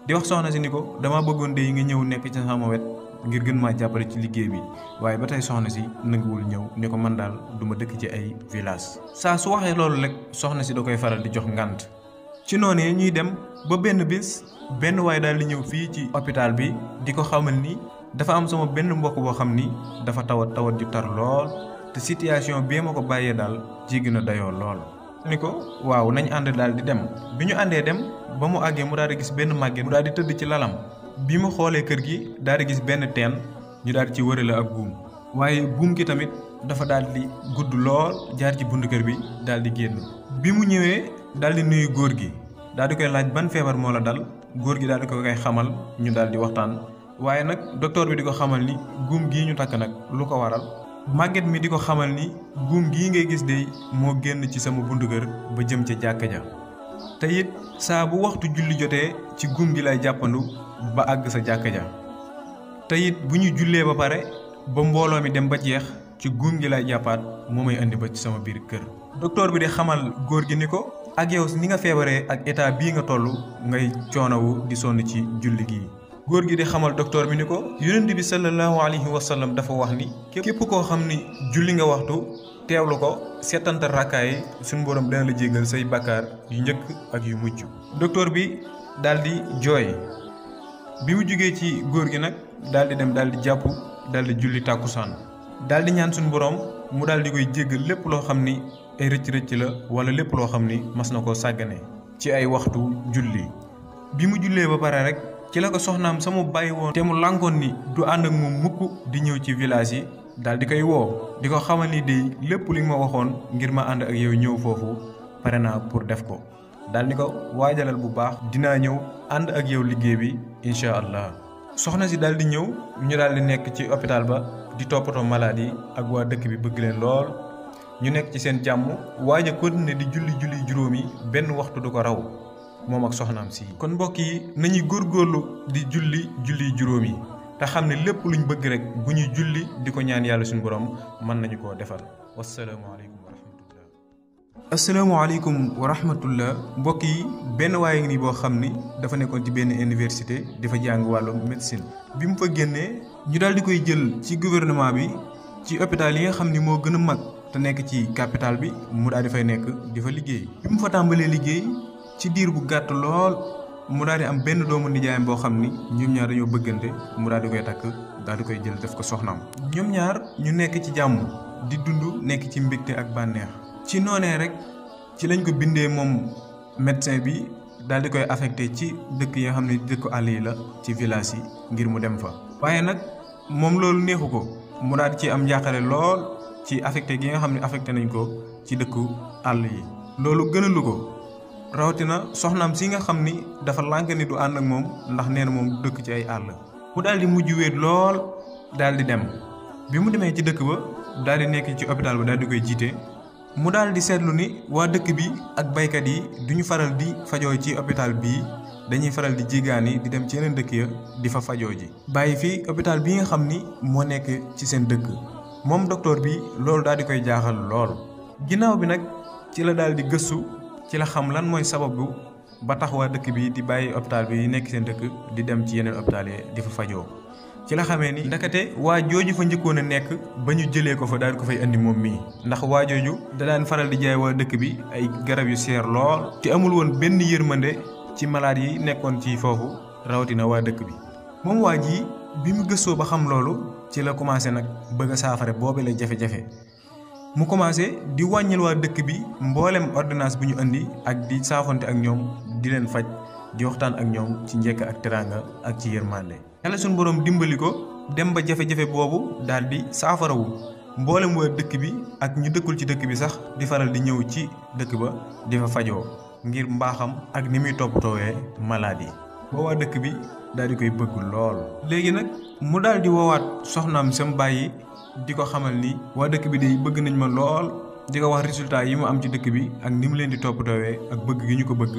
di wax soxna si ni ko damaa bëggoon de yi nga ñëw nekk ci sama wet ngir gën maa jàppale ci liggéey bi waaye ba tey soxna si nanguwul ñëw ni ko man daal duma ma dëkk ci ay village saa su waxee loolu rek soxna si da koy faral di jox ngànt ci noonee ñuy dem ba benn bis benn waaye daal di ñëw fii ci hôpital bi di ko xamal ni dafa am sama benn mbokk boo xam ni dafa tawat tawat ju tar lool te situation bee ma ko bàyyee daal jéggi na dayoo lool. ni ko waaw nañ ànd daal di dem bi ñu àndee dem ba mu àggee mu daal di gis benn màgget mu daal di tëdd ci lalam bi mu xoolee kër gi daal di gis benn teen ñu daal di ci wërale ak buum waaye buum gi tamit dafa daal di gudd lool jaar ci buntu kër bi daal di génn bi mu ñëwee daal di nuyu góor gi daal di koy laaj ban feebar moo la dal góor gi daal di ko koy xamal ñu daal di waxtaan waaye nag docteur bi di ko xamal ni guum gii ñu takk nag lu ko waral màgget mi di ko xamal ni guum gii ngay gis de moo génn ci sama buntu kër ba jëm ca jàkka ja te saa bu waxtu julli jotee ci guum gi lay jàppandu ba àgg sa jàkka ja te bu ñu jullee ba pare ba mbooloo mi dem ba jeex ci guum gi lay jàppaat moo may indi ba ci sama biir kër. docteur bi di xamal góor gi ni ko ak yow ni nga feebaree ak état bii nga toll ngay coonawu di sonn ci julli gii. góor gi di xamal docteur bi ni ko yonent bi sallallahu alayhi wa sallam dafa wax ni képp koo xam ni julli nga waxtu teewlu ko seetanta rakkaa yi suñu borom la jéggal say bakkaar yu njëkk ak yu mujj docteur bi daal di jooy bi mu jógee ci góor gi nag daal di dem daal di jàpp daldi di julli tàkkusaan daal di ñaan suñu borom mu daal di koy jéggal lépp loo xam ni ay rëcc-rëcc la wala lépp loo xam ni mas na koo sàggane ci ay waxtu julli bi mu jullee ba pare ci la ko soxnaam sama bàyyi woon te mu lànkoon ni du ànd ak moom mukk di ñëw ci village yi daal di koy woo di ko xamal ni day lépp li nga ma waxoon ngir ma ànd ak yow ñëw foofu pare naa pour def ko daal di ko waajalal bu baax dinaa ñëw ànd ak yow liggéey bi incha allah soxna si daal di ñëw ñu daal di nekk ci hôpital ba di toppatoo malade yi ak waa dëkk bi bëgg leen lool ñu nekk ci seen jàmm waaja continuer di julli julli juróom yi benn waxtu du ko raw moom ak soxnaam si. kon mbokk yi nañuy góor góorlu di julli julli juróom yi te xam ne lépp luñ bëgg rek bu ñuy julli di ko ñaan yàlla suñu borom mën nañu koo defar wasalaamaaleykum wa rahmatullah. asalaamaaleykum mbokk yi benn waaye ngi nii boo xam ni dafa nekkoon ci benn université dafa jàng wàllu médecine bi mu fa génnee ñu daal di koy jël ci gouvernement bi ci hôpital yi nga xam ni moo gën a mag te nekk ci capital bi mu daal di fay nekk di fa liggéey bi mu fa tàmbalee liggéey. ci diir bu gàtt lool mu daal di am benn doomu nijaayam boo xam ni ñoom ñaar dañoo bëggante mu daal di koy takk daal di koy jël def ko soxnaam. ñoom ñaar ñu nekk ci jàmm di dund nekk ci mbégte ak bànneex. ci noonee rek ci lañ ko bindee moom médecin bi daal di koy affecté ci dëkk yi nga xam ne dëkku àll yi la ci village yi ngir mu dem fa. waaye nag moom loolu neexu ko mu daal di ci am njàqare lool ci affecté gi nga xam ne affecté nañ ko ci dëkku àll yi. loolu gënalu ko. rawatina soxnaam si nga xam ni dafa lànk ni du ànd ak moom ndax nee na moom dëkk ci ay àll. mu daal di mujj wéet lool daal di dem bi mu demee ci dëkk ba daal di nekk ci hôpital ba daal di koy jiite mu daal di seetlu ni waa dëkk bi ak baykat yi duñu faral di fajoo ci hôpital bii dañuy faral di jéggaani di dem ci yeneen dëkk ya di fa fajoo ji. bàyyi fi hôpital bi nga xam ni moo nekk ci seen dëkk moom docteur bi loolu daal di koy jaaxal lool ginnaaw bi nag la daal di gëstu. ci la xam lan mooy sababu ba tax waa dëkk bi di bàyyi hôpital bi nekk seen dëkk di dem ci yeneen hôpital yi di fa fajoo ci la xamee ni ndakate waa jooju fa njëkkoon a nekk ba ñu jëlee ko fa daal ko fay indi moom mii ndax waa jooju da daan faral di jaay waa dëkk bi ay garab yu seer lool te amul woon benn yërmande ci malaat yi nekkoon ci foofu rawatina waa dëkk bi moom waa ji bi mu gëstoo ba xam loolu ci la commencé nag bëgg a saafare boobe la mu commencé di wàññil waa dëkk bi mboolem ordonnance bu ñu indi ak di saafonte ak ñoom di leen faj di waxtaan ak ñoom ci njekk ak teraanga ak ci yërmande. yàlla boroom dimbali ko dem ba jafe-jafe boobu daal di saafarawu mboolem waa dëkk bi ak ñu dëkkul ci dëkk bi sax di faral di ñëw ci dëkk ba di fa fajoo ngir mbaaxam ak ni muy toppatoowee malade yi ba waa dëkk bi daal di koy bëgg lool. léegi nag mu daal di soxnaam sam bàyyi di ko xamal ni waa dëkk bi de bëgg nañ ma lool di ko wax résultat yi mu am ci dëkk bi ak ni mu leen di topp toppatoowee ak bëgg gi ñu ko bëgg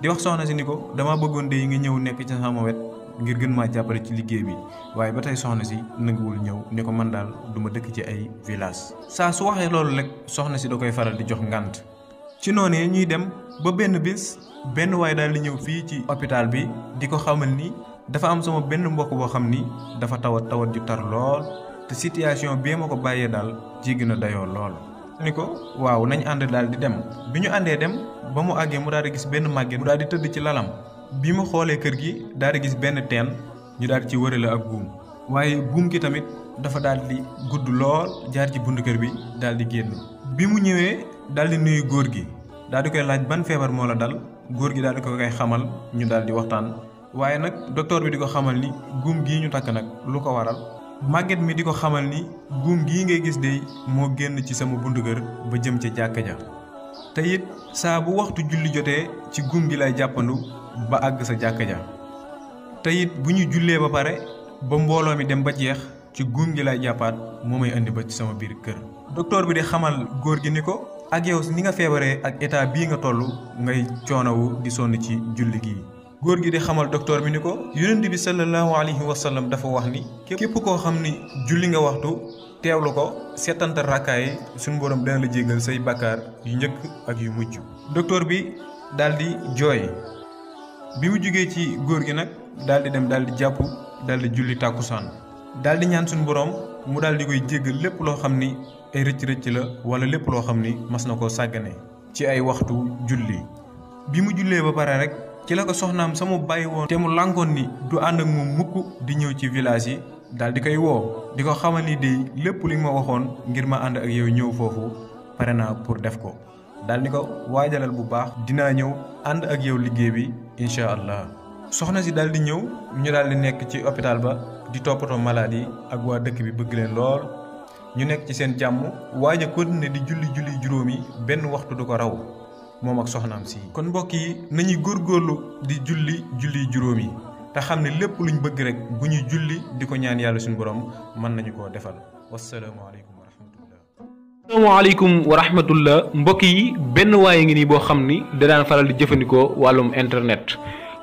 di wax soxna si ni ko damaa bëggoon de yi nga ñëw nekk ci sama wet ngir gën maa jàppale ci liggéey bi waaye ba tey soxna si nanguwul ñëw ne ko man daal duma dëkk ci ay village saa su waxee loolu rek soxna si da koy faral di jox ngànt ci noonu ñuy dem ba benn bis benn waay daal di ñëw fii ci hôpital bi di ko xamal ni dafa am sama benn mbokk boo xam ni dafa tawat tawat ju tar lool te situation bii ma ko bàyyee daal jéggi na dayoo lool. ni ko waaw nañ ànd daal di dem bi ñu àndee dem ba mu àggee mu daal di gis benn màgget mu daal di tëdd ci lalam bi mu xoolee kër gi daal di gis benn teen ñu daal di ci wërale ak buum waaye guum gi tamit dafa daal di gudd lool jaar ci buntu kër bi daal di génn bi mu ñëwee daal di nuyu góor gi daal di koy laaj ban feebar moo la dal góor gi daal di ko koy xamal ñu daal di waxtaan waaye nag docteur bi di ko xamal ni buum gii ñu takk nag lu ko waral màgget mi di ko xamal ni guum gii ngay gis de moo génn ci sama buntu kër ba jëm ca jàkka ja te it saa bu waxtu julli jotee ci guum gi lay jàppandu ba àgg sa jàkka ja te bu ñu jullee ba pare ba mbooloo mi dem ba jeex ci guum gi lay jàppaat moo may indi ba ci sama biir kër. docteur bi di xamal góor gi ni ko ak yow ni nga feebaree ak état bii nga toll ngay coonowu di sonn ci julli gii. góor gi di xamal docteur bi ni ko yonent bi sallallahu alayhi wa sallam dafa wax ni képp koo xam ni julli nga waxtu teewlu ko seetanta rakkaay yi suñu borom dana la jéggal say bakkaar yu njëkk ak yu mujj docteur bi daal di jooy bi mu jógee ci góor gi nag daal di dem daal di jàpp daal di julli tàkkusaan daal di ñaan suñu borom mu daal di koy jéggal lépp loo xam ni ay rëcc rëcc la wala lépp loo xam ni mas na koo sàggane ci ay waxtu julli bi mu jullee ba pare rek ci la ko soxnaam sama bàyyi woon te mu lànkoon ni du ànd ak moom mukk di ñëw ci village yi daal di koy woo di ko xamal ni dey lépp li ma waxoon ngir ma ànd ak yow ñëw foofu pare na pour def ko daal di ko waajalal bu baax dinaa ñëw ànd ak yow liggéey bi incha allah soxna si daal di ñëw ñu daal di nekk ci hôpital ba di toppatoo malade yi ak waa dëkk bi bëgg leen lool ñu nekk ci seen jàmm waaj a continuer di julli julli juróomi benn waxtu du ko raw moom ak soxnaam si. kon mbokk yi nañuy góorgóorlu di julli julli juróom yi te lépp luñ bëgg rek bu ñuy julli di ko ñaan yàlla suñu borom mën nañu koo defal wasalaamaaleykum wa rahmatullah. asalaamaaleykum mbokk yi benn waaye ngi nii boo xam ni da daan faral di jëfandikoo wàllum internet.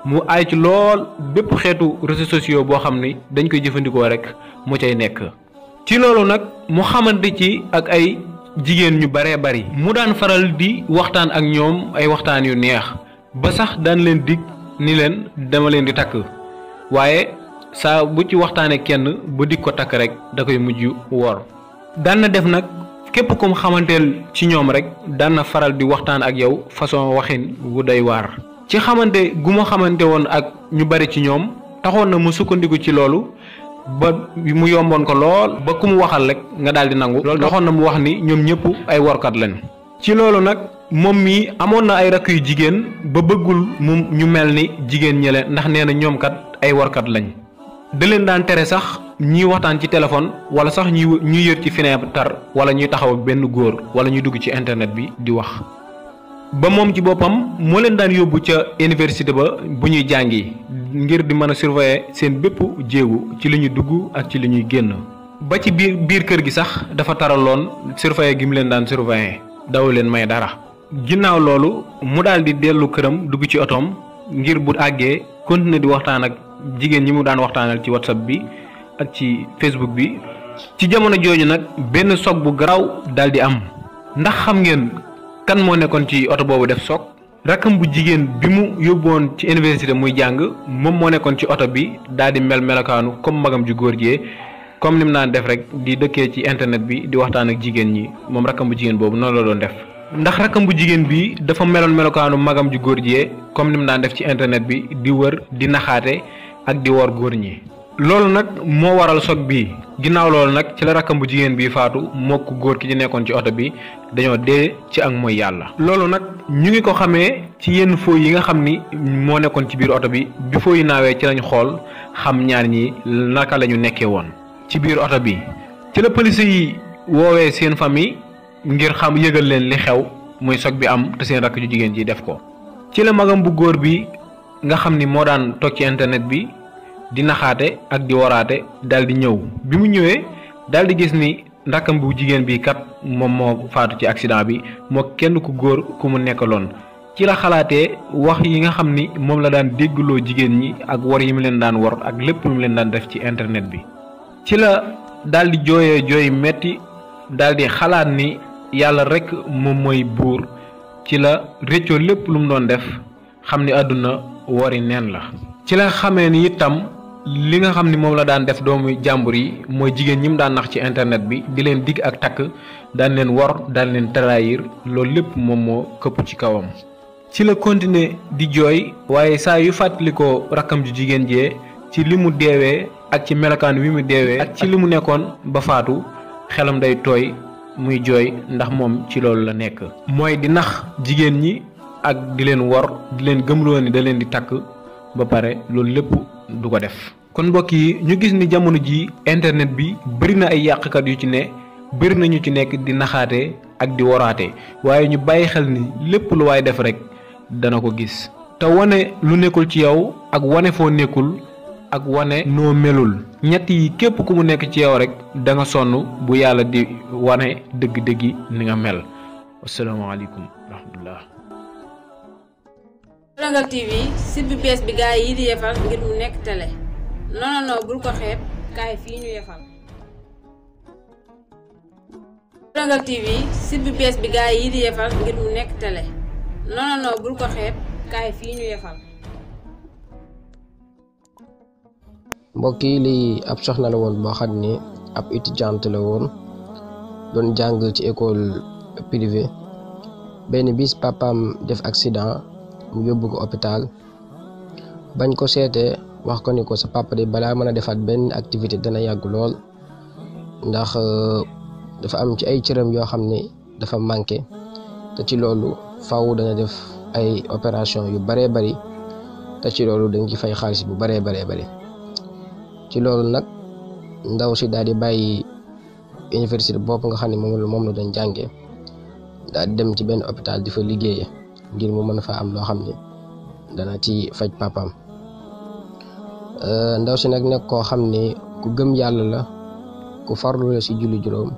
mu aay ci lool bépp xeetu réseaux sociaux boo xam ni dañ koy jëfandikoo rek mu cay nekk ci loolu nag mu xamante ci ak ay jigéen ñu baree bari mu daan faral di waxtaan ak ñoom ay waxtaan yu neex ba sax daan leen dig ni leen dama leen di takk waaye saa bu ci waxtaanee kenn ba dig ko takk rek da koy mujj wor daan na def nag képp kum xamanteel ci ñoom rek daan na faral di waxtaan ak yow façon waxin wu doy waar ci xamante gu ma xamante woon ak ñu bari ci ñoom taxoon na mu sukkandiku ci loolu ba mu yomboon ko lool ba ku mu waxal rek nga daal di nangu loolu taxoon na mu wax ni ñoom ñëpp ay workat lañ ci loolu nag moom mii amoon na ay rakk yu jigéen ba bëggul mu ñu mel ni jigéen ñi ndax nee na ñoom kat ay workat lañ da leen daan tere sax ñuy waxtaan ci téléphone wala sax ñuy ñuy yër ci fenêtre wala ñuy taxaw benn góor wala ñuy dugg ci internet bi di wax. ba moom ci boppam moo leen daan yóbbu ca iniversité ba bu ñuy jàngi ngir di mën a surveiller seen bépp jéegu ci li ñuy dugg ak ci li ñuy génn ba ci biir biir kër gi sax dafa taraloon surveiller gi mu leen daan surveiller daw leen may dara ginnaaw loolu mu daal di dellu këram dugg ci otoom ngir bu àggee continuer di waxtaan ak jigéen ñi mu daan waxtaanal ci whatsapp bi ak ci facebook bi ci jamono jooju nag benn choc bu garaaw daal di am ndax xam ngeen kan moo nekkoon ci oto boobu def soog rakkam bu jigéen bi mu yóbbuwoon ci université muy jàng moom moo nekkoon ci oto bi daal di mel melokaanu comme magam ju góor jee comme lim naan def rek di dëkkee ci internet bi di waxtaan ak jigéen ñi moom rakkam bu jigéen boobu noonu la doon def. ndax rakkam bu jigéen bi dafa meloon melokaanu magam ju góor jee comme ni mu daan def ci internet bi di wër di naxaate ak di wor góor ñi. loolu nag moo waral choc bi ginnaaw loolu nag ci la rakkam bu jigéen bi faatu moo ko góor ki ci nekkoon ci oto bi dañoo dee ci ak mooy yàlla. loolu nag ñu ngi ko xamee ci yenn foo yi nga xam ni moo nekkoon ci biir oto bi bi foo yi naawee ci lañ xool xam ñaar ñi naka la ñu nekkee woon. ci biir oto bi ci la police yi woowee seen famille ngir xam yëgal leen li xew muy choc bi am te seen rakk ju jigéen ji def ko. ci la magam bu góor bi nga xam ni moo daan toog ci internet bi. di naxaate ak di waraate daal di ñëw bi mu ñëwee daal di gis ni ndakam bu jigéen bi kat moom moo faatu ci accident bi moo kenn ku góor ku mu nekkaloon ci la xalaatee wax yi nga xam ni moom la daan dégguloo jigéen ñi ak wor yi mu leen daan war ak lépp lu mu leen daan def ci internet bi ci la daal di jooyee jooy metti daal xalaat ni yàlla rekk moom mooy buur ci la réccoo lépp lu mu doon def xam ni àdduna wori nen la ci la xamee ni itam li nga xam ni moom la daan def doomu jàmbur yi mooy jigéen ñi mu daan nax ci internet bi di leen digg ak takk daan leen wor daan leen trahir loolu lépp moom moo këpp ci kawam. ci la continuer di jooy waaye saa yu fàttalikoo rakkam ju jigéen jee ci li mu deewee ak ci melokaan wi mu deewee ak ci li mu nekkoon ba faatu xelam day tooy muy jooy ndax moom ci loolu la nekk. mooy di nax jigéen ñi ak di leen wor di leen gëmloo ni da leen di takk ba pare loolu lépp du ko def. kon mbokk yi ñu gis ni jamono ji internet bi bari na ay yàqkat yu ci ne bëri nañu ci nekk di naxaate ak di woraate waaye ñu bàyyi xel ni lépp lu waaye def rek dana ko gis te wane lu nekkul ci yow ak wane foo nekkul ak wane noo melul ñett yi képp ku mu nekk ci yow rek danga sonn bu yàlla di wane dëgg-dëggi ni nga mel asalaamaaleykum wa rahmatullah TV site bees bi gaa yi di yefal ngir mu nekk télé non bul ko xeeb kaay fii ñu yefal ngir mu nekk télé non bul ko xeeb kaay fii ñu yefal mbokk yi lii ab soxna la woon boo xam ni ab étudiante la woon doon jàng ci école privée benn bis papam def accident mu yóbbu ko hôpital bañ ko seete wax ko ni ko sa papa de balaa mën a defaat benn activité dana yàgg lool ndax euh, dafa am ci ay cëram yoo xam ne dafa manqué te ci loolu faaw dana def ay opération yu baree bari te ci loolu dañ ci fay xaalis bu baree baree bari ci loolu nag ndaw si daal di bàyyi université bopp nga xam ne moom la moom la doon jàngee daal di dem ci benn hôpital di fa liggéeye ngir mu mën a fa am loo xam ne dana ci faj papaam. Euh, ndaw si nag nekk koo xam ne ku gëm yàlla la ku farlu la si julli juróom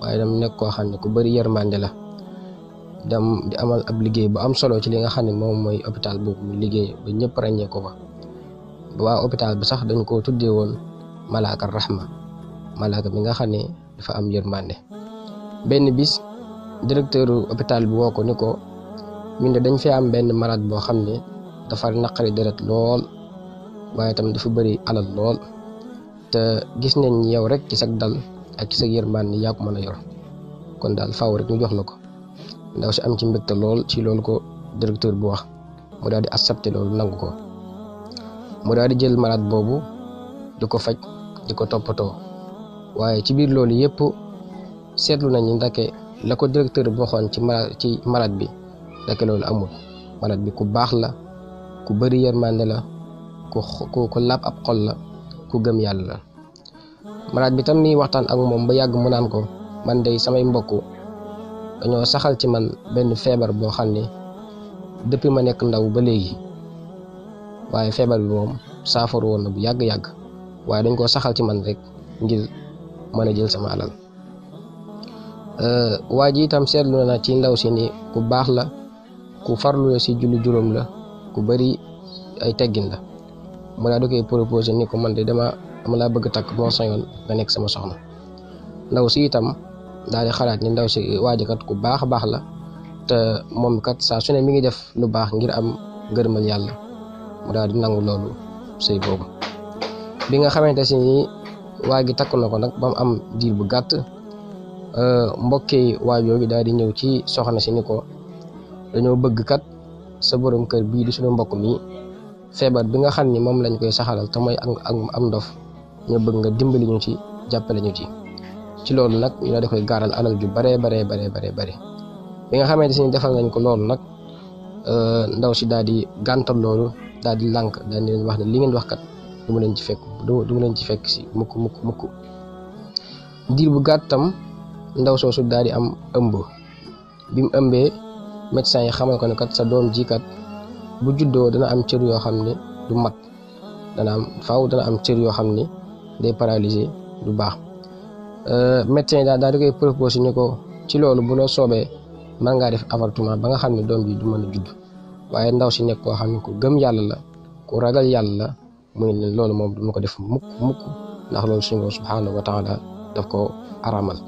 waaye dam nekk koo xam ne ku bëri yërmande la dem di amal ab liggéey bu am solo ci li nga xam ne moom mooy hôpital boobu liggéey ba ñëpp ràññee ko fa waa bi sax dañ koo tuddee woon malaaka rahma malaaka bi nga xam ne dafa am yërmande benn bis directeur hôpital bi woo ko ni ko ñun de dañ fi am benn malade boo xam ne dafa naqari deret lool waaye tam dafa bëri alal lool te gis nañ yow rek ci sag dal ak ci sa yërmande yaa ko mën a yor kon daal faw rek ñu jox la ko ndaw si am ci mbégte lool ci loolu ko directeur bu wax mu daal di accepté loolu nangu ko mu daal di jël malade boobu di ko faj di ko toppatoo waaye ci biir loolu yëpp seetlu nañ nañu ndake la ko directeur bi waxoon ci malade ci malade bi ndake loolu amul malade bi ku baax la ku bari bëri yërmande la ku ku ku laab ab xol la ku gëm yàlla la malade bi tam ni waxtaan ak moom ba yàgg mu naan ko man de samay mbokk dañoo saxal ci man benn feebar boo xam ne depuis ma nekk ndaw ba léegi waaye feebar bi moom saafara woon na bu yàgg-yàgg waaye dañ koo saxal ci man rek ngir mën a jël sama alal euh, waa ji itam seetlu na ci ndaw si ni ku baax la ku farlu la si julli juróom la ku bari ay teggin la mu daal di koy proposé ni ko man de dama dama laa bëgg takk boo sañoon nga nekk sama soxna ndaw si itam daal di xalaat ni ndaw si kat ku baax a baax la te moom kat saa mi ngi def lu baax ngir am ngërëmal yàlla daal di nangu loolu sëy boobu bi nga xamante si ni waa gi takk na ko nag ba am diir bu gàtt euh, mbokki waajoo gi daal di ñëw ci soxna si ni ko dañoo bëgg kat sa borom kër bii di sunu mbokk mi feebar bi nga xam ni moom lañ koy saxalal te mooy ak am ndof ñu bëgg nga dimbali ñu ci jàppale ci ci loolu nag ñu daal koy gaaral alal ju baree baree baree baree bare bi nga xamante si defal nañ ko loolu nag euh, ndaw si daal di gàntal loolu daal di lànk daal leen wax ne li ngeen wax kat du mu leen ci fekk du mu ci fekk si mukk mukk mukk diir bu gàttam ndaw soosu daal di am ëmb bi mu ëmbee médecin yi xamal ko ne kat sa doom ji kat bu juddoo dana am cër yoo xam ne du mat dana am faaw dana am cër yoo xam ni day paralysé du baax euh, médecin daal daal di koy si ne ko ci loolu bu la soobee mën ngaa def avortement ba nga xam ne doon bi du mën judd waaye ndaw si nekk xam ne ku gëm yàlla la ku ragal yàlla la mu ne leen loolu moom duma ko def mukk mukk ndax loolu suñu borom subhaanahu wa taala daf ko aramal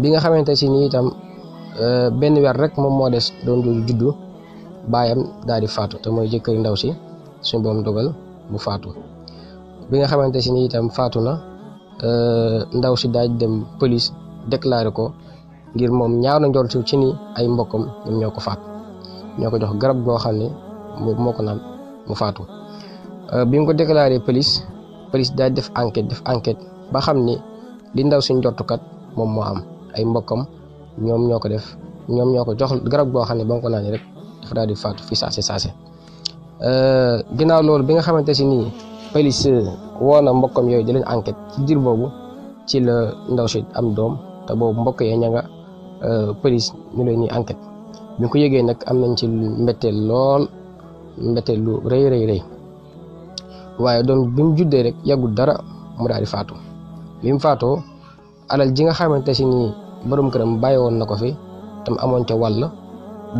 bi nga xamante si ni itam euh, benn weer rek moom moo des doom jooju juddu baayam daal di faatu te mooy jëkkëri ndaw si suñu boom dogal bu faatu bi nga xamante si ni itam faatu na euh, ndaw si daal dem police déclaré ko ngir moom ñaaw na njortu ci ni ay mbokkam ñoom ñoo ko faat ñoo ko jox garab goo xam ne moo ko naan mu faatu euh, bi mu ko déclaré police police daal def enquête def enquête ba xam ni li ndaw si njortukat moom moo am ay mbokkam ñoom ñoo ko def ñoom ñoo ko jox garab goo xam ne ba nga ko naan rek dafa di faatu fi saase saase euh, ginnaaw loolu bi nga xamante si nii police woo na mbokkam yooyu di leen enquête ci diir boobu ci la ndaw si am doom te boobu mbokk yee nga euh, police ñu leen ñuy enquête bi ko yëgee nag am nañ ci mbetteel lool mbetteel lu rëy rëy waaye doom bi mu rek yàggul dara mu daal faatu bi mu faatoo nga xamante si nii borom këram bàyyi woon na ko fi tam amoon ca wàll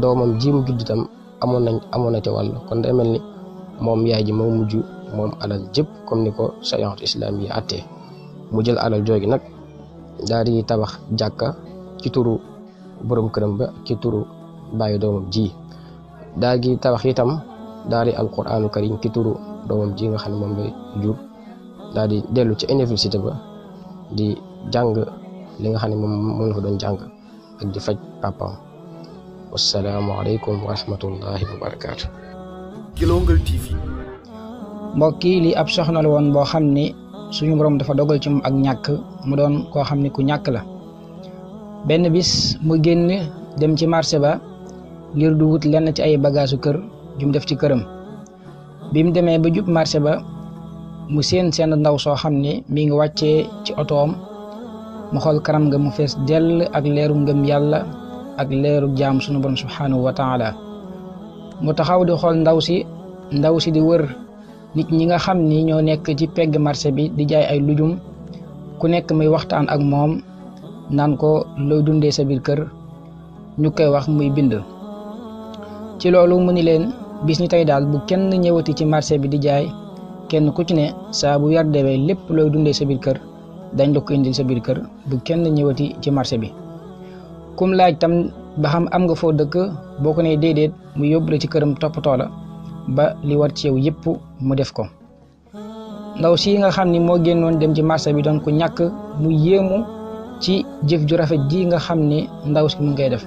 doomam ji mu judd tam amoon nañ amoon na ca wàll kon day mel ni moom yaay ji moom mujj moom alal jëpp comme ni ko chariat islam yi àttee mu jël alal joogi nag daal di tabax jàkka ci turu borom këram ba ci turu bàyyi doomam ji daal di tabax itam daal di alquranu karim ci turu doomam ji nga xam ne moom lay jur daal di dellu ci université ba di jàng li nga xam ne moom moom la fa doon jàng ak di faj papaam wasalaamualeykum wa rahmatullahi yi lii ab soxna la woon boo xam ni suñu borom dafa dogal ci moom ak ñàkk mu doon koo xam ni ku ñàkk la benn bis mu génn dem ci marché ba ngir du wut lenn ci ay bagaasu kër jum def ci këram bi mu demee ba jub marché ba mu séen seen ndaw soo xam ni mi ngi wàccee ci otoom mu xool kanam nga mu fees dell ak leeru ngëm yàlla. ak leeru jaam sunu borom subhanahu wa taala mu taxaw di xool ndaw si ndaw si di wër nit ñi nga xam ni ñoo nekk ci pegg marché bi di jaay ay lujum ku nekk muy waxtaan ak moom naan ko looy dundee sa biir kër ñu koy wax muy bind ci loolu mu ni leen bis ni tey daal bu kenn ñëwati ci marché bi di jaay kenn ku ci ne saa bu yar dewee lépp looy dundee sa biir kër dañ la ko indil sa biir kër bu kenn ñëwati ci marché bi kum laaj tam ba xam am nga foo dëkk boo ko nee déedéet mu yóbbu la ci këram toppatoo la ba li war ci yow yëpp mu def ko ndaw si nga xam ni moo génnoon dem ci marché bi doon ko ñàkk mu yéemu ci jëf ju rafet ji nga xam ni ndaw si mu ngay def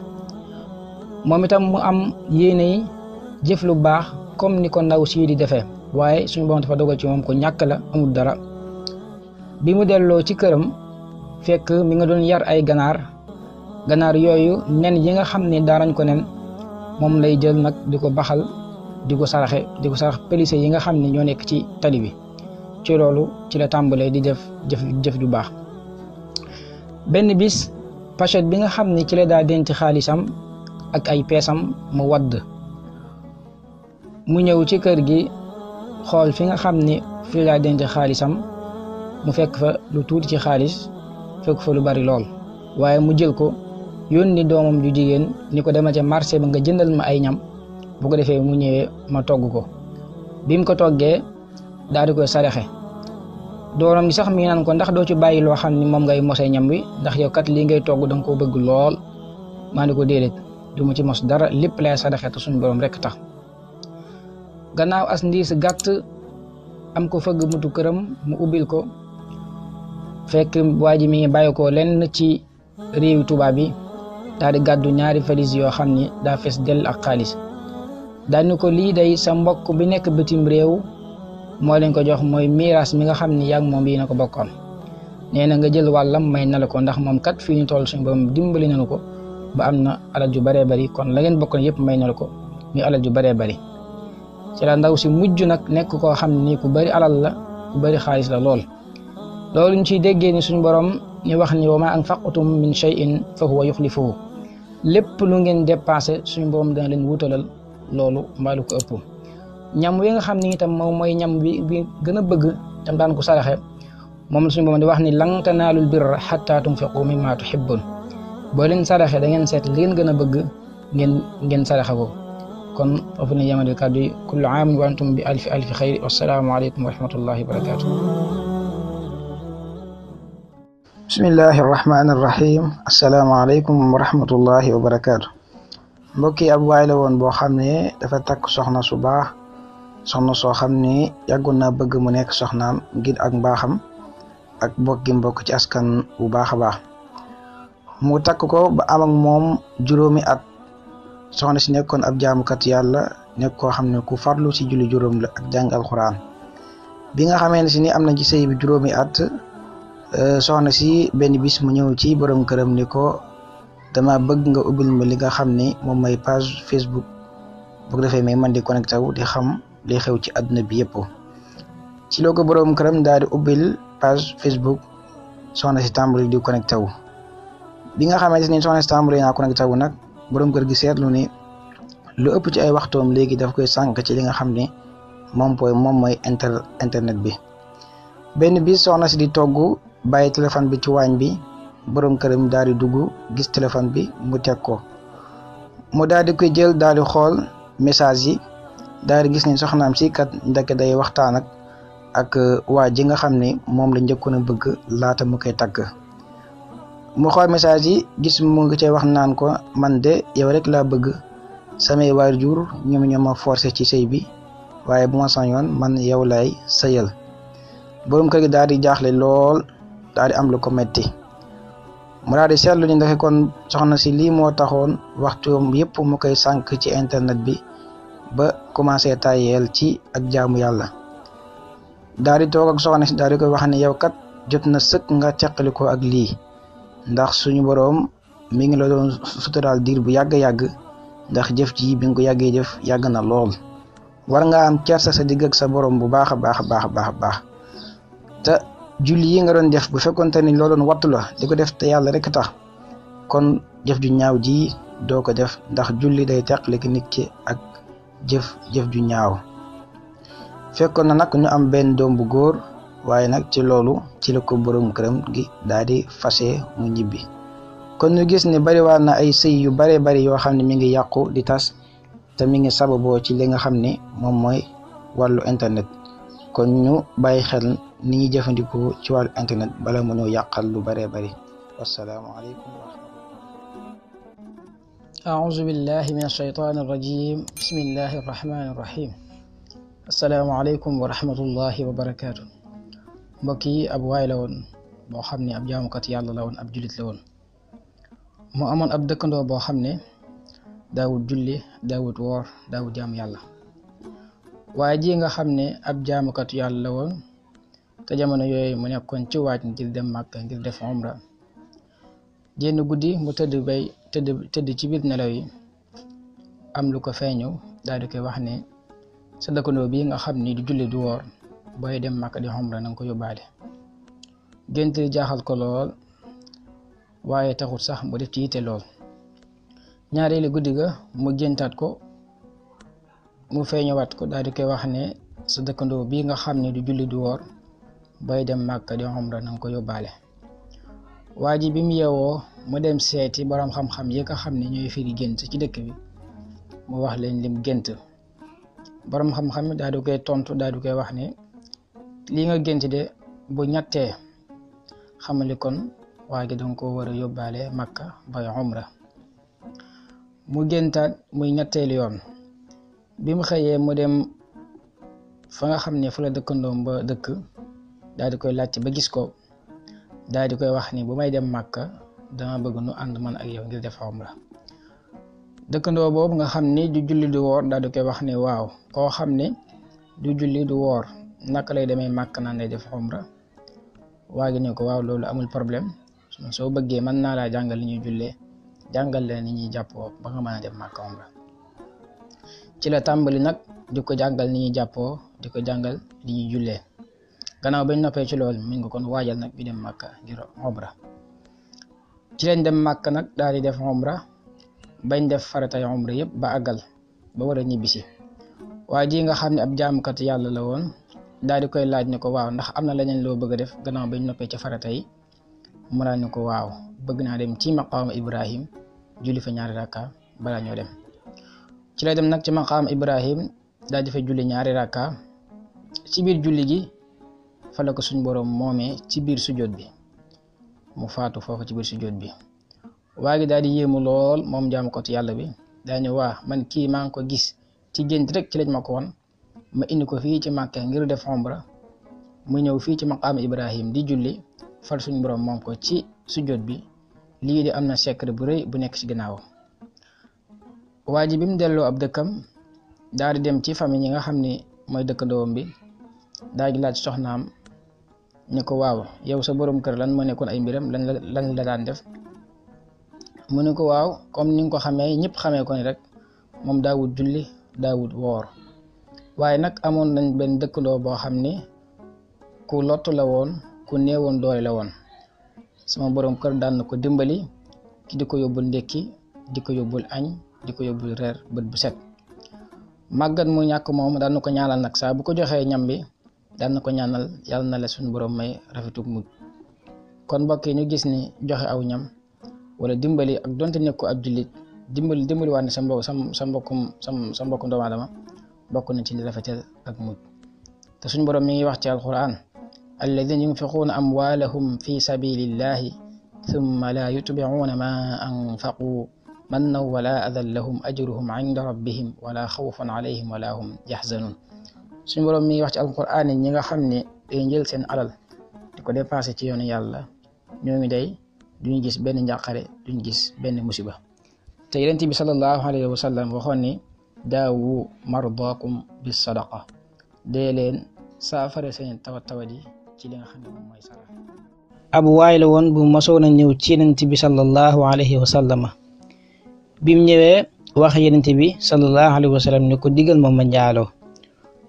moom itam mu am yéene yi jëf lu baax comme ni ko ndaw si di defee waaye suñu borom dafa dogal ci moom ko ñàkk la amul dara bi mu delloo ci këram fekk mi nga doon yar ay ganaar ganaar yooyu nen yi nga xam ne daarañ ko nen moom lay jël nag di ko baxal di ko saraxe di ko sarax policiers yi nga xam ne ñoo nekk ci tali bi ci loolu ci la tàmbalee di def jëf jëf ju baax benn bis pachette bi nga xam ne ci la daa denc xaalisam ak ay peesam mu wadd mu ñëw ci kër gi xool fi nga xam ni fi la daa denc xaalisam mu fekk fa lu tuuti ci xaalis fekk fa lu bari lool waaye mu jël ko yónni doomam ju jigéen ni ko dema ca marché bi nga jëndal ma ay ñam bu ko defee mu ñëwee ma togg ko bi mu ko toggee daal di koy saraxe doomam gi sax mi naan ko ndax doo ci bàyyi loo xam ni moom ngay mosee ñam wi ndax yow kat lii ngay togg danga koo bëgg lool maa ni ko déedéet du mu ci mos dara lépp lay saraxe te suñu borom rek tax gannaaw as ndiis gàtt am ko fëgg mutu këram mu ubbil ko fekk waa ji mi ngi bàyyi ko lenn ci réewi tubaab yi daal di gàddu ñaari valise yoo xam ni daa fees dell ak xaalis daa ni ko lii day sa mbokk bi nekk bitim réew moo leen ko jox mooy miiras mi nga xam ni yaag moom yi na ko bokkoon nee na nga jël wàllam may na ko ndax moom kat fii ñu toll suñu borom dimbali nañu ko ba am na alal ju baree bari kon la ngeen bokkoon yëpp may na ko muy alal ju baree bari ci ndaw si mujj nag nekk koo xam ni ku bari alal la ku bari xaalis la lool loolu ñu ciy déggee ni suñu borom ni wax ni wa ma anfaqtum min shay'in fa huwa yuxlifuhu lépp lu ngeen dépassé suñu borom dana leen wutalal loolu mbaa ko ëpp ñam wi nga xam ni itam moom mooy ñam bi bi gën bëgg tam daan ko saraxe moom la suñu borom di wax ni lan tanaalul birra xatta tunfiqu mimma tuhibbun boo leen saraxe da ngeen seet li ngeen gën a bëgg ngeen ngeen saraxe ko kon foofu ne yemale kàddu yi kullu aam wa antum bi alfi alfi xayri wasalaamu aleykum wa rahmatullahi wa barakatuh bismillahi irrahmani irrahim asalaamaaleykum wa rahmatullahi wa barakaatu mbokki ab waay la woon boo xam ne dafa takk soxna su baax soxna soo xam ne yàggoon naa bëgg mu nekk soxna ngir ak mbaaxam ak bokk gi ci askan bu baax a baax mu takk ko ba am ak moom juróomi at soxna si nekkoon ab jaamukat yàlla nekk koo xam ne ku farlu si julli juróom la ak jàng alxuraan bi xamee ne si ni am na ci bi juróomi at Euh, soxna si benn bis mu ñëw ci borom këram ni ko dama bëgg nga ubbil ma li nga xam ne moom mooy page Facebook bu ko defee may man di connecté wu di xam li xew ci àdduna bi yëpp ci loo ko borom këram daal di ubbil page Facebook soxna si tàmbali di connecté wu bi nga xamante ni soxna si tàmbali naa connecté wu nag borom kër gi seetlu ni lu ëpp ci ay waxtoom léegi daf koy sànq ci li nga xam ne moom mooy moom mooy inter internet bi benn bis soxna si di togg. bàyyi téléphone bi ci waañ bi borom këram daal di dugg gis téléphone bi mu teg ko mu daal di koy jël daal di xool message yi daal di gis ne soxnaam si kat ndeke day waxtaan ak ak euh, waa ji nga xam ne moom la njëkkoon a bëgg laata mu koy tagg mu xool message yi gis mu ngi cay wax naan ko man de yow rek laa bëgg samay waajur ñoom ñoo ma forcé ci sëy bi waaye bu ma sañoon man yow lay sëyal borom kër gi daal jaaxle lool daal di am lu ko metti mu di seetlu ni ndax kon soxna si lii moo taxoon waxtuwam yëpp mu koy sànq ci internet bi ba commencé tayeel ci ak jaamu yàlla daal di toog ak soxna si daal di koy wax ne yow kat jot na sëkk nga teqali ko ak lii ndax suñu boroom mi ngi la doon suturaal diir bu yàgg-yàgg ndax jëf ji bi nga ko yàggee jëf yàgg na lool war nga am kersa sa digg sa boroom bu baax a baax a baax a baax a baax julli yi nga doon def bu fekkonte ni loo doon wattu la di ko def te yàlla rek tax kon jëf ju ñaaw ji doo ko def ndax julli day teqale nit ki ak jëf jëf ju ñaaw fekkoon na nag ñu am benn doom bu góor waaye nag ci loolu ci la ko borom këram gi daal di fase mu ñibbi kon ñu gis ne bariwaat na ay sëy yu bare bari yoo xam ne mi ngi yàqu di tas te mi ngi sababoo ci li nga xam ne moom mooy wàllu internet kon ñu bàyyi xel ni ñuy jëfandikoo ci wàllu internet bala mu ñoo yàqal lu bëree bëri wasalaamualeykum wa rahmatullah aouzu billahi min alshaytan arrajim bismillahi arrahmani arrahim asalaamualeykum wa rahmatullahi wa barakaatu mbokk yi ab waay la woon boo xam ne ab jaamukat yàlla la woon ab julit la woon mu amoon ab dëkkandoo boo xam ne daawut julli daawut woor daawut jaam yàlla waaye ji nga xam ne ab jaamukat yàlla la woon te jamono yooyu mu nekkoon ci waaj ngir dem Màkka ngir def umra jénn guddi mu tëdd bay tëdd ci biir nelaw yi am lu ko feeñu daal di koy wax ne sa dëkkandoo bi nga xam ni du julli du woor booy dem Màkka di umra na ko yóbbaale gént jaaxal ko lool waaye taxul sax mu def ci lool ñaareelu guddi ga mu géntaat ko mu feeñuwaat ko daal di koy wax ne sa dëkkandoo bii nga xam ne du julli du woor bay dem màkka di xumra na ko yóbbaale waa ji bi mu yeewoo mu dem seeti boroom xam-xam yi nga xam ne ñooy firi gént ci dëkk bi mu wax leen lim gént boroom xam-xam daa du koy tontu daa du koy wax ne lii nga gént de bu ñettee xamali kon waa ji danga ko war a yóbbaale makka bay xumra mu géntaat muy ñetteelu yoon bi mu xëyee mu dem fa nga xam ne fu la dëkkandoom ba dëkk daal di koy laajte ba gis ko daal di koy wax ni bu may dem màkk dama bëgg nu ànd man ak yow ngir def umra dëkkandoo boobu nga xam ni du julli du woor daal di koy wax ni waaw koo xam ne du julli du woor naka lay demee màkk naan lay def umra waa gi ne ko waaw loolu amul problème soo bëggee mën naa laa jàngal ni ñuy jullee jàngal la ni ñuy jàppoo ba nga mën a dem màkka umra ci la tàmbali nag di ko jàngal ni ñuy jàppoo di ko jàngal ni ñuy jullee gannaaw bañ noppee ci loolu min nga kon waajal nag bi dem màkka ngir omra ci lañ dem màkka nag daal di def omra bañ def faratay omra yëpp a ñibbisi waaye ji nga xam ne ab jaamkat yàlla la woon daal di koy laaj ne ko waaw ndax am na leneen loo bëgg a def gannaaw bañ noppee ci farata yi mu daal ne ko waaw bëgg naa dem ci maqaama ibrahim julli fa ñaari rakka balaa ñoo dem ci la dem biir julli gi fa ko suñ boroom moomee ci biir sujjóot bi mu faatu foofu ci biir sujjóot bi waa gi daal di yéemu lool moom jaamu ko ci yàlla bi daañu waa man kii maa ngi ko gis ci gént rek ci lañ ma ko ma indi ko fii ci Màkka ngir def omra mu ñëw fii ci maqaam Ibrahim di julli far suñ boroom moom ko ci sujjóot bi lii di am na secret bu rëy bu nekk ci ginnaawam waa ji delloo ab dëkkam daal di dem ci famille yi nga xam ni mooy dëkkandoom bi daal di laaj ne ko waaw yow sa borom kër lan moo nekkoon ay mbiram lan la lan la daan def mu ne ko waaw comme ni ko xamee ñëpp xamee ko ni rek moom daawut julli wut woor waaye nag amoon nañ benn dëkkandoo boo xam ni ku lottu la woon ku néewoon doole la woon sama borom kër daan na ko dimbali ki di ko yóbbul ndékki di ko yóbbul añ di ko yóbbul reer bët bu set màggat mu ñàkk moom daan na ko ñaanal nag saa bu ko joxee ñam bi daan na ko ñaanal yàlla na la suñu borom may rafetug mujj kon mbokk yi ñu gis ni joxe aw ñam wala dimbali ak donte nekk ko ab jullit dimbali dimbali waat ne sa mbokk sa mbokkum sa mbokkum doomu aadama bokk na ci li rafetal ak mujj te suñu borom mi ngi wax ci alquran alladina yunfiquuna amwaalahum fi sabilillahi thumma la yutbicuuna ma anfaqu mannan wala adan lahum ajruhum inda rabbihim wala xawfun alayhim wala hum yaxzanun suñu borom mi wax ci alquran ñi nga xam ne day seen alal di ko dépensé ci yoonu yàlla ñooñu day duñu gis benn njàqare duñu gis benn musiba te yonent bi sallallahu alayhi wa sallam waxoon ni daawu mardaakum bis sadaqa dee leen saafara seen tawat tawat yi ci li nga xam ne moom mooy sarax ab waay la woon bu masoon a ñëw ci yonent bi sallallahu alayhi wa sallam bim ñëwee wax yonent bi sallallahu alayhi wa sallam ni ko digal moom ma njaaloo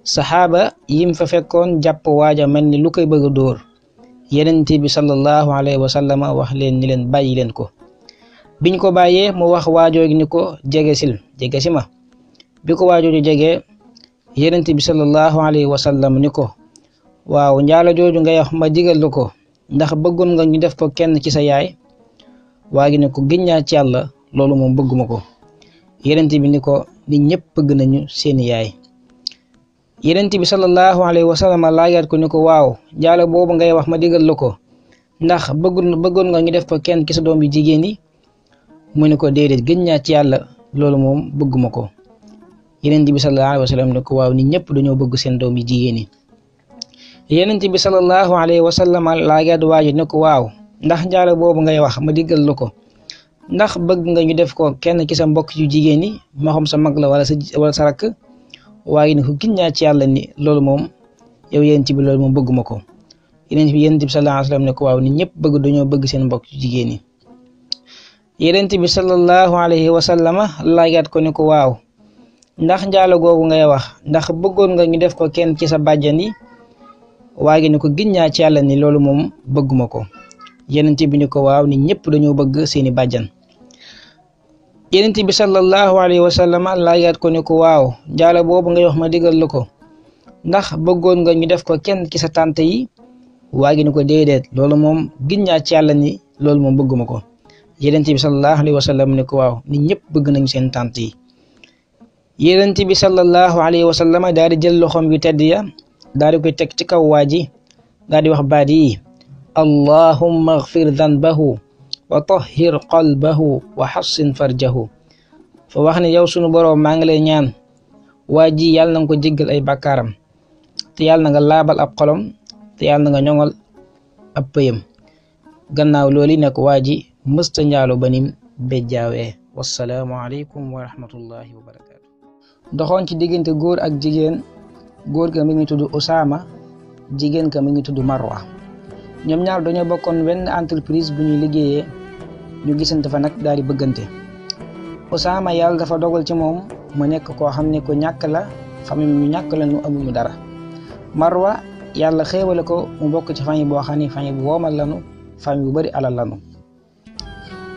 saxaaba yim fa fekkoon jàpp waaja mel ni lu koy bëgg a dóor yenent bi sallallahu alayhi wa sallam wax leen ni leen bàyyi leen ko biñ ko bàyyee mu wax waajoogi ni ko jege sil jege si ma bi ko waajooju jegee yenent bi sallallahu alayhi wa sallam ni ko waaw njaalo jooju ngay wax ma digal la ko ndax bëggoon nga ñu def ko kenn ci sa yaay waa gi ne ko giññaa ci yàlla loolu moom bëgguma ko yenent bi ni ko ni ñëpp bëgg nañu seeni yaay yenent bi sallallahu alayhi wa sallam laajaat ko ni ko waaw jaalo boobu ngay wax ma digal la ko ndax bëggoon bëggoon nga ñu def ko kenn ki sa doom yu jigéen yi mu ne ko déedéet gën ñaa ci yàlla loolu moom bëgguma ko yenent bi sallallahu alayhi wa ne ko waaw nit ñëpp dañoo bëgg seen doom yu jigéen yi yenent bi sallallahu alayhi wa sallam laajaat waaji ne ko waaw ndax jaalo boobu ngay wax ma diggal la ko ndax bëgg nga ñu def ko kenn ki sa mbokk yu jigéen yi moo sa mag la wala sa wala sa rakk waaye ne ko gin naa ci yàlla ni loolu moom yow yonent bi loolu moom bëgguma ko yonent bi yonent bi sallallahu alayhi wa ne ko waaw ni ñëpp bëgg dañoo bëgg seen mbokk jigéen ñi bi sallallahu alayhi wa sallama laajaat ko ne ko waaw ndax njaalo googu ngay wax ndax bëggoon nga ñu def ko kenn ci sa bàjjan yi waaye ko gin naa ci yàlla ni loolu moom bëgguma ko yonent bi ne ko waaw ni ñëpp dañoo bëgg seeni bàjjan yonent bi sallallahu alayhi wa sallam laajaat ko ne ko waaw jaalo boobu ngay wax ma digal la ko ndax bëggoon nga ñu def ko kenn ci sa tànt yi waa gi ni ko déedéet loolu moom gin ñaa ci ni loolu moom bëgguma ko yonent bi sallallahu alayhi wa sallam ne ko waaw nit ñëpp bëgg nañ seen tànt yi yonent bi sallallahu alayhi wa sallam daal di jël loxoom yu tedd ya daal di koy teg ci kaw waa ji di wax baat yi allahumma dan danbahu wa tahhir qalbahu wa xassin farjahu fa wax ne yow sunu boroom maa ngi lay ñaan waa ji yàlla na nga ko jéggal ay bakkaaram ti yàlla na nga laabal ab xolom te yàlla na nga ñoŋal ab pëyam gannaaw loolu yi nekk waa ji mësta njaalo ba nim béjjaawee wassalaamu aleykum wa rahmatullahi wa barakaatu doxoon ci diggante góor ak jigéen góor ga mi ngi tudd Usaama jigéen ka mi ngi tudd Marwa ñoom ñaar dañoo bokkoon benn entreprise bu ñuy liggéeyee ñu gisante fa nag daal di bëggante Usaama yàlla dafa dogal ci moom mu nekk koo xam ne ku ñàkk la famille ñu ñàkk la ñu amuñu dara Marwa yàlla xéewale ko mu bokk ci famille boo xam ne famille bu woomal lanu famille bu bari alal lanu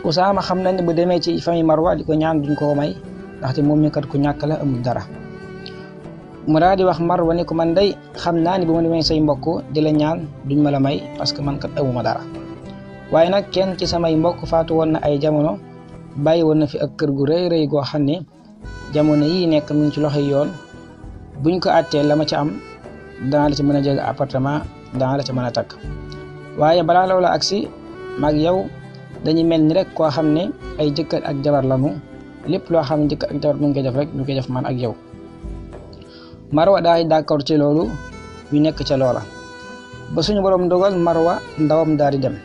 Usaama xam na ne bu demee ci famille Marwa di ko ñaan duñ koo may ndaxte moom mi kat ku ñàkk la amul dara mu daal di wax Marwa ni ko man day xam naa ni bu ma demee say mbokk di la ñaan duñ ma la may parce que man kat ma dara waaye nag kenn ci samay mbokk faatu woon na ay jamono bàyyi woon na fi ak kër gu rëy rëy goo xam ne jamono yii nekk mu ngi ci loxoy yoon buñ ko àttee la ma ci am danaa la ci mën a jël appartement danaa la ci mën a takk waaye balaa loolu agsi mag yow dañuy mel ni rek koo xam ne ay jëkkër ak jabar lañu lépp loo xam ne jëkkër ak jabar mu ngi koy def rek ñu koy def man ak yow marwa daay d'accord ci loolu ñu nekk ca loola ba suñu borom dogal marwa ndawam daal di dem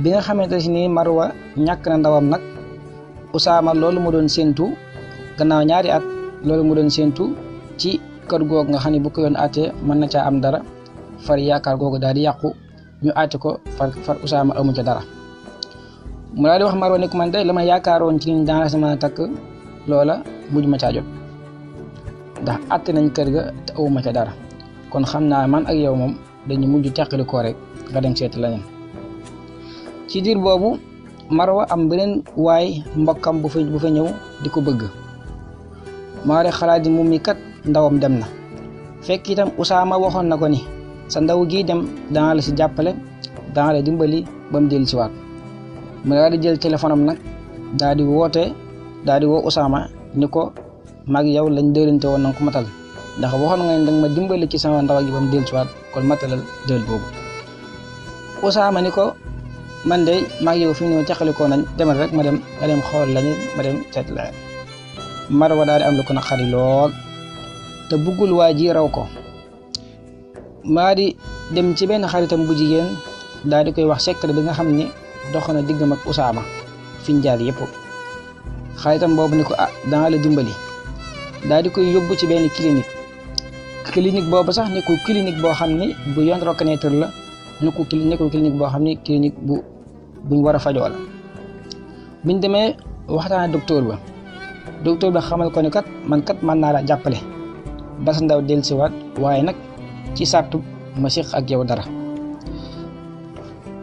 bi nga xamante si ni marwa ñàkk na ndawam nag usaama loolu mu doon séentu gannaaw ñaari at loolu mu doon séentu ci kër googu nga xam ne bu ko yoon àttee mën na caa am dara far yaakaar googu daal di yàqu ñu àtte ko far far usaama amu ca dara mu daal di wax marwa ne ko man day la ma yaakaaroon ci niñ daana sama takk loola mujj ma caa ndax àtte nañ kër ga te awuma ca dara kon xam naa man ak yow moom dañu mujj teqali ko rek nga dem seeti leneen ci diir boobu Marwa am beneen waay mbokkam bu fa ñëw di ko bëgg Maare xalaat di mu mi kat ndawam dem na fekk itam Usaama waxoon na ko ni sa ndaw gii dem dana la si jàppale dana la dimbali ba mu dellu si waat mu daal jël téléphone am nag daal di woote daal di woo Usaama ni ko mag yow lañ dëlante woon nanga ko matal ndax waxoon nga ne danga ma dimbali ki sama ndaw gi ba mu dellusiwaat kon matalal dël boobu Usaama ko man de maag yow fi mu nañ demal rek ma dem ma xool lañu ma dem seet la daal am lu ko naqari lool te buggul ji raw ko maa dem ci benn xaritam bu jigéen daal di koy wax secret bi nga xam ne dox na diggam ak Usaama fiñ jaar yëpp xaritam boobu ni ko ah danga la dimbali daal di koy yóbbu ci benn clinique clinique boobu sax nekkul clinique boo xam ni bu yoon reconnaître la nekkul nekkul clinique boo xam ni clinique bu buñ war a fajoo la biñ demee waxtaan ak ba docteur ba xamal ko ni mankat man mën naa la jàppale ba sa ndaw dellusiwaat waaye nag ci sartu ma ak yow dara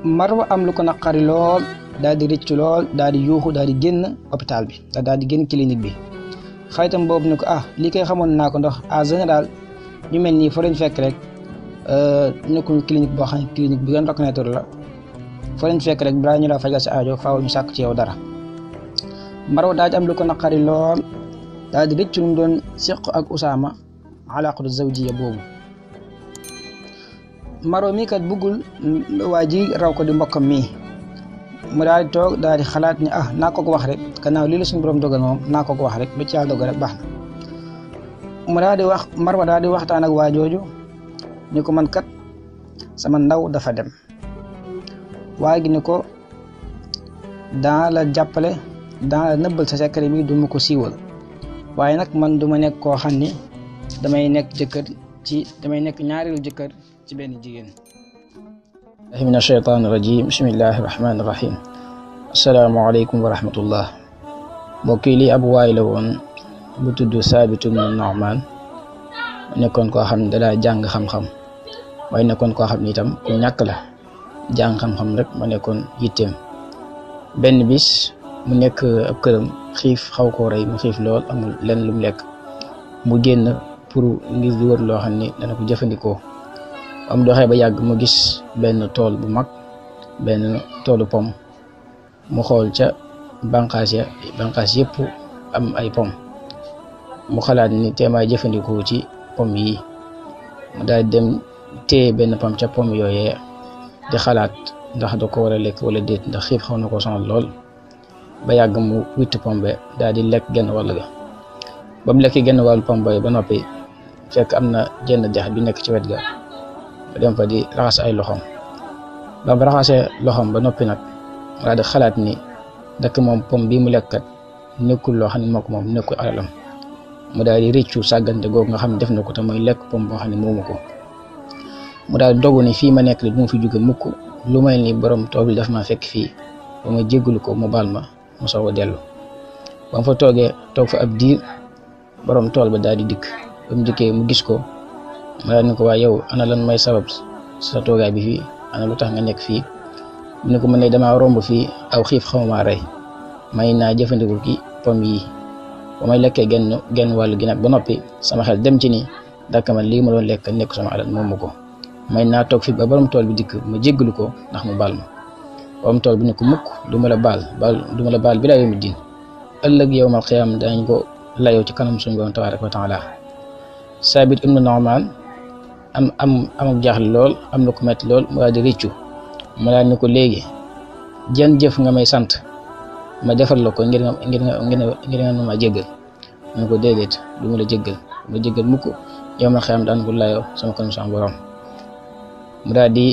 Marwa am lu ko naqari lool daal di rëccu lool daal di yuuxu daal di génn hôpital bi daal di génn clinique bi. xaritam boobu ne ko ah lii kay xamoon naako ko ndax en général ñu mel nii fa lañ fekk rek euh, nekkuñu clinique boo xam ne clinique bi gën reconnaître la fa lañ fekk rek balaa ñu laa fajal sa aajo faaw ñu sàkk ci yow dara Marwa daal am lu ko naqari lool daal di doon seq ak Usaama alaaqatu zawjiya boobu maro mii kat bëggul mm, waa ji raw ko di mbokkam mii mu daal di toog daal di xalaat ni ah naa ko ko wax rek gannaaw lii la suñu borom dogal moom naa ko ko wax rek lu ci yàlla dogal rek baax na mu daal di wax Marwa daal di waxtaan ak waa jooju ni ko man kat sama ndaw dafa dem waa gi ni ko daa la jàppale daa la nëbbal sa secret bi du ma ko siiwal waaye nag man du ma nekk koo xam ni damay nekk jëkkër ci damay nekk ñaareelu jëkkër ci benn jigéen الله من الشيطان الرجيم بسم الله الرحمن الرحيم السلام عليكم ورحمة الله mbokki lii ab waay la woon bu tudd Saabit ibn Nu'maan nekkoon koo xam ne dalaa jàng xam-xam waaye nekkoon koo xam ne itam ku ñàkk la jàng xam-xam rek ma nekkoon yitteem benn bis mu nekk ab këram xiif xaw koo rey mu xiif lool amul lenn lu mu lekk mu génn pour ngir di wër loo xam ne dana ko jëfandikoo am doxee ba yàgg mu gis benn tool bu mag benn toolu pom mu xool ca bànqaas ya bànqaas yëpp am ay pom mu xalaat ni teemaay jëfandikoo ci pom yi mu daal dem téye benn pom ca pom yooyee di xalaat ndax da ko war a lekk walla déet ndax xiif xaw na ko sonal lool ba yàgg mu witt pom be daal di lekk genn wall ga ba mu lekk genn wàllu pom ba ba noppi fekk am na jenn dex bi nekk ca wet ga dem fa di raxas ay loxoom ba mu loxoom ba noppi nag daal di xalaat ni dakk moom pom bi mu lekk lekkat nekkul loo xam ne moo moom nekkul alalam mu daal di rëccu sàggante googu nga xam ne def na ko te mooy lekk pom boo xam ne moomu ko mu daal di dogu ni fii ma nekk li bu ma fi jóge mukk lu may ni borom tool def ma fekk fii ba ma jéggalu ko mu bal ma mu soog a dellu ba mu fa toogee toog fa ab diir borom tool ba daal di dikk ba mu mu gis ko ma daal ni ko waaye yow ana lan may sabab sa toogaay bi fii ana lu tax nga nekk fii mu ne ko man ne damaa romb fii aw xiif xaw maa rey may naa jëfandikoo ki pom yi ba may lekkee genn genn wàllu gi nag ba noppi sama xel dem ci ni dakk man lii ma doon lekk nekk sama alal moomu ko may naa toog fii ba borom tool bi dikk ma jéggalu ko ndax mu baal ma borom tool bi ne ko mukk du ma la bal baal du ma la baal bi laa yawmi diin ëllëg yawmal qiyaam daañu ko layoo ci kanam suñu borom tabaaraka wa taala am am amuk jaaxle lool am na ko metti lool mu daal di rëccu mu daal ni ko léegi jan jëf nga may sant ma defar la ko ngir nga ngir nga ngir nga mu ko déedéet du ma la jéggal du ma mukk yow ma xam daan ko laayoo sama kanam sama borom mu daal di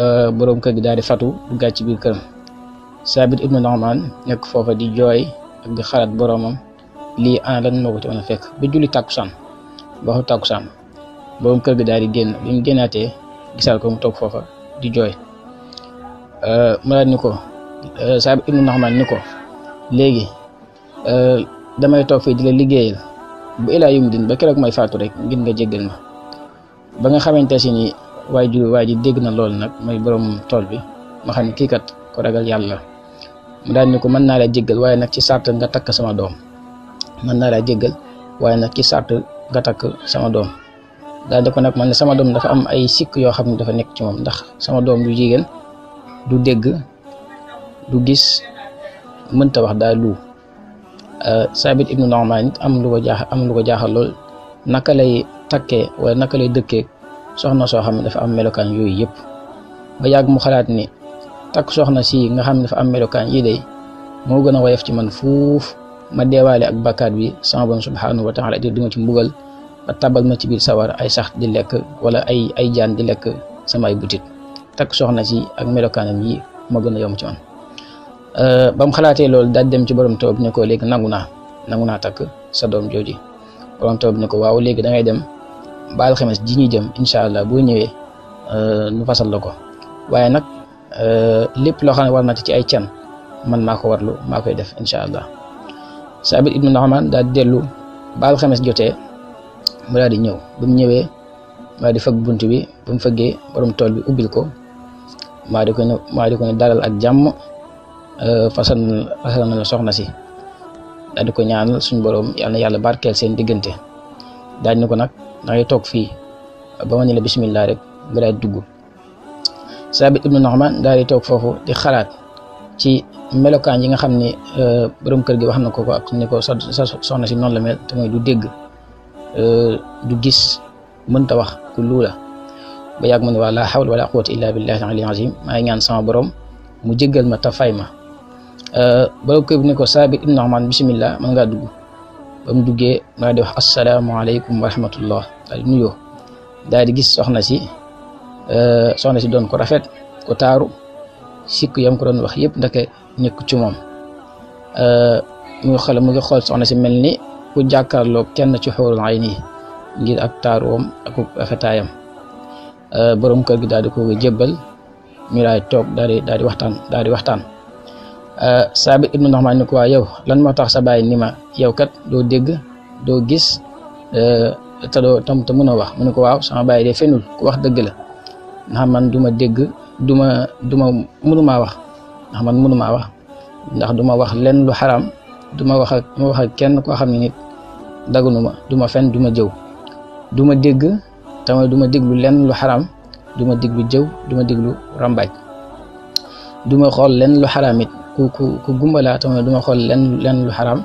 euh, boroom kër gi daal di fatu duggaat ci biir këram Saabit ibnu Nu'maan nekk foofa di jooy ak di xalaat boromam lii ana lan moo ko ci mën a fekk ba julli tàkkusaan waxu tàkkusaan boroom kër gi daal di génn bi mu génnaatee gisaat ko mu toog foofa di jooy euh, mu daal ni ko euh, Saab ibnu ma ni ko léegi euh, damay toog fii di la liggéeyal bu ilaa yum din ba keroog may faatu rek ngir nga jéggal ma ba nga xamante si ni waaye ju waay ji dégg na loolu nag mooy borom tool bi ma xam ne kii kat ko ragal yàlla mu daal ni ko mën naa la jéggal waaye nag ci sart nga takk sama doom mën naa la jéggal waaye nag ci sart nga takk sama doom daal di ko nag man sama doom dafa am ay sikk yoo xam ne dafa nekk ci moom ndax sama doom du jigéen du dégg du gis mënta wax daa lu euh, Saabit ibnu Nu'maan it am lu ko am lu ko jaaxal lool naka lay takkee wala naka lay dëkkeek soxna soo xam ne dafa am melokaan yooyu yëpp ba yàgg mu xalaat ni takk soxna si nga xam ne dafa am melokaan yii day moo gën a woyof ci man fuuf ma deewaale ak bakkaat bi sama bon subhaanahu wa taala di duma ci mbugal ba tabal ma ci biir sawar ay sax di lekk wala ay ay jaan di lekk samay butit takk soxna si ak melokaanam yi moo gën a yomb ci man euh, ba mu xalaatee loolu daal dem ci borom taw bi ne ko léegi nangu naa nangu naa takk sa doom jooji borom taw bi ko waaw léegi da dem ba alxames ji ñuy jëm incha allah boo ñëwee euh, nu fasal ko waaye nag euh, lépp loo xam ne war na ci ay can man maa ko warlu maa koy def incha allah saabit ibnu naxmaan daal dellu ba alxames jotee mu di ñëw ba mu ñëwee maa di fëgg bunt bi ba mu fëggee borom tool bi ubbil ko maa di ko ne maa ak jàmm euh, fasal na soxna si daal ko ñaanal suñu borom yal na yàlla barkeel seen diggante daal ne ko nag da ngay toog fii ba ma ne la bisimilah rek nga di dugg bi mu ibnu Naxmaan daal di toog foofu di xalaat ci melokaan yi nga xam ne euh, borom kër gi wax na ko ko ak ne ko soxna si noonu la mel te mooy du dégg. Euh, du gis mënta wax ku luula ba yàgg mu ne waa laa hawla wala quwwata illa billahi aliyil azim maa ngi ñaan sama borom mu jéggal ma ta fay ma euh, ba ko ne ko saabit ibnu Rahmaan bismillah mën ngaa dugg ba mu duggee maa di wax asalaamaaleykum wa rahmatullah daal di nuyoo daal gis soxna si euh, soxna si doon ko rafet ko taaru sikk yam ko doon wax yëpp ndake nekk ci moom mu ngi mu ngi xool soxna si mel ni ku jàkkaarloog kenn ci xóorul ayni ngir ak taaroom ak rafetaayam euh, borom kër gi daal di ko jébbal ñu daal di toog daal di daal di waxtaan daal di waxtaan euh, saabit ibnu Nuxmaan ni ko waa yow lan moo tax sa baay ni ma yow kat doo dégg doo gis euh, te doo tam te mën a wax mun ne ko waaw sama baay de fenul ku wax dëgg la ndax man du ma dégg du ma du ma wax ndax man wax ndax ma wax lu xaram du wax kenn koo xam ne daganu ma du ma fen du ma jëw du ma dégg tamit du ma déglu lenn lu xaraam du ma déglu jëw duma ma déglu rambaaj du xool lenn lu xaraam it ku xool lenn lenn lu xaram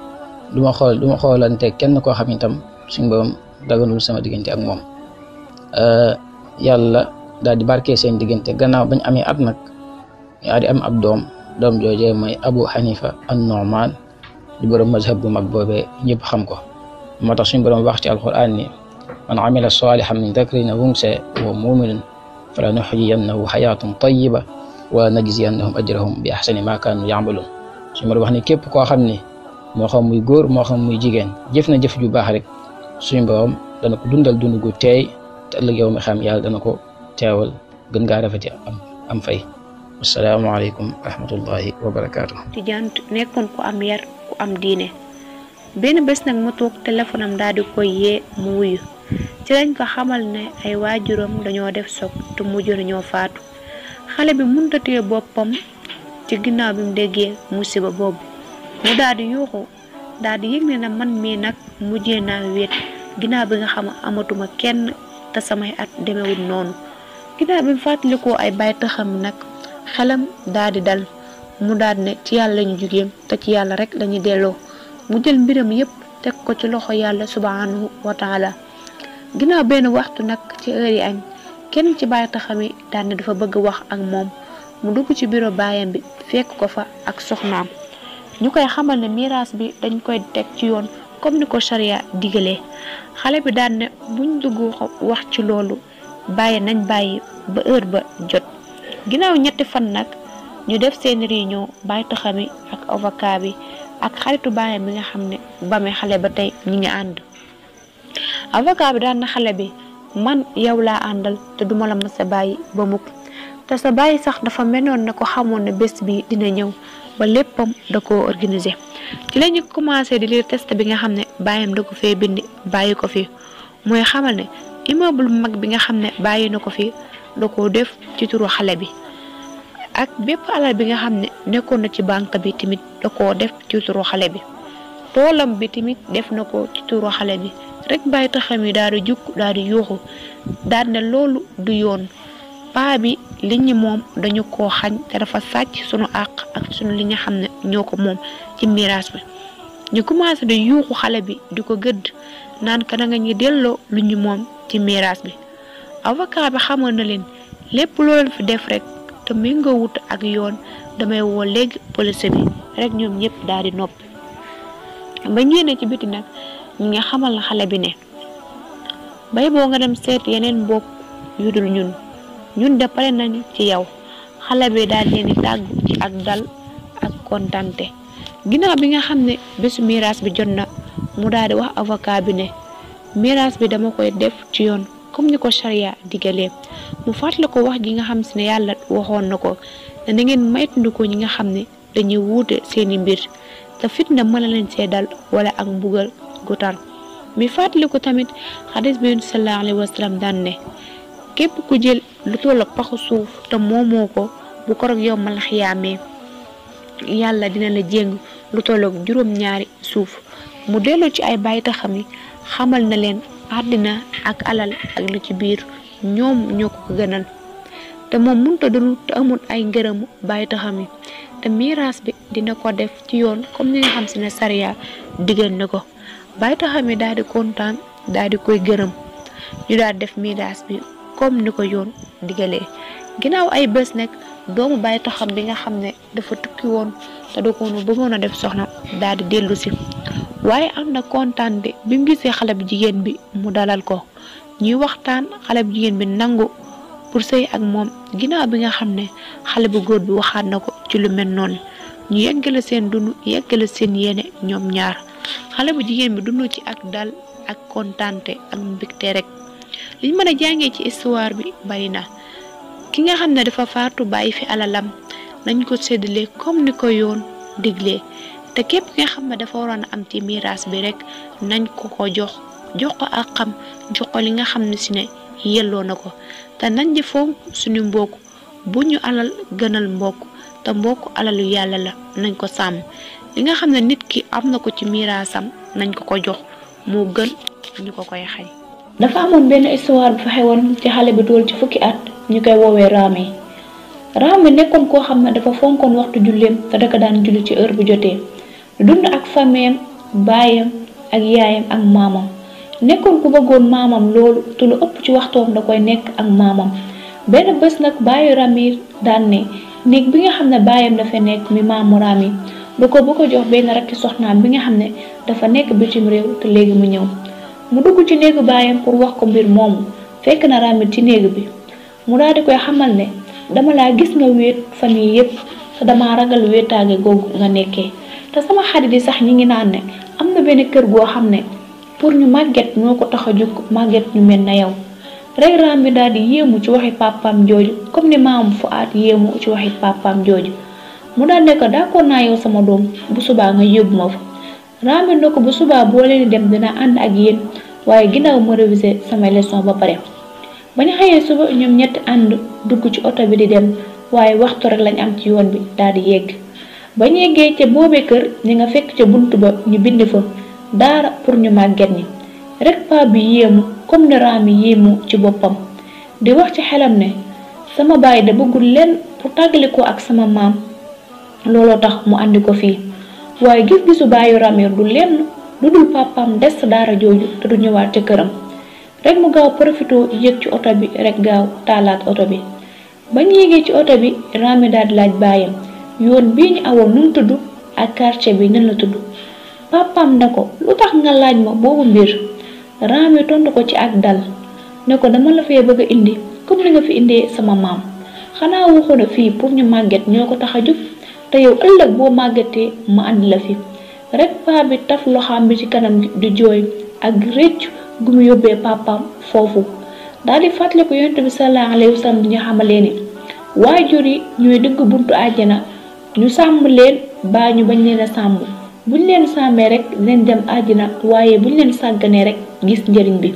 duma xool duma xoolante kenn koo xam itam suñ borom daganul sama diggante ak moom euh, yàlla daal di barkee seen diggante gannaaw bañ amee at nag yaa di am ab doom doom joojee mooy Abu Hanifa an-Nu'man di borom mazhab bu mag boobee ñëpp xam ko moo tax suñu borom wax ci alquran ni man amila salihan min dakrin aw unsa wa muminun fala nuxyiyannahu xayaatan tayiba wa najziyannahum ajrahum bi axsani ma kaanu yaamaluun suñu borom wax ni képp koo xam ni moo xam muy góor moo xam muy jigéen jëf na jëf ju baax rek suñu borom dana ko dundal dund gu teey te ëllëg yow mi xam yàlla dana ko teewal gën ngaa rafeti am am fay asalaamaaleykum wa rahmatullahi wa barakaatu. Tijaan nekkoon ku am yar ku am diine. benn bés nag mu toog téléphone am daal di koy yee mu wuyu ci lañ ko xamal ne ay waajuram dañoo def soog te mujj nañoo faatu xale bi mënut a boppam ci ginnaaw bi mu déggee boobu mu daal yuuxu daal di na man mii nag mujjee naa wéet ginnaaw bi nga xam amatuma kenn te samay at demewul noonu ginnaaw bi mu fàttalikoo ay bay taxam nag xelam daal di dal mu daal ne ci yàlla lañu jógee te ci yàlla rek lañu delloo. mu jël mbiram yépp teg ko ci loxo yàlla subhanahu wa taala ginnaaw benn waxtu nag ci heure yi añ kenn ci bàyyi taxami daan dafa bëgg wax ak moom mu dugg ci bureau baayam bi fekk ko fa ak soxnaam ñu koy xamal ne miraas bi dañ koy teg ci yoon comme ni ko charia digalee xale bi daan buñ dugg wax ci loolu bàyyi nañ bàyyi ba heure ba jot ginnaaw ñetti fan nag ñu def seen réunion bàyyi taxami ak avocat bi ak xaritu baayam bi nga xam ne ba muy xale ba tey ñu ngi ànd avocat bi daan na xale bi man yow laa àndal te duma la mës a bàyyi ba mukk te sa bàyyi sax dafa menoon na ko xamoon ne bés bi dina ñëw ba léppam da koo organiser ci la ñu commencé di lire test bi nga xam ne baayam da ko fee bindi bàyyi ko fi mooy xamal ne immeuble mag bi nga xam ne bàyyi na ko fi da koo def ci turu xale bi ak bépp alal bi nga xam ne nekkoon na ci banque bi tamit da koo def ci turu xale bi toolam bi tamit def na ko ci turu xale bi rek bàyyi taxam yi daal di jukk daal di yuuxu daal ne loolu du yoon paa bi li ñu moom dañu ko xañ te dafa sàcc sunu àq ak sunu li nga xam ne ñoo ko moom ci miraas bi ñu commencé di yuuxu xale bi di ko gëdd naan kana nga ñu delloo lu moom ci miraas bi avocat bi xamoon na leen lépp loo leen fi def rek te wut ak yoon damay woo léegi police bi rek ñoom ñëpp daal di nopp ba ñëwee ci biti nag ñu ngi xamal na xale bi ne bay boo nga dem seet yeneen mbokk yu dul ñun ñun de pare nañu ci yow xale bi daal di leen ci ak dal ak kontante ginnaaw bi nga xam ne bésu miraas bi jot na mu daal di wax avocat bi ne miraas bi dama koy def ci yoon. comme ni ko charia digalee mu fàttali ko wax ji nga xam si ne yàlla waxoon na ko ne na ngeen maytandikoo ñi nga xam ne dañuy wuute seeni mbir te fitna mën na leen see dal wala ak mbugal gu tar mi fàttali ko tamit xadis bi yonent sallallahu alayhi wa sallam daan ne képp ku jël lu paxu suuf te moomoo ko bu korog yow mal xiyaamee yàlla dina la jéng lu toll ak juróom-ñaari suuf mu delloo ci ay baytaxam yi xamal na leen àddina ak alal ak lu ci biir ñoom ñoo ko gënal te moom mënut a dund te amul ay ngërëmu bàyyi taxam te miraas bi dina ko def ci yoon comme ni nga xam si ne sariya digal na ko bàyyi taxam yi daal di kontaan daal di koy gërëm ñu daal def miraas bi comme ni ko yoon digalee ginnaaw ay bés nag doomu bàyyi taxam bi nga xam ne dafa tukki woon. te da ko bëggoon a def soxna daal di dellu si waaye am na kontaan bi bi mu gisee xale bu jigéen bi mu dalal ko ñuy waxtaan xale bu jigéen bi nangu pour sëy ak moom ginnaaw bi nga xam ne xale bu góor bi waxaat na ko ci lu mel noonu ñu yeggale seen dund yeggale seen yéene ñoom ñaar xale bu jigéen bi dund ci ak dal ak kontaante ak mbégte rek liñ mën a jàngee ci histoire bi bari na ki nga xam ne dafa faatu bàyyi fi alalam nañ ko séddale comme ni ko yoon digle te képp ki nga xam ne dafa waroon a am ci miraas bi rek nañ ko ko jox jox ko ak xam jox ko li nga xam ne si ne yelloo na ko te nañ di fonk suñu mbokk bu ñu alal gënal mbokk te mbokk alalu yàlla la nañ ko sàmm li nga xam ne nit ki am na ko ci miraasam nañ ko ko jox moo gën ñu ko koy xañ dafa amoon benn histoire bu fa xewoon ci xale bi dool ci fukki at ñu koy woowee Rame Rahma nekkoon koo xam ne dafa fonkoon waxtu julleem te daka daan julli ci heure bu jotee dund ak fameem baayam ak yaayam ak maamam nekkoon ku bëggoon maamam loolu te lu ëpp ci waxtoom da koy nekk ak maamam benn bés nag baayu Ramir daan ne néeg bi nga xam ne baayam dafa nekk mi maamu Ramir du ko bu ko jox benn rakki soxnaam bi nga xam ne dafa nekk bitim réew te léegi mu ñëw mu dugg ci néegu baayam pour wax ko mbir moomu fekk na Ramir ci néeg bi daal di koy xamal ne. dama laa gis nga wéet fan yii yëpp te damaa ragal wéetaange googu nga nekkee te sama xarit yi sax ñi ngi naan ne am na benn kër goo xam ne pour ñu màgget ñoo ko tax a jug màgget ñu mel na yow rek raam bi daal di yéemu ci waxi pàppam jooju comme ni maam fu aat yéemu ci waxi pàppam jooju mu daal ne ko d'accord naa yow sama doom bu subaa nga yóbbu ma fa raam bi ne ko bu subaa boo leen dem dina ànd ak yéen waaye ginnaaw ma réviser sama leçon ba pare. ba ñu xëyee suba ñoom ñetti ànd dugg ci oto bi di dem waaye waxtu rek lañ am ci yoon bi daal di yegg ba ñu yeggee ca boobee kër ñi nga fekk ca bunt ba ñu bind fa daara pour ñu màgget ñi rek paa bi yéemu comme ne raami yéemu ci boppam di wax ci xelam ne sama baay da bëggul leen pour tàggale ko ak sama maam looloo tax mu àndi ko fii waaye gis-gisu baayu Ramir du lenn lu dul papaam des daara jooju te du ñëwaat ca këram rek mu gaaw profito yéeg ci oto bi rek gaaw taalaat oto bi bañ yéegee ci oto bi Ramé daal laaj baayam yoon bii ñu awoon nu mu tudd ak quartier bi nan la tudd papaam na ko lu tax nga laaj ma boobu mbir Ramé tontu ko ci ak dal ne ko dama la fee bëgg a indi comme ni nga fi indee sama maam xanaa waxu na fii pour ñu màgget ñoo ko tax a jóg te yow ëllëg boo màggetee ma andi la fi rek paa bi taf loxaam bi ci kanam di jooy ak réccu gu mu yóbbee papaam foofu daldi di fàttali ko yonent bi sallallahu alayhi wa sallam di ñu xamalee ni waajur yi ñooy dëgg buntu àjjana ñu sàmm leen baa ñu bañ leen a sàmm buñ leen sàmmee rek leen dem àjjana waaye buñ leen sàgganee rek gis njëriñ bi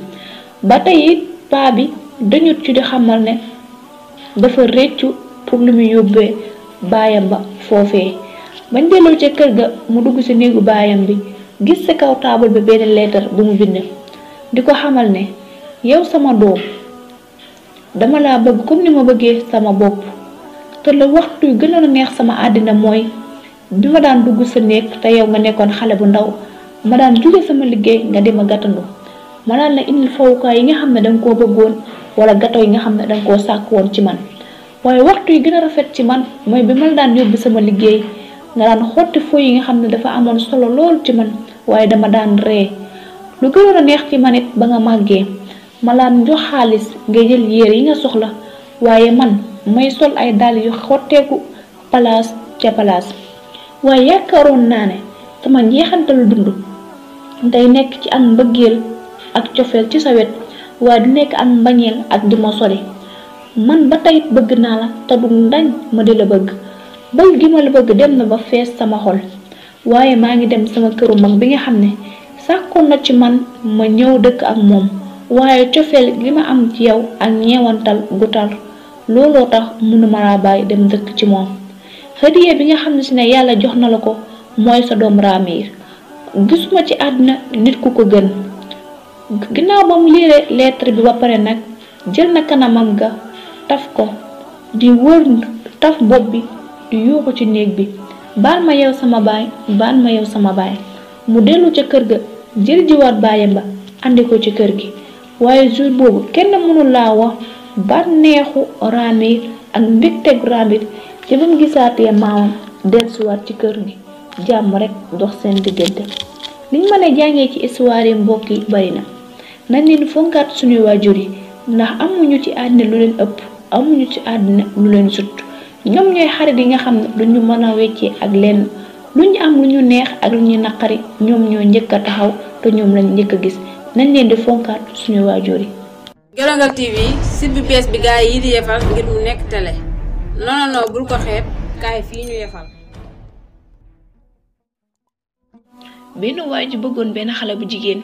ba tey it paa bi dañut ci di xamal ne dafa réccu pour lu mu yóbbee baayam ba foofee bañ delloo ca kër ga mu dugg ci néegu baayam bi gis sa kaw taabal bi benn leetar bu mu bind di ko xamal ne yow sama doom dama laa bëgg comme ni ma bëggee sama bopp te la waxtu yu gën a neex sama àddina mooy bi ma daan dugg sa néeg te yow nga nekkoon xale bu ndaw ma daan jóge sama liggéey nga dem a gàttandu ma daan la indil yi nga xam ne danga koo bëggoon wala gato yi nga xam ne danga koo sàkk woon ci man waaye waxtu yi gën a ci man mooy bi ma daan yóbbu sama liggéey nga xotti foo yi nga xam ne dafa amoon solo lool ci man waaye dama daan ree lu gënoon a neex ci man it ba nga màggee malaan jox xaalis nga jël yére yi nga soxla waaye man may sol ay dàll yu xotteeku palaas ca palaas waaye yaakaaroon naa ne sama njeexantalu dund day nekk ci am mbëggeel ak cofeel ci sa wet waa du nekk am mbañeel ak di ma sori man ba tey bëgg naa la te ndañ ma di la bëgg bëgg gi ma la bëgg dem na ba fees sama xol waaye maa ngi dem sama këru mag bi nga xam ne sàkkoon na ci man ma ñëw dëkk ak moom waaye cofeel gi ma am ci yow ak ñeewantal gu tar looloo tax mënuma laa bàyyi dem dëkk ci moom hadiya bi nga xam ne si ne yàlla jox na la ko mooy sa doom Raamir gisuma ci àddina nit ku ko gën ginnaaw ba mu liire lettre bi ba pare nag jël na kanamam ga taf ko di wër taf bopp bi di yuuxu ci néeg bi baal ma yow sama baay baal ma yow sama baay mu dellu ca kër ga jël jiwaat baayam ba andi ko ci kër gi waaye jour boobu kenn mënu laa wax neexu Ramil ak mbégteg Ramil ci ba mu gisaatee maamam dellusiwaat ci kër gi jàmm rek dox seen diggante liñ mën a jàngee ci histoire yi mbokk yi bari na nañ leen fonkaat suñuy waajur yi ndax amuñu ci àddina lu leen ëpp amuñu ci àddina lu leen sut ñoom ñooy xarit yi nga xam ne duñu mën a weccee ak lenn lu ñu am lu ñu neex ak lu ñu naqari ñoom ñoo njëkk a taxaw te ñoom lañ njëkk a gis nañ leen di fonkaat suñu waajur yi. Gueule Ngalle TV site bi gaa yi di yefal mu nekk télé ko xeeb kaay benn waay ji bëggoon benn xale bu jigéen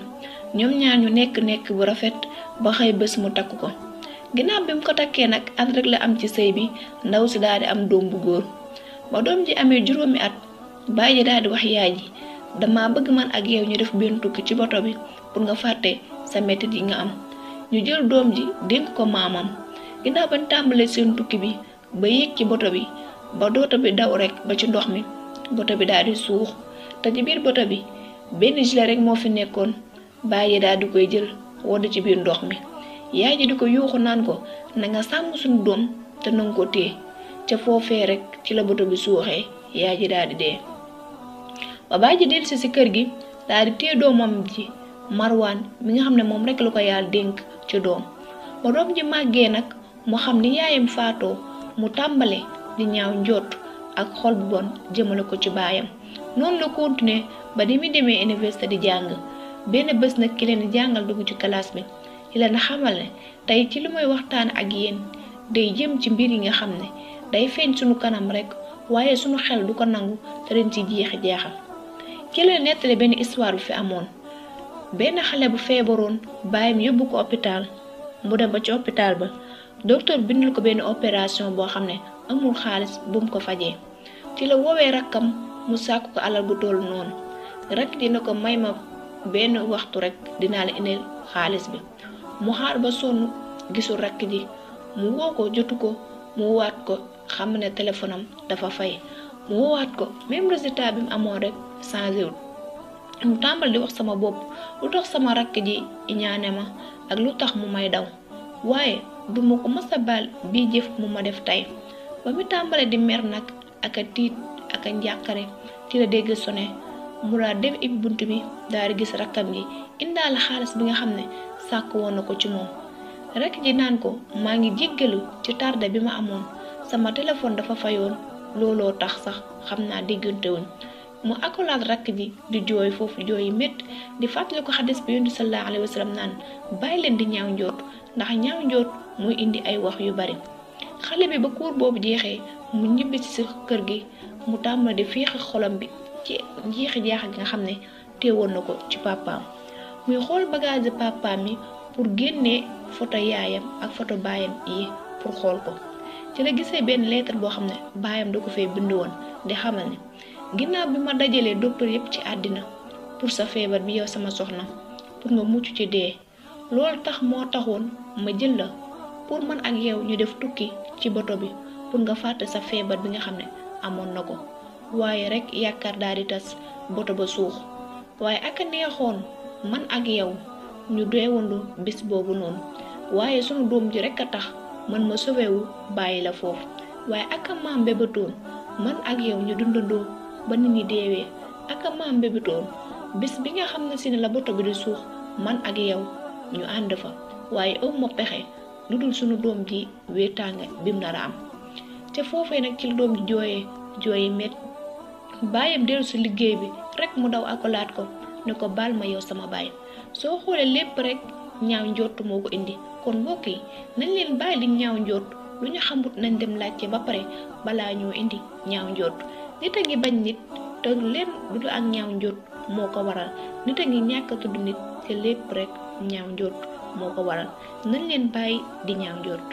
ñoom ñaar ñu nekk nekk bu rafet ba xëy bés mu takk ko ginnaaw bi mu ko takkee nag at rek la am ci sëy bi ndaw si daal di am doom bu góor ba doom ji amee juróomi at. baay ji daal di wax yaay ji dama bëgg man ak yow ñu def benn tukki ci boto bi pour nga fàtte sa mettit yi nga am ñu jël doom ji dénk ko maamam ginnaaw bañ tàmbalee seen tukki bi ba yéeg ci boto bi ba dooto bi daw rek ba ci ndox mi boto bi daal di suux te ci biir boto bi benn gilet rek moo fi nekkoon baay ji daal di koy jël wodd ci biir ndox mi yaay ji di ko yuuxu naan ko na nga sàmm suñu doom te nanga ko téye ca foofee rek ci la boto bi suuxee yaay ji daal di ba baay ji dellusi si kër gi daal di téye doomam ji marwaan bi nga xam ne moom rek lu ko yàlla dénk ci doom ba doom ji màggee nag mu xam ni yaayam faatoo mu tàmbale di ñaaw njoot ak xol bu bon jëmale ko ci baayam noonu la continuer ba ni muy demee université di jàng benn bés nag ki leen jàngal dugg ci kalaas bi ki leen xamal ne tey ci li may waxtaan ak yéen day jëm ci mbir yi nga xam ne day feeñ sunu kanam rek waaye sunu xel du ko nangu te leen ci jeex jaaxal ci la nettali benn histoire bu fi amoon benn xale bu feebaroon baayam yóbbu ko hôpital mu dem ba ci hôpital ba docteur bindul ko benn opération boo xam ne amul xaalis bum ko fajee ci la woowee rakkam mu sàkku ko alal bu toll noonu rakk dina ko may ma benn waxtu rek dinaa la indi xaalis bi mu xaar ba sonn gisul rakk ji mu woo ko jotu ko mu waat ko xam ne téléphone dafa fay mu woowaat ko même résultat bi mu amoon rek. changé wul mu tàmbal di wax sama bopp lu tax sama rakk ji ñaane ma ak lu tax mu may daw waaye du ko masa baal bii jëf mu ma def tey ba mu tàmbale di mer nag ak a tiit ak a njàqare ci la dégg sone mu daal dem ib bunt bi daal di gis rakkam gi indaal xaalis bi nga xam ne sàkk woon na ko ci moom rekk ji naan ko maa ngi jéggalu ci tarde bi ma amoon sama téléphone dafa fayoon looloo tax sax xam naa déggante wuñ mu akolaat rakk ji di jooy foofu jooy yi métt di fàttali ko xadis bi yonent sallallahu alayhi wa sallam naan bàyyi leen di ñaaw njoot ndax ñaaw njoot muy indi ay wax yu bari xale bi ba kuur boobu jeexee mu ñibbi ci kër gi mu tàmbali di féexi xolam bi ci jeexi jaax gi nga xam ne teewoon na ko ci papaam muy xool bagage papaam yi pour génnee photo yaayam ak photo baayam yi pour xool ko ci la gisee benn lettre boo xam ne baayam da ko fee bind woon di xamal ginnaaw bi ma dajalee docteur yépp ci àddina pour sa feebar bi yow sama soxna pour nga mucc ci dee loolu tax moo taxoon ma jël la pour man ak yow ñu def tukki ci bato bi pour nga fàtte sa feebar bi nga xam ne amoon na ko waaye rek yaakaar daal di tas bato ba suux waaye ak neexoon man ak yow ñu deewandu bis boobu noonu waaye sunu doom ji rek a tax man ma sauvé bàyyi la foofu waaye ak maam bébatoon man ak yow ñu dundandoo. ba nit ñi deewee ak maam bis bi nga xam na si ne la boto bi di suux man ak yow ñu ànd fa waaye aw ma pexe lu dul sunu doom ji wéetaanga bim nar a am te foofee nag ci la doom ji jooyee jooyi met baayam dellu si liggéey bi rek mu daw akolaat ko ne ko baal ma yow sama baay soo xoolee lépp rek ñaaw njott moo ko indi kon mbokk yi nañ leen bàyyi di ñaaw njott lu ñu xamut nañ dem laajte ba pare balaa ñoo indi ñaaw njott nit a ngi bañ nit te lenn lu du ak ñaaw njot moo ko waral nit a ngi ñàkk a tudd nit te lépp rek ñaaw njot moo ko waral nañ leen bàyyi di ñaaw njot